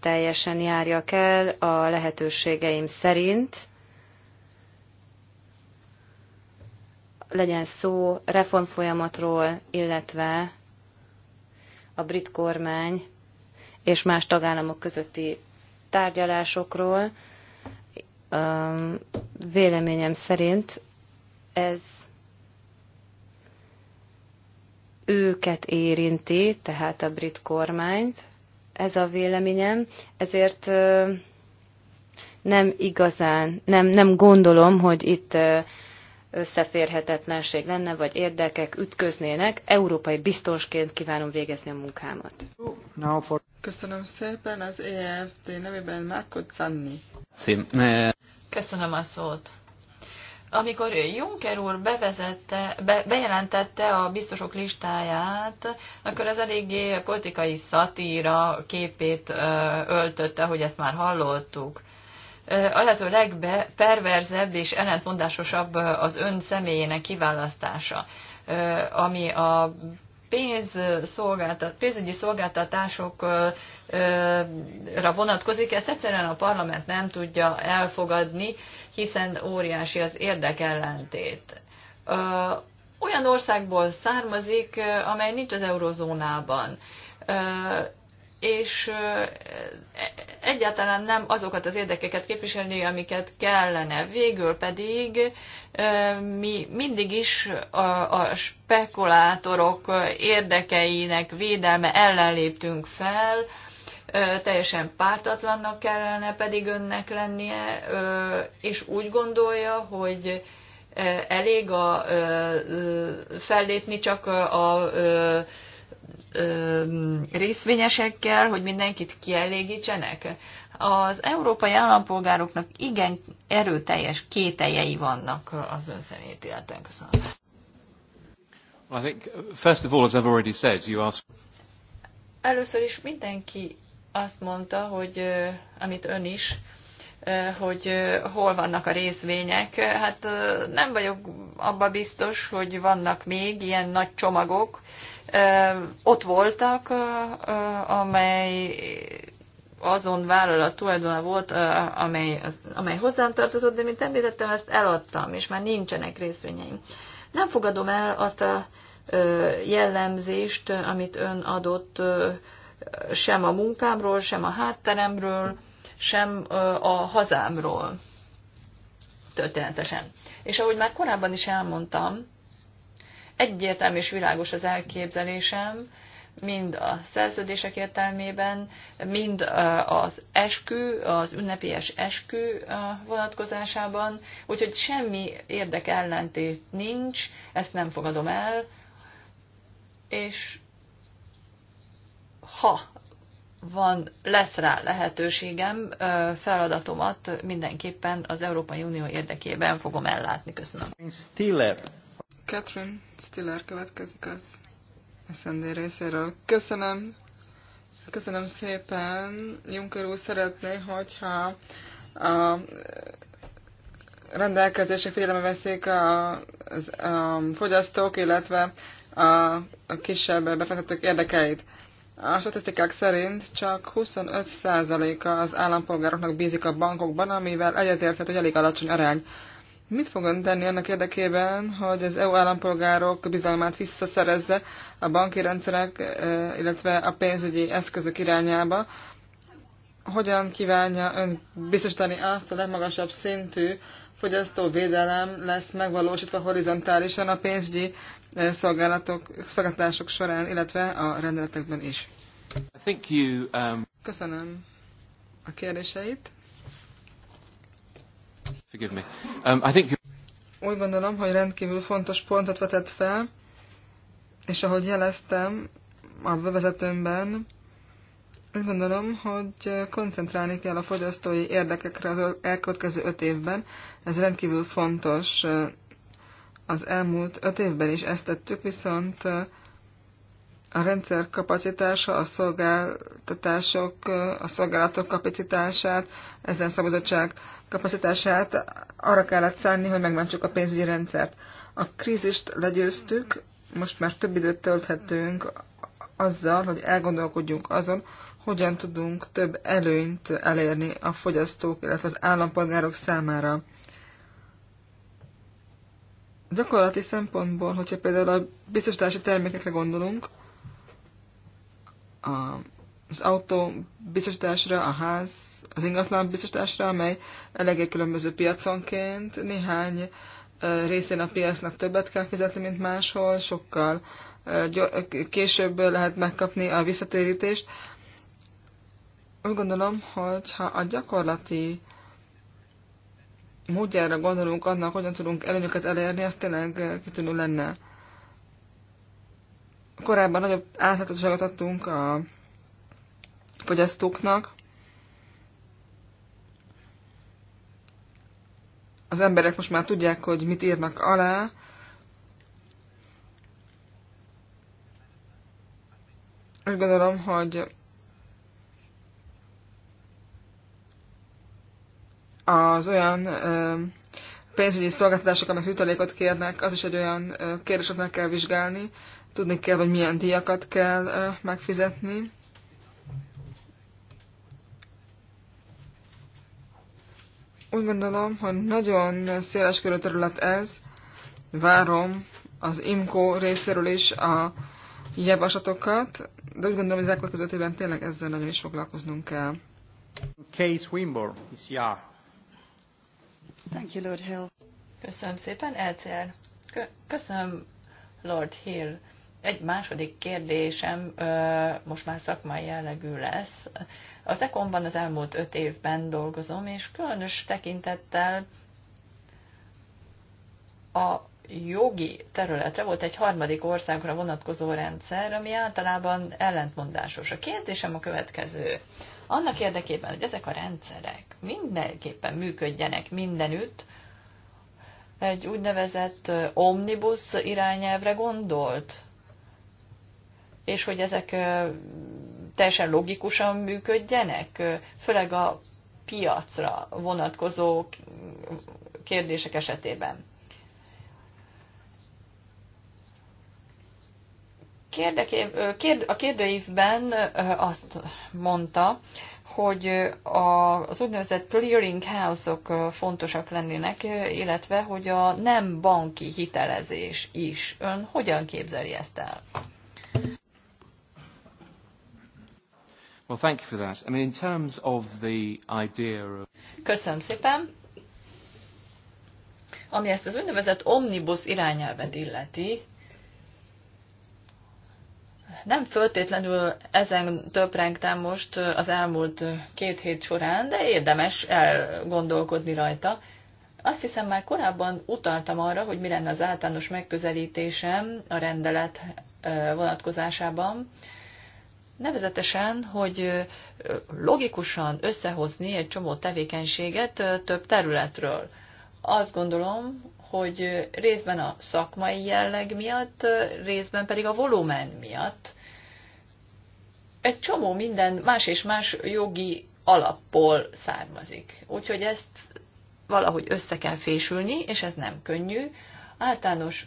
teljesen járja kell, a lehetőségeim szerint, legyen szó reformfolyamatról, illetve a brit kormány és más tagállamok közötti tárgyalásokról. Véleményem szerint ez őket érinti, tehát a brit kormányt, ez a véleményem, ezért nem igazán, nem, nem gondolom, hogy itt összeférhetetlenség lenne, vagy érdekek ütköznének. Európai biztonsként kívánom végezni a munkámat. Köszönöm szépen az EFT nevében Márko Czanni. Köszönöm a szót. Amikor Juncker úr bevezette, be, bejelentette a biztosok listáját, akkor ez eléggé politikai szatíra képét öltötte, hogy ezt már hallottuk a lehető perverzebb és ellentmondásosabb az ön személyének kiválasztása, ami a pénz szolgáltat, pénzügyi szolgáltatásokra vonatkozik, ezt egyszerűen a parlament nem tudja elfogadni, hiszen óriási az érdekellentét. Olyan országból származik, amely nincs az eurozónában és egyáltalán nem azokat az érdekeket képviselni, amiket kellene. Végül pedig mi mindig is a, a spekulátorok érdekeinek védelme ellen léptünk fel, teljesen pártatlannak kellene pedig önnek lennie, és úgy gondolja, hogy elég a fellépni csak a, a részvényesekkel, hogy mindenkit kielégítsenek? Az európai állampolgároknak igen erőteljes kételjei vannak az ön személyét illetően. Köszönöm. I think, first of all, as I've already said, you ask. Először is mindenki azt mondta, hogy amit ön is, hogy hol vannak a részvények. Hát nem vagyok abba biztos, hogy vannak még ilyen nagy csomagok, ott voltak, amely azon vállalat tulajdona volt, amely, amely hozzám tartozott, de mint említettem, ezt eladtam, és már nincsenek részvényeim. Nem fogadom el azt a jellemzést, amit ön adott sem a munkámról, sem a hátteremről, sem a hazámról történetesen. És ahogy már korábban is elmondtam, egyértelmű és világos az elképzelésem, mind a szerződések értelmében, mind az eskü, az ünnepélyes eskü vonatkozásában, úgyhogy semmi érdek ellentét nincs, ezt nem fogadom el, és ha van, lesz rá lehetőségem, feladatomat mindenképpen az Európai Unió érdekében fogom ellátni. Köszönöm. Stiller. Catherine Stiller következik az SND részéről. Köszönöm, köszönöm szépen. Juncker úr szeretné, hogyha a rendelkezések félelme veszik a, az, a fogyasztók, illetve a, a kisebb befektetők érdekeit. A statisztikák szerint csak 25%-a az állampolgároknak bízik a bankokban, amivel egyetérthető, hogy elég alacsony arány. Mit fog ön tenni annak érdekében, hogy az EU állampolgárok bizalmát visszaszerezze a banki rendszerek, eh, illetve a pénzügyi eszközök irányába? Hogyan kívánja ön biztosítani azt, hogy a legmagasabb szintű fogyasztóvédelem lesz megvalósítva horizontálisan a pénzügyi eh, szolgálatok, szolgáltatások során, illetve a rendeletekben is? Um, Köszönöm a kérdéseit. Forgive me. Um, I think Úgy gondolom, hogy rendkívül fontos pontot vetett fel, és ahogy jeleztem a bevezetőmben, úgy gondolom, hogy koncentrálni kell a fogyasztói érdekekre az elkövetkező öt évben. Ez rendkívül fontos. Az elmúlt öt évben is ezt tettük, viszont a rendszer kapacitása, a szolgáltatások, a szolgálatok kapacitását, ezen szabadság kapacitását arra kellett szánni, hogy megmentsük a pénzügyi rendszert. A krízist legyőztük, most már több időt tölthetünk azzal, hogy elgondolkodjunk azon, hogyan tudunk több előnyt elérni a fogyasztók, illetve az állampolgárok számára. Gyakorlati szempontból, hogyha például a biztosítási termékekre gondolunk, az autó biztosításra, a ház, az ingatlan biztosításra, amely eléggé különböző piaconként. Néhány részén a piacnak többet kell fizetni, mint máshol, sokkal később lehet megkapni a visszatérítést. Úgy gondolom, hogy ha a gyakorlati módjára gondolunk annak, hogyan tudunk előnyöket elérni, az tényleg kitűnő lenne korábban nagyobb átláthatóságot adtunk a fogyasztóknak. Az emberek most már tudják, hogy mit írnak alá. Úgy gondolom, hogy az olyan pénzügyi szolgáltatások, amelyek jutalékot kérnek, az is egy olyan kérdés, amit meg kell vizsgálni, Tudni kell, hogy milyen díjakat kell megfizetni. Úgy gondolom, hogy nagyon széles körű terület ez. Várom az IMCO részéről is a javaslatokat, de úgy gondolom, hogy az elkövetkező évben tényleg ezzel nagyon is foglalkoznunk kell. Case Wimborne, ECR. Thank you, Lord Hill. Köszönöm szépen, LCR. Köszönöm, Lord Hill. Egy második kérdésem most már szakmai jellegű lesz. Az Ekonban az elmúlt öt évben dolgozom, és különös tekintettel a jogi területre volt egy harmadik országra vonatkozó rendszer, ami általában ellentmondásos. A kérdésem a következő. Annak érdekében, hogy ezek a rendszerek mindenképpen működjenek mindenütt, egy úgynevezett omnibus irányelvre gondolt? és hogy ezek teljesen logikusan működjenek, főleg a piacra vonatkozó kérdések esetében. a kérdőívben azt mondta, hogy az úgynevezett clearing house-ok fontosak lennének, illetve hogy a nem banki hitelezés is. Ön hogyan képzeli ezt el? Well, thank you for that. I mean, in terms of the idea of... Köszönöm szépen. Ami ezt az úgynevezett omnibus irányelvet illeti, nem föltétlenül ezen töprengtem most az elmúlt két hét során, de érdemes elgondolkodni rajta. Azt hiszem már korábban utaltam arra, hogy mi lenne az általános megközelítésem a rendelet vonatkozásában Nevezetesen, hogy logikusan összehozni egy csomó tevékenységet több területről. Azt gondolom, hogy részben a szakmai jelleg miatt, részben pedig a volumen miatt egy csomó minden más és más jogi alapból származik. Úgyhogy ezt valahogy össze kell fésülni, és ez nem könnyű. Általános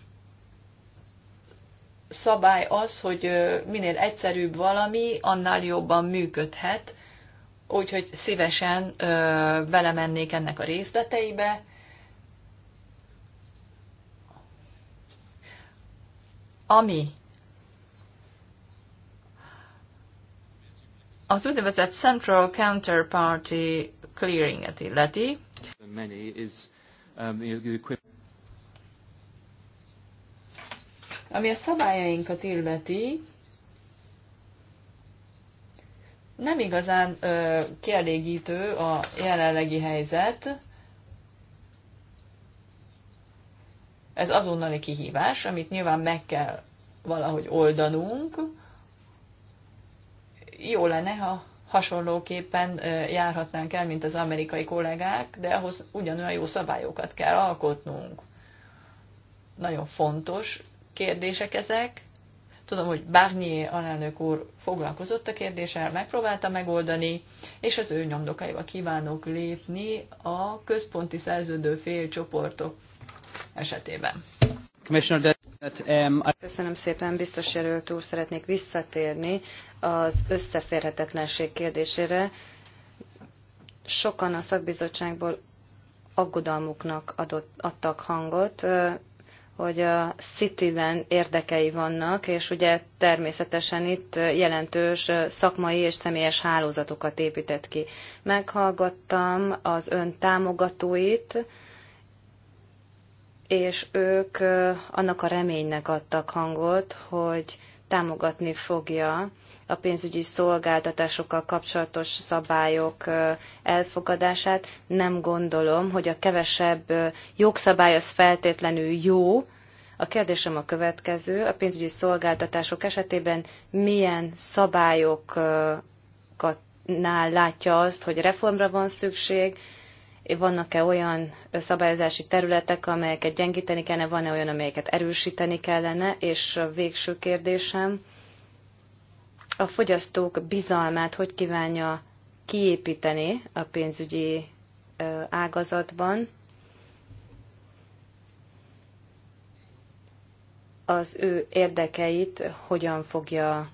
szabály az, hogy minél egyszerűbb valami, annál jobban működhet, úgyhogy szívesen belemennék ennek a részleteibe. Ami az úgynevezett Central Counterparty Clearing-et illeti, Ami a szabályainkat illeti, nem igazán ö, kielégítő a jelenlegi helyzet. Ez azonnali kihívás, amit nyilván meg kell valahogy oldanunk. Jó lenne, ha hasonlóképpen járhatnánk el, mint az amerikai kollégák, de ahhoz ugyanolyan jó szabályokat kell alkotnunk. Nagyon fontos kérdések ezek. Tudom, hogy Barnier alelnök úr foglalkozott a kérdéssel, megpróbálta megoldani, és az ő nyomdokaiba kívánok lépni a központi szerződő fél csoportok esetében. Um, Köszönöm szépen, biztos jelölt úr, szeretnék visszatérni az összeférhetetlenség kérdésére. Sokan a szakbizottságból aggodalmuknak adott, adtak hangot hogy a City-ben érdekei vannak, és ugye természetesen itt jelentős szakmai és személyes hálózatokat épített ki. Meghallgattam az ön támogatóit, és ők annak a reménynek adtak hangot, hogy támogatni fogja a pénzügyi szolgáltatásokkal kapcsolatos szabályok elfogadását. Nem gondolom, hogy a kevesebb jogszabály az feltétlenül jó. A kérdésem a következő. A pénzügyi szolgáltatások esetében milyen szabályokat nál látja azt, hogy reformra van szükség, vannak-e olyan szabályozási területek, amelyeket gyengíteni kellene, van-e olyan, amelyeket erősíteni kellene, és a végső kérdésem, a fogyasztók bizalmát hogy kívánja kiépíteni a pénzügyi ágazatban, az ő érdekeit hogyan fogja,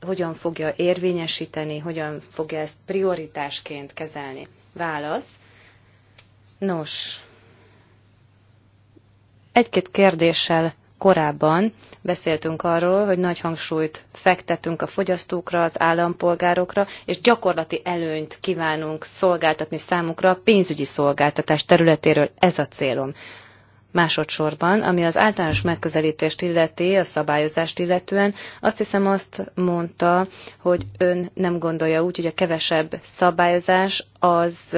hogyan fogja érvényesíteni, hogyan fogja ezt prioritásként kezelni. Válasz. Nos, egy-két kérdéssel korábban beszéltünk arról, hogy nagy hangsúlyt fektetünk a fogyasztókra, az állampolgárokra, és gyakorlati előnyt kívánunk szolgáltatni számukra a pénzügyi szolgáltatás területéről. Ez a célom. Másodszorban, ami az általános megközelítést illeti, a szabályozást illetően, azt hiszem azt mondta, hogy ön nem gondolja úgy, hogy a kevesebb szabályozás az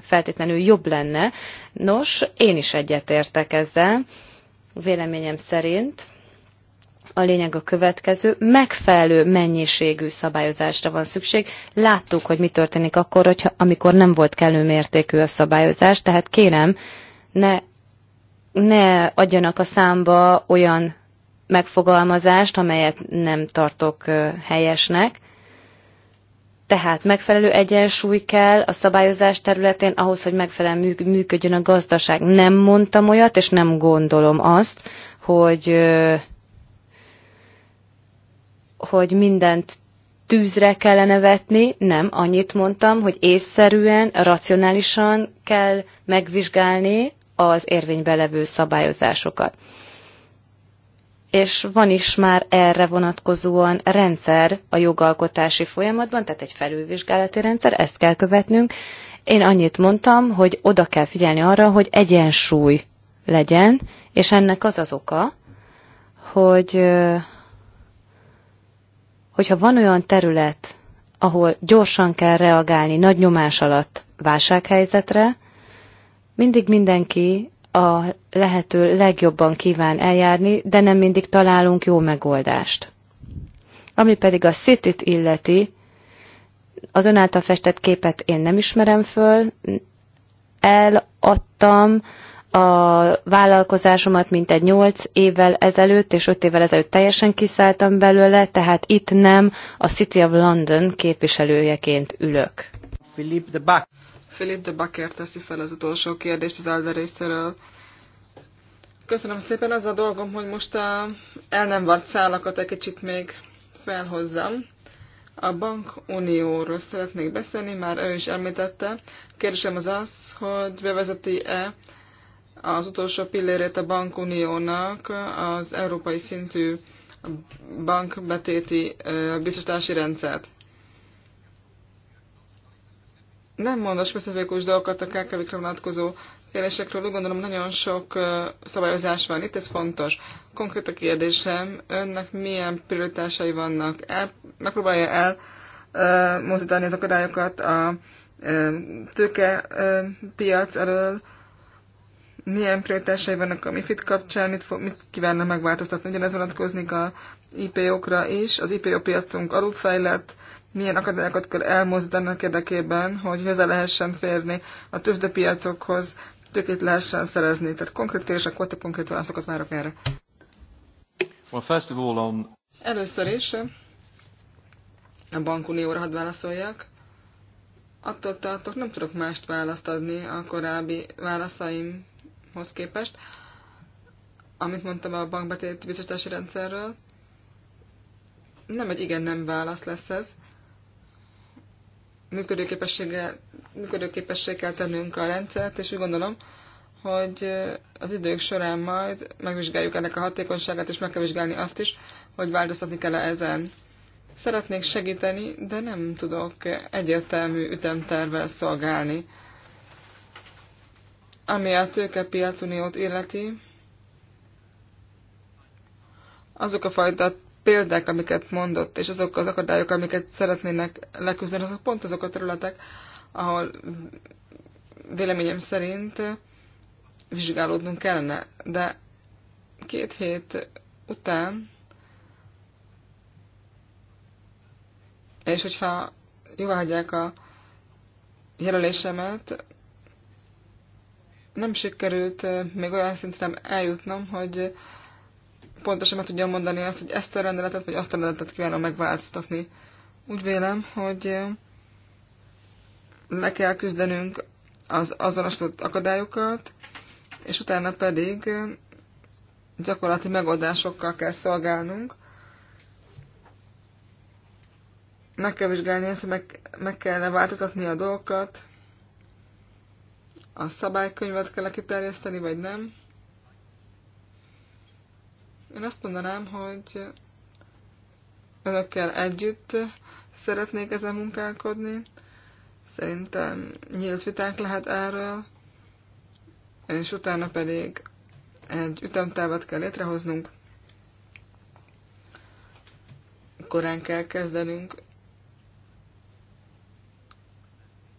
feltétlenül jobb lenne. Nos, én is egyetértek ezzel. Véleményem szerint a lényeg a következő, megfelelő mennyiségű szabályozásra van szükség. Láttuk, hogy mi történik akkor, hogyha, amikor nem volt kellő mértékű a szabályozás, tehát kérem, ne ne adjanak a számba olyan megfogalmazást, amelyet nem tartok helyesnek. Tehát megfelelő egyensúly kell a szabályozás területén ahhoz, hogy megfelelően működjön a gazdaság. Nem mondtam olyat, és nem gondolom azt, hogy, hogy mindent tűzre kellene vetni, nem, annyit mondtam, hogy észszerűen, racionálisan kell megvizsgálni az érvénybe levő szabályozásokat. És van is már erre vonatkozóan rendszer a jogalkotási folyamatban, tehát egy felülvizsgálati rendszer, ezt kell követnünk. Én annyit mondtam, hogy oda kell figyelni arra, hogy egyensúly legyen, és ennek az az oka, hogy hogyha van olyan terület, ahol gyorsan kell reagálni nagy nyomás alatt válsághelyzetre, mindig mindenki a lehető legjobban kíván eljárni, de nem mindig találunk jó megoldást. Ami pedig a szitit illeti, az ön által festett képet én nem ismerem föl, eladtam a vállalkozásomat mintegy 8 évvel ezelőtt, és 5 évvel ezelőtt teljesen kiszálltam belőle, tehát itt nem a City of London képviselőjeként ülök. Philip de Bach. Philip de Bakker teszi fel az utolsó kérdést az Alda részéről. Köszönöm szépen, az a dolgom, hogy most a el nem vart szállakat egy kicsit még felhozzam. A bankunióról szeretnék beszélni, már ő is említette. Kérdésem az az, hogy bevezeti-e az utolsó pillérét a bankuniónak az európai szintű bankbetéti biztosítási rendszert nem a specifikus dolgokat a KKV-kre vonatkozó kérdésekről, úgy gondolom nagyon sok szabályozás van itt, ez fontos. Konkrét a kérdésem, önnek milyen prioritásai vannak? El, megpróbálja el mozdítani az akadályokat a piac elől, milyen prioritásai vannak a MIFID kapcsán, mit, fog, mit kívánna megváltoztatni. Ugyanez vonatkozik a IPO-kra is, az IPO piacunk alulfejlett, milyen akadályokat kell elmozdanak érdekében, hogy hozzá lehessen férni a tőzsdepiacokhoz, tőkét lehessen szerezni. Tehát konkrét kérdések voltak, konkrét válaszokat várok erre. Well, first of all on... Először is a bankunióra hadd válaszoljak. Attól tartok, nem tudok mást választ adni a korábbi válaszaimhoz képest, amit mondtam a bankbetét biztosítási rendszerről. Nem egy igen-nem válasz lesz ez működőképességgel, kell tennünk a rendszert, és úgy gondolom, hogy az idők során majd megvizsgáljuk ennek a hatékonyságát, és meg kell vizsgálni azt is, hogy változtatni kell -e ezen. Szeretnék segíteni, de nem tudok egyértelmű ütemtervel szolgálni. Ami a tőkepiacuniót illeti, azok a fajta példák, amiket mondott, és azok az akadályok, amiket szeretnének leküzdeni, azok pont azok a területek, ahol véleményem szerint vizsgálódnunk kellene. De két hét után, és hogyha jóváhagyják a jelölésemet, nem sikerült eh, még olyan szintre eljutnom, hogy pontosan meg tudjam mondani azt, hogy ezt a rendeletet, vagy azt a rendeletet kívánom megváltoztatni. Úgy vélem, hogy le kell küzdenünk az azonosított akadályokat, és utána pedig gyakorlati megoldásokkal kell szolgálnunk. Meg kell vizsgálni ezt, hogy meg, meg kellene változtatni a dolgokat, a szabálykönyvet kell kiterjeszteni, vagy nem. Én azt mondanám, hogy önökkel együtt szeretnék ezen munkálkodni. Szerintem nyílt viták lehet erről, és utána pedig egy ütemtávat kell létrehoznunk. Korán kell kezdenünk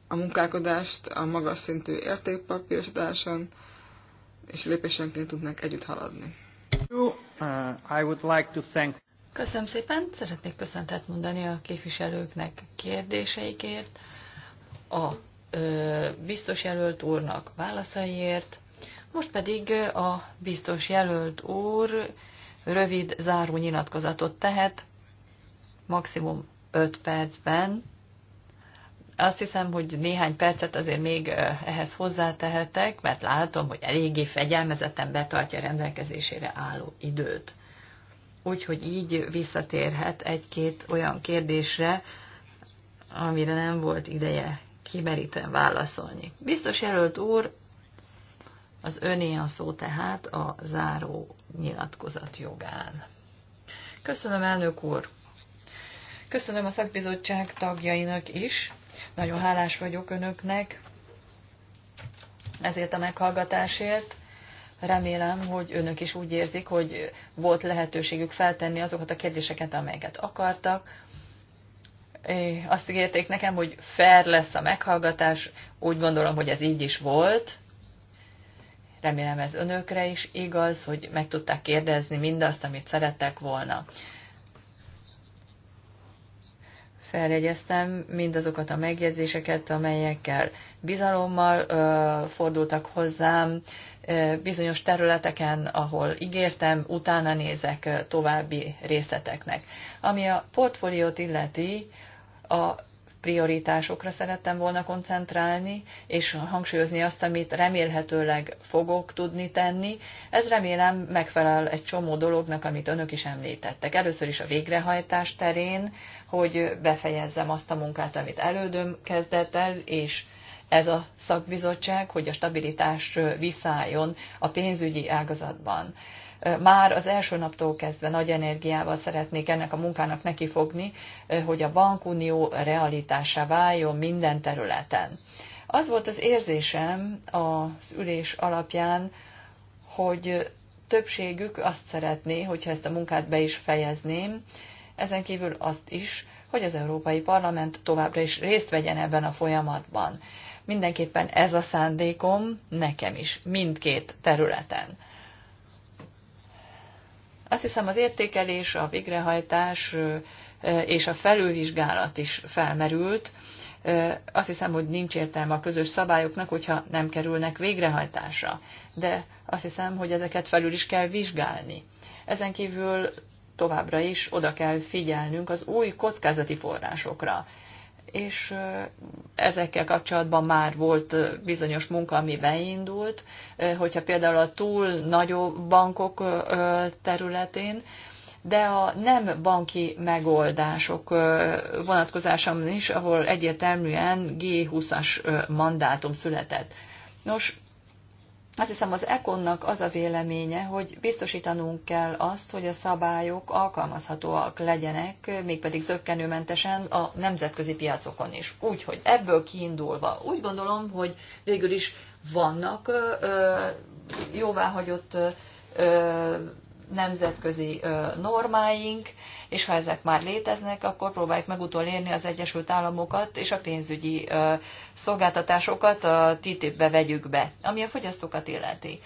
a munkálkodást a magas szintű értékpapírosításon, és lépésenként tudnak együtt haladni. Uh, Köszönöm szépen, szeretnék köszöntet mondani a képviselőknek kérdéseikért, a ö, biztos jelölt úrnak válaszaiért, most pedig a biztos jelölt úr rövid záró nyilatkozatot tehet, maximum 5 percben, azt hiszem, hogy néhány percet azért még ehhez hozzátehetek, mert látom, hogy eléggé fegyelmezetten betartja rendelkezésére álló időt. Úgyhogy így visszatérhet egy-két olyan kérdésre, amire nem volt ideje kimerítően válaszolni. Biztos jelölt úr, az öné a szó tehát a záró nyilatkozat jogán. Köszönöm, elnök úr! Köszönöm a szakbizottság tagjainak is, nagyon hálás vagyok önöknek ezért a meghallgatásért. Remélem, hogy önök is úgy érzik, hogy volt lehetőségük feltenni azokat a kérdéseket, amelyeket akartak. Azt ígérték nekem, hogy fair lesz a meghallgatás, úgy gondolom, hogy ez így is volt. Remélem ez önökre is igaz, hogy meg tudták kérdezni mindazt, amit szerettek volna feljegyeztem mindazokat a megjegyzéseket, amelyekkel bizalommal ö, fordultak hozzám, ö, bizonyos területeken, ahol ígértem, utána nézek ö, további részleteknek. Ami a portfóliót illeti, a prioritásokra szerettem volna koncentrálni, és hangsúlyozni azt, amit remélhetőleg fogok tudni tenni. Ez remélem megfelel egy csomó dolognak, amit önök is említettek. Először is a végrehajtás terén, hogy befejezzem azt a munkát, amit elődöm kezdett el, és ez a szakbizottság, hogy a stabilitás visszálljon a pénzügyi ágazatban már az első naptól kezdve nagy energiával szeretnék ennek a munkának nekifogni, hogy a bankunió realitásá váljon minden területen. Az volt az érzésem az ülés alapján, hogy többségük azt szeretné, hogyha ezt a munkát be is fejezném, ezen kívül azt is, hogy az Európai Parlament továbbra is részt vegyen ebben a folyamatban. Mindenképpen ez a szándékom nekem is, mindkét területen. Azt hiszem az értékelés, a végrehajtás és a felülvizsgálat is felmerült. Azt hiszem, hogy nincs értelme a közös szabályoknak, hogyha nem kerülnek végrehajtásra. De azt hiszem, hogy ezeket felül is kell vizsgálni. Ezen kívül továbbra is oda kell figyelnünk az új kockázati forrásokra és ezekkel kapcsolatban már volt bizonyos munka, ami beindult, hogyha például a túl nagyobb bankok területén, de a nem banki megoldások vonatkozásában is, ahol egyértelműen G20-as mandátum született. Nos, azt hiszem az Econnak az a véleménye, hogy biztosítanunk kell azt, hogy a szabályok alkalmazhatóak legyenek, mégpedig zöggenőmentesen a nemzetközi piacokon is. Úgyhogy ebből kiindulva úgy gondolom, hogy végül is vannak jóváhagyott nemzetközi normáink, és ha ezek már léteznek, akkor próbáljuk meg utolérni az Egyesült Államokat és a pénzügyi szolgáltatásokat a TTIP-be vegyük be, ami a fogyasztókat illeti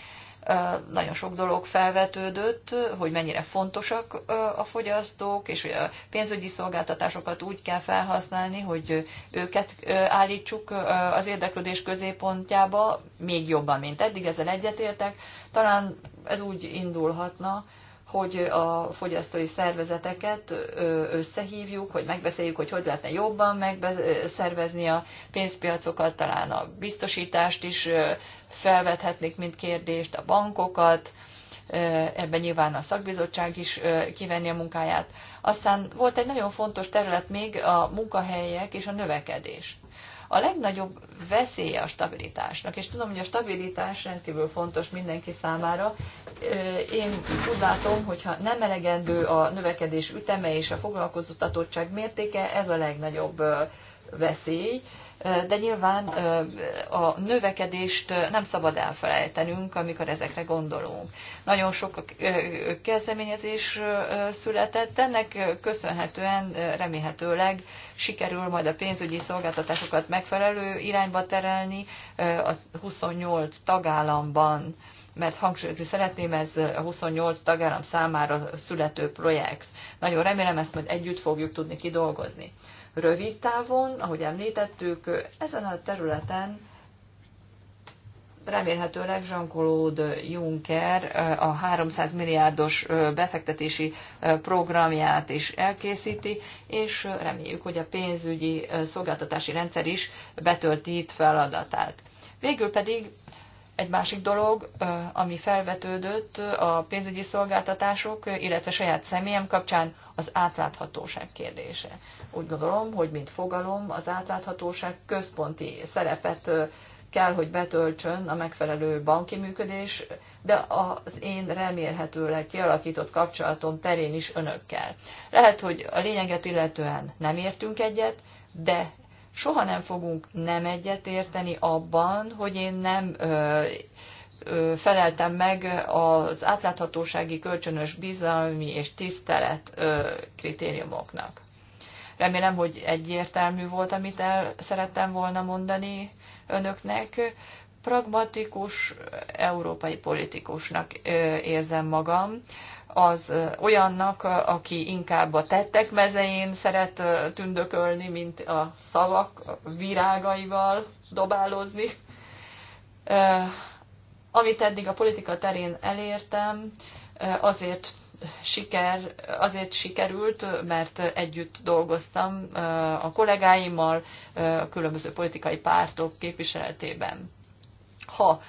nagyon sok dolog felvetődött, hogy mennyire fontosak a fogyasztók, és hogy a pénzügyi szolgáltatásokat úgy kell felhasználni, hogy őket állítsuk az érdeklődés középpontjába, még jobban, mint eddig, ezzel egyetértek. Talán ez úgy indulhatna, hogy a fogyasztói szervezeteket összehívjuk, hogy megbeszéljük, hogy hogy lehetne jobban megszervezni a pénzpiacokat, talán a biztosítást is felvethetnék, mint kérdést a bankokat, ebben nyilván a szakbizottság is kivenni a munkáját. Aztán volt egy nagyon fontos terület még a munkahelyek és a növekedés. A legnagyobb veszélye a stabilitásnak, és tudom, hogy a stabilitás rendkívül fontos mindenki számára. Én úgy látom, hogyha nem elegendő a növekedés üteme és a foglalkoztatottság mértéke, ez a legnagyobb veszély, de nyilván a növekedést nem szabad elfelejtenünk, amikor ezekre gondolunk. Nagyon sok kezdeményezés született, ennek köszönhetően remélhetőleg sikerül majd a pénzügyi szolgáltatásokat megfelelő irányba terelni a 28 tagállamban mert hangsúlyozni szeretném, ez a 28 tagállam számára születő projekt. Nagyon remélem, ezt majd együtt fogjuk tudni kidolgozni. Rövid távon, ahogy említettük, ezen a területen remélhetőleg Jean-Claude Juncker eh, a 300 milliárdos eh, befektetési eh, programját is elkészíti, és reméljük, hogy a pénzügyi szolgáltatási rendszer is betölti itt feladatát. Végül pedig egy másik dolog, ami felvetődött a pénzügyi szolgáltatások, illetve saját személyem kapcsán, az átláthatóság kérdése. Úgy gondolom, hogy mint fogalom az átláthatóság központi szerepet kell, hogy betöltsön a megfelelő banki működés, de az én remélhetőleg kialakított kapcsolatom terén is önökkel. Lehet, hogy a lényeget illetően nem értünk egyet, de soha nem fogunk nem egyet érteni abban, hogy én nem ö, ö, feleltem meg az átláthatósági, kölcsönös bizalmi és tisztelet ö, kritériumoknak. Remélem, hogy egyértelmű volt, amit el szerettem volna mondani önöknek. Pragmatikus európai politikusnak érzem magam az olyannak, aki inkább a tettek mezején szeret tündökölni, mint a szavak virágaival dobálozni. Amit eddig a politika terén elértem, azért siker, azért sikerült, mert együtt dolgoztam a kollégáimmal a különböző politikai pártok képviseletében. Ha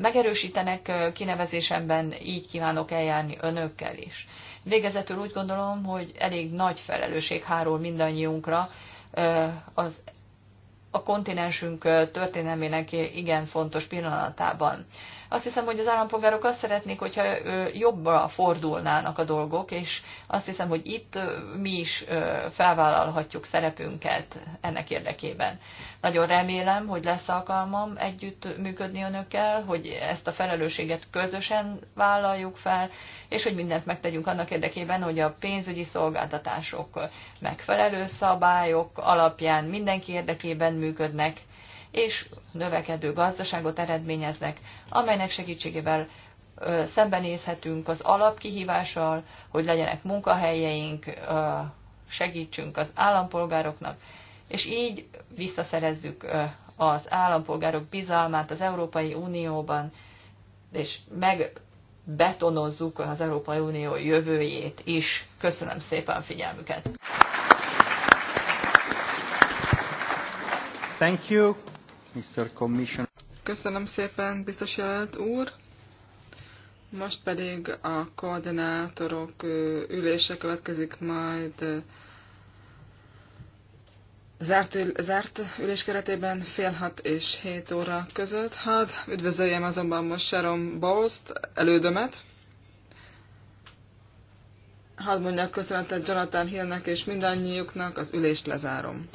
megerősítenek kinevezésemben, így kívánok eljárni önökkel is. Végezetül úgy gondolom, hogy elég nagy felelősség hárul mindannyiunkra az a kontinensünk történelmének igen fontos pillanatában. Azt hiszem, hogy az állampolgárok azt szeretnék, hogyha jobbra fordulnának a dolgok, és azt hiszem, hogy itt mi is felvállalhatjuk szerepünket ennek érdekében. Nagyon remélem, hogy lesz alkalmam együtt működni önökkel, hogy ezt a felelősséget közösen vállaljuk fel, és hogy mindent megtegyünk annak érdekében, hogy a pénzügyi szolgáltatások megfelelő szabályok alapján mindenki érdekében működnek, és növekedő gazdaságot eredményeznek, amelynek segítségével szembenézhetünk az alapkihívással, hogy legyenek munkahelyeink, segítsünk az állampolgároknak, és így visszaszerezzük az állampolgárok bizalmát az Európai Unióban, és megbetonozzuk az Európai Unió jövőjét is. Köszönöm szépen a figyelmüket! Thank you. Mr. Köszönöm szépen, biztos jelölt úr. Most pedig a koordinátorok ülése következik majd zárt, ül, zárt ülés keretében fél hat és hét óra között. Hadd üdvözöljem azonban most Sharon bowles elődömet. Hadd mondjak köszönetet Jonathan Hillnek és mindannyiuknak, az ülést lezárom.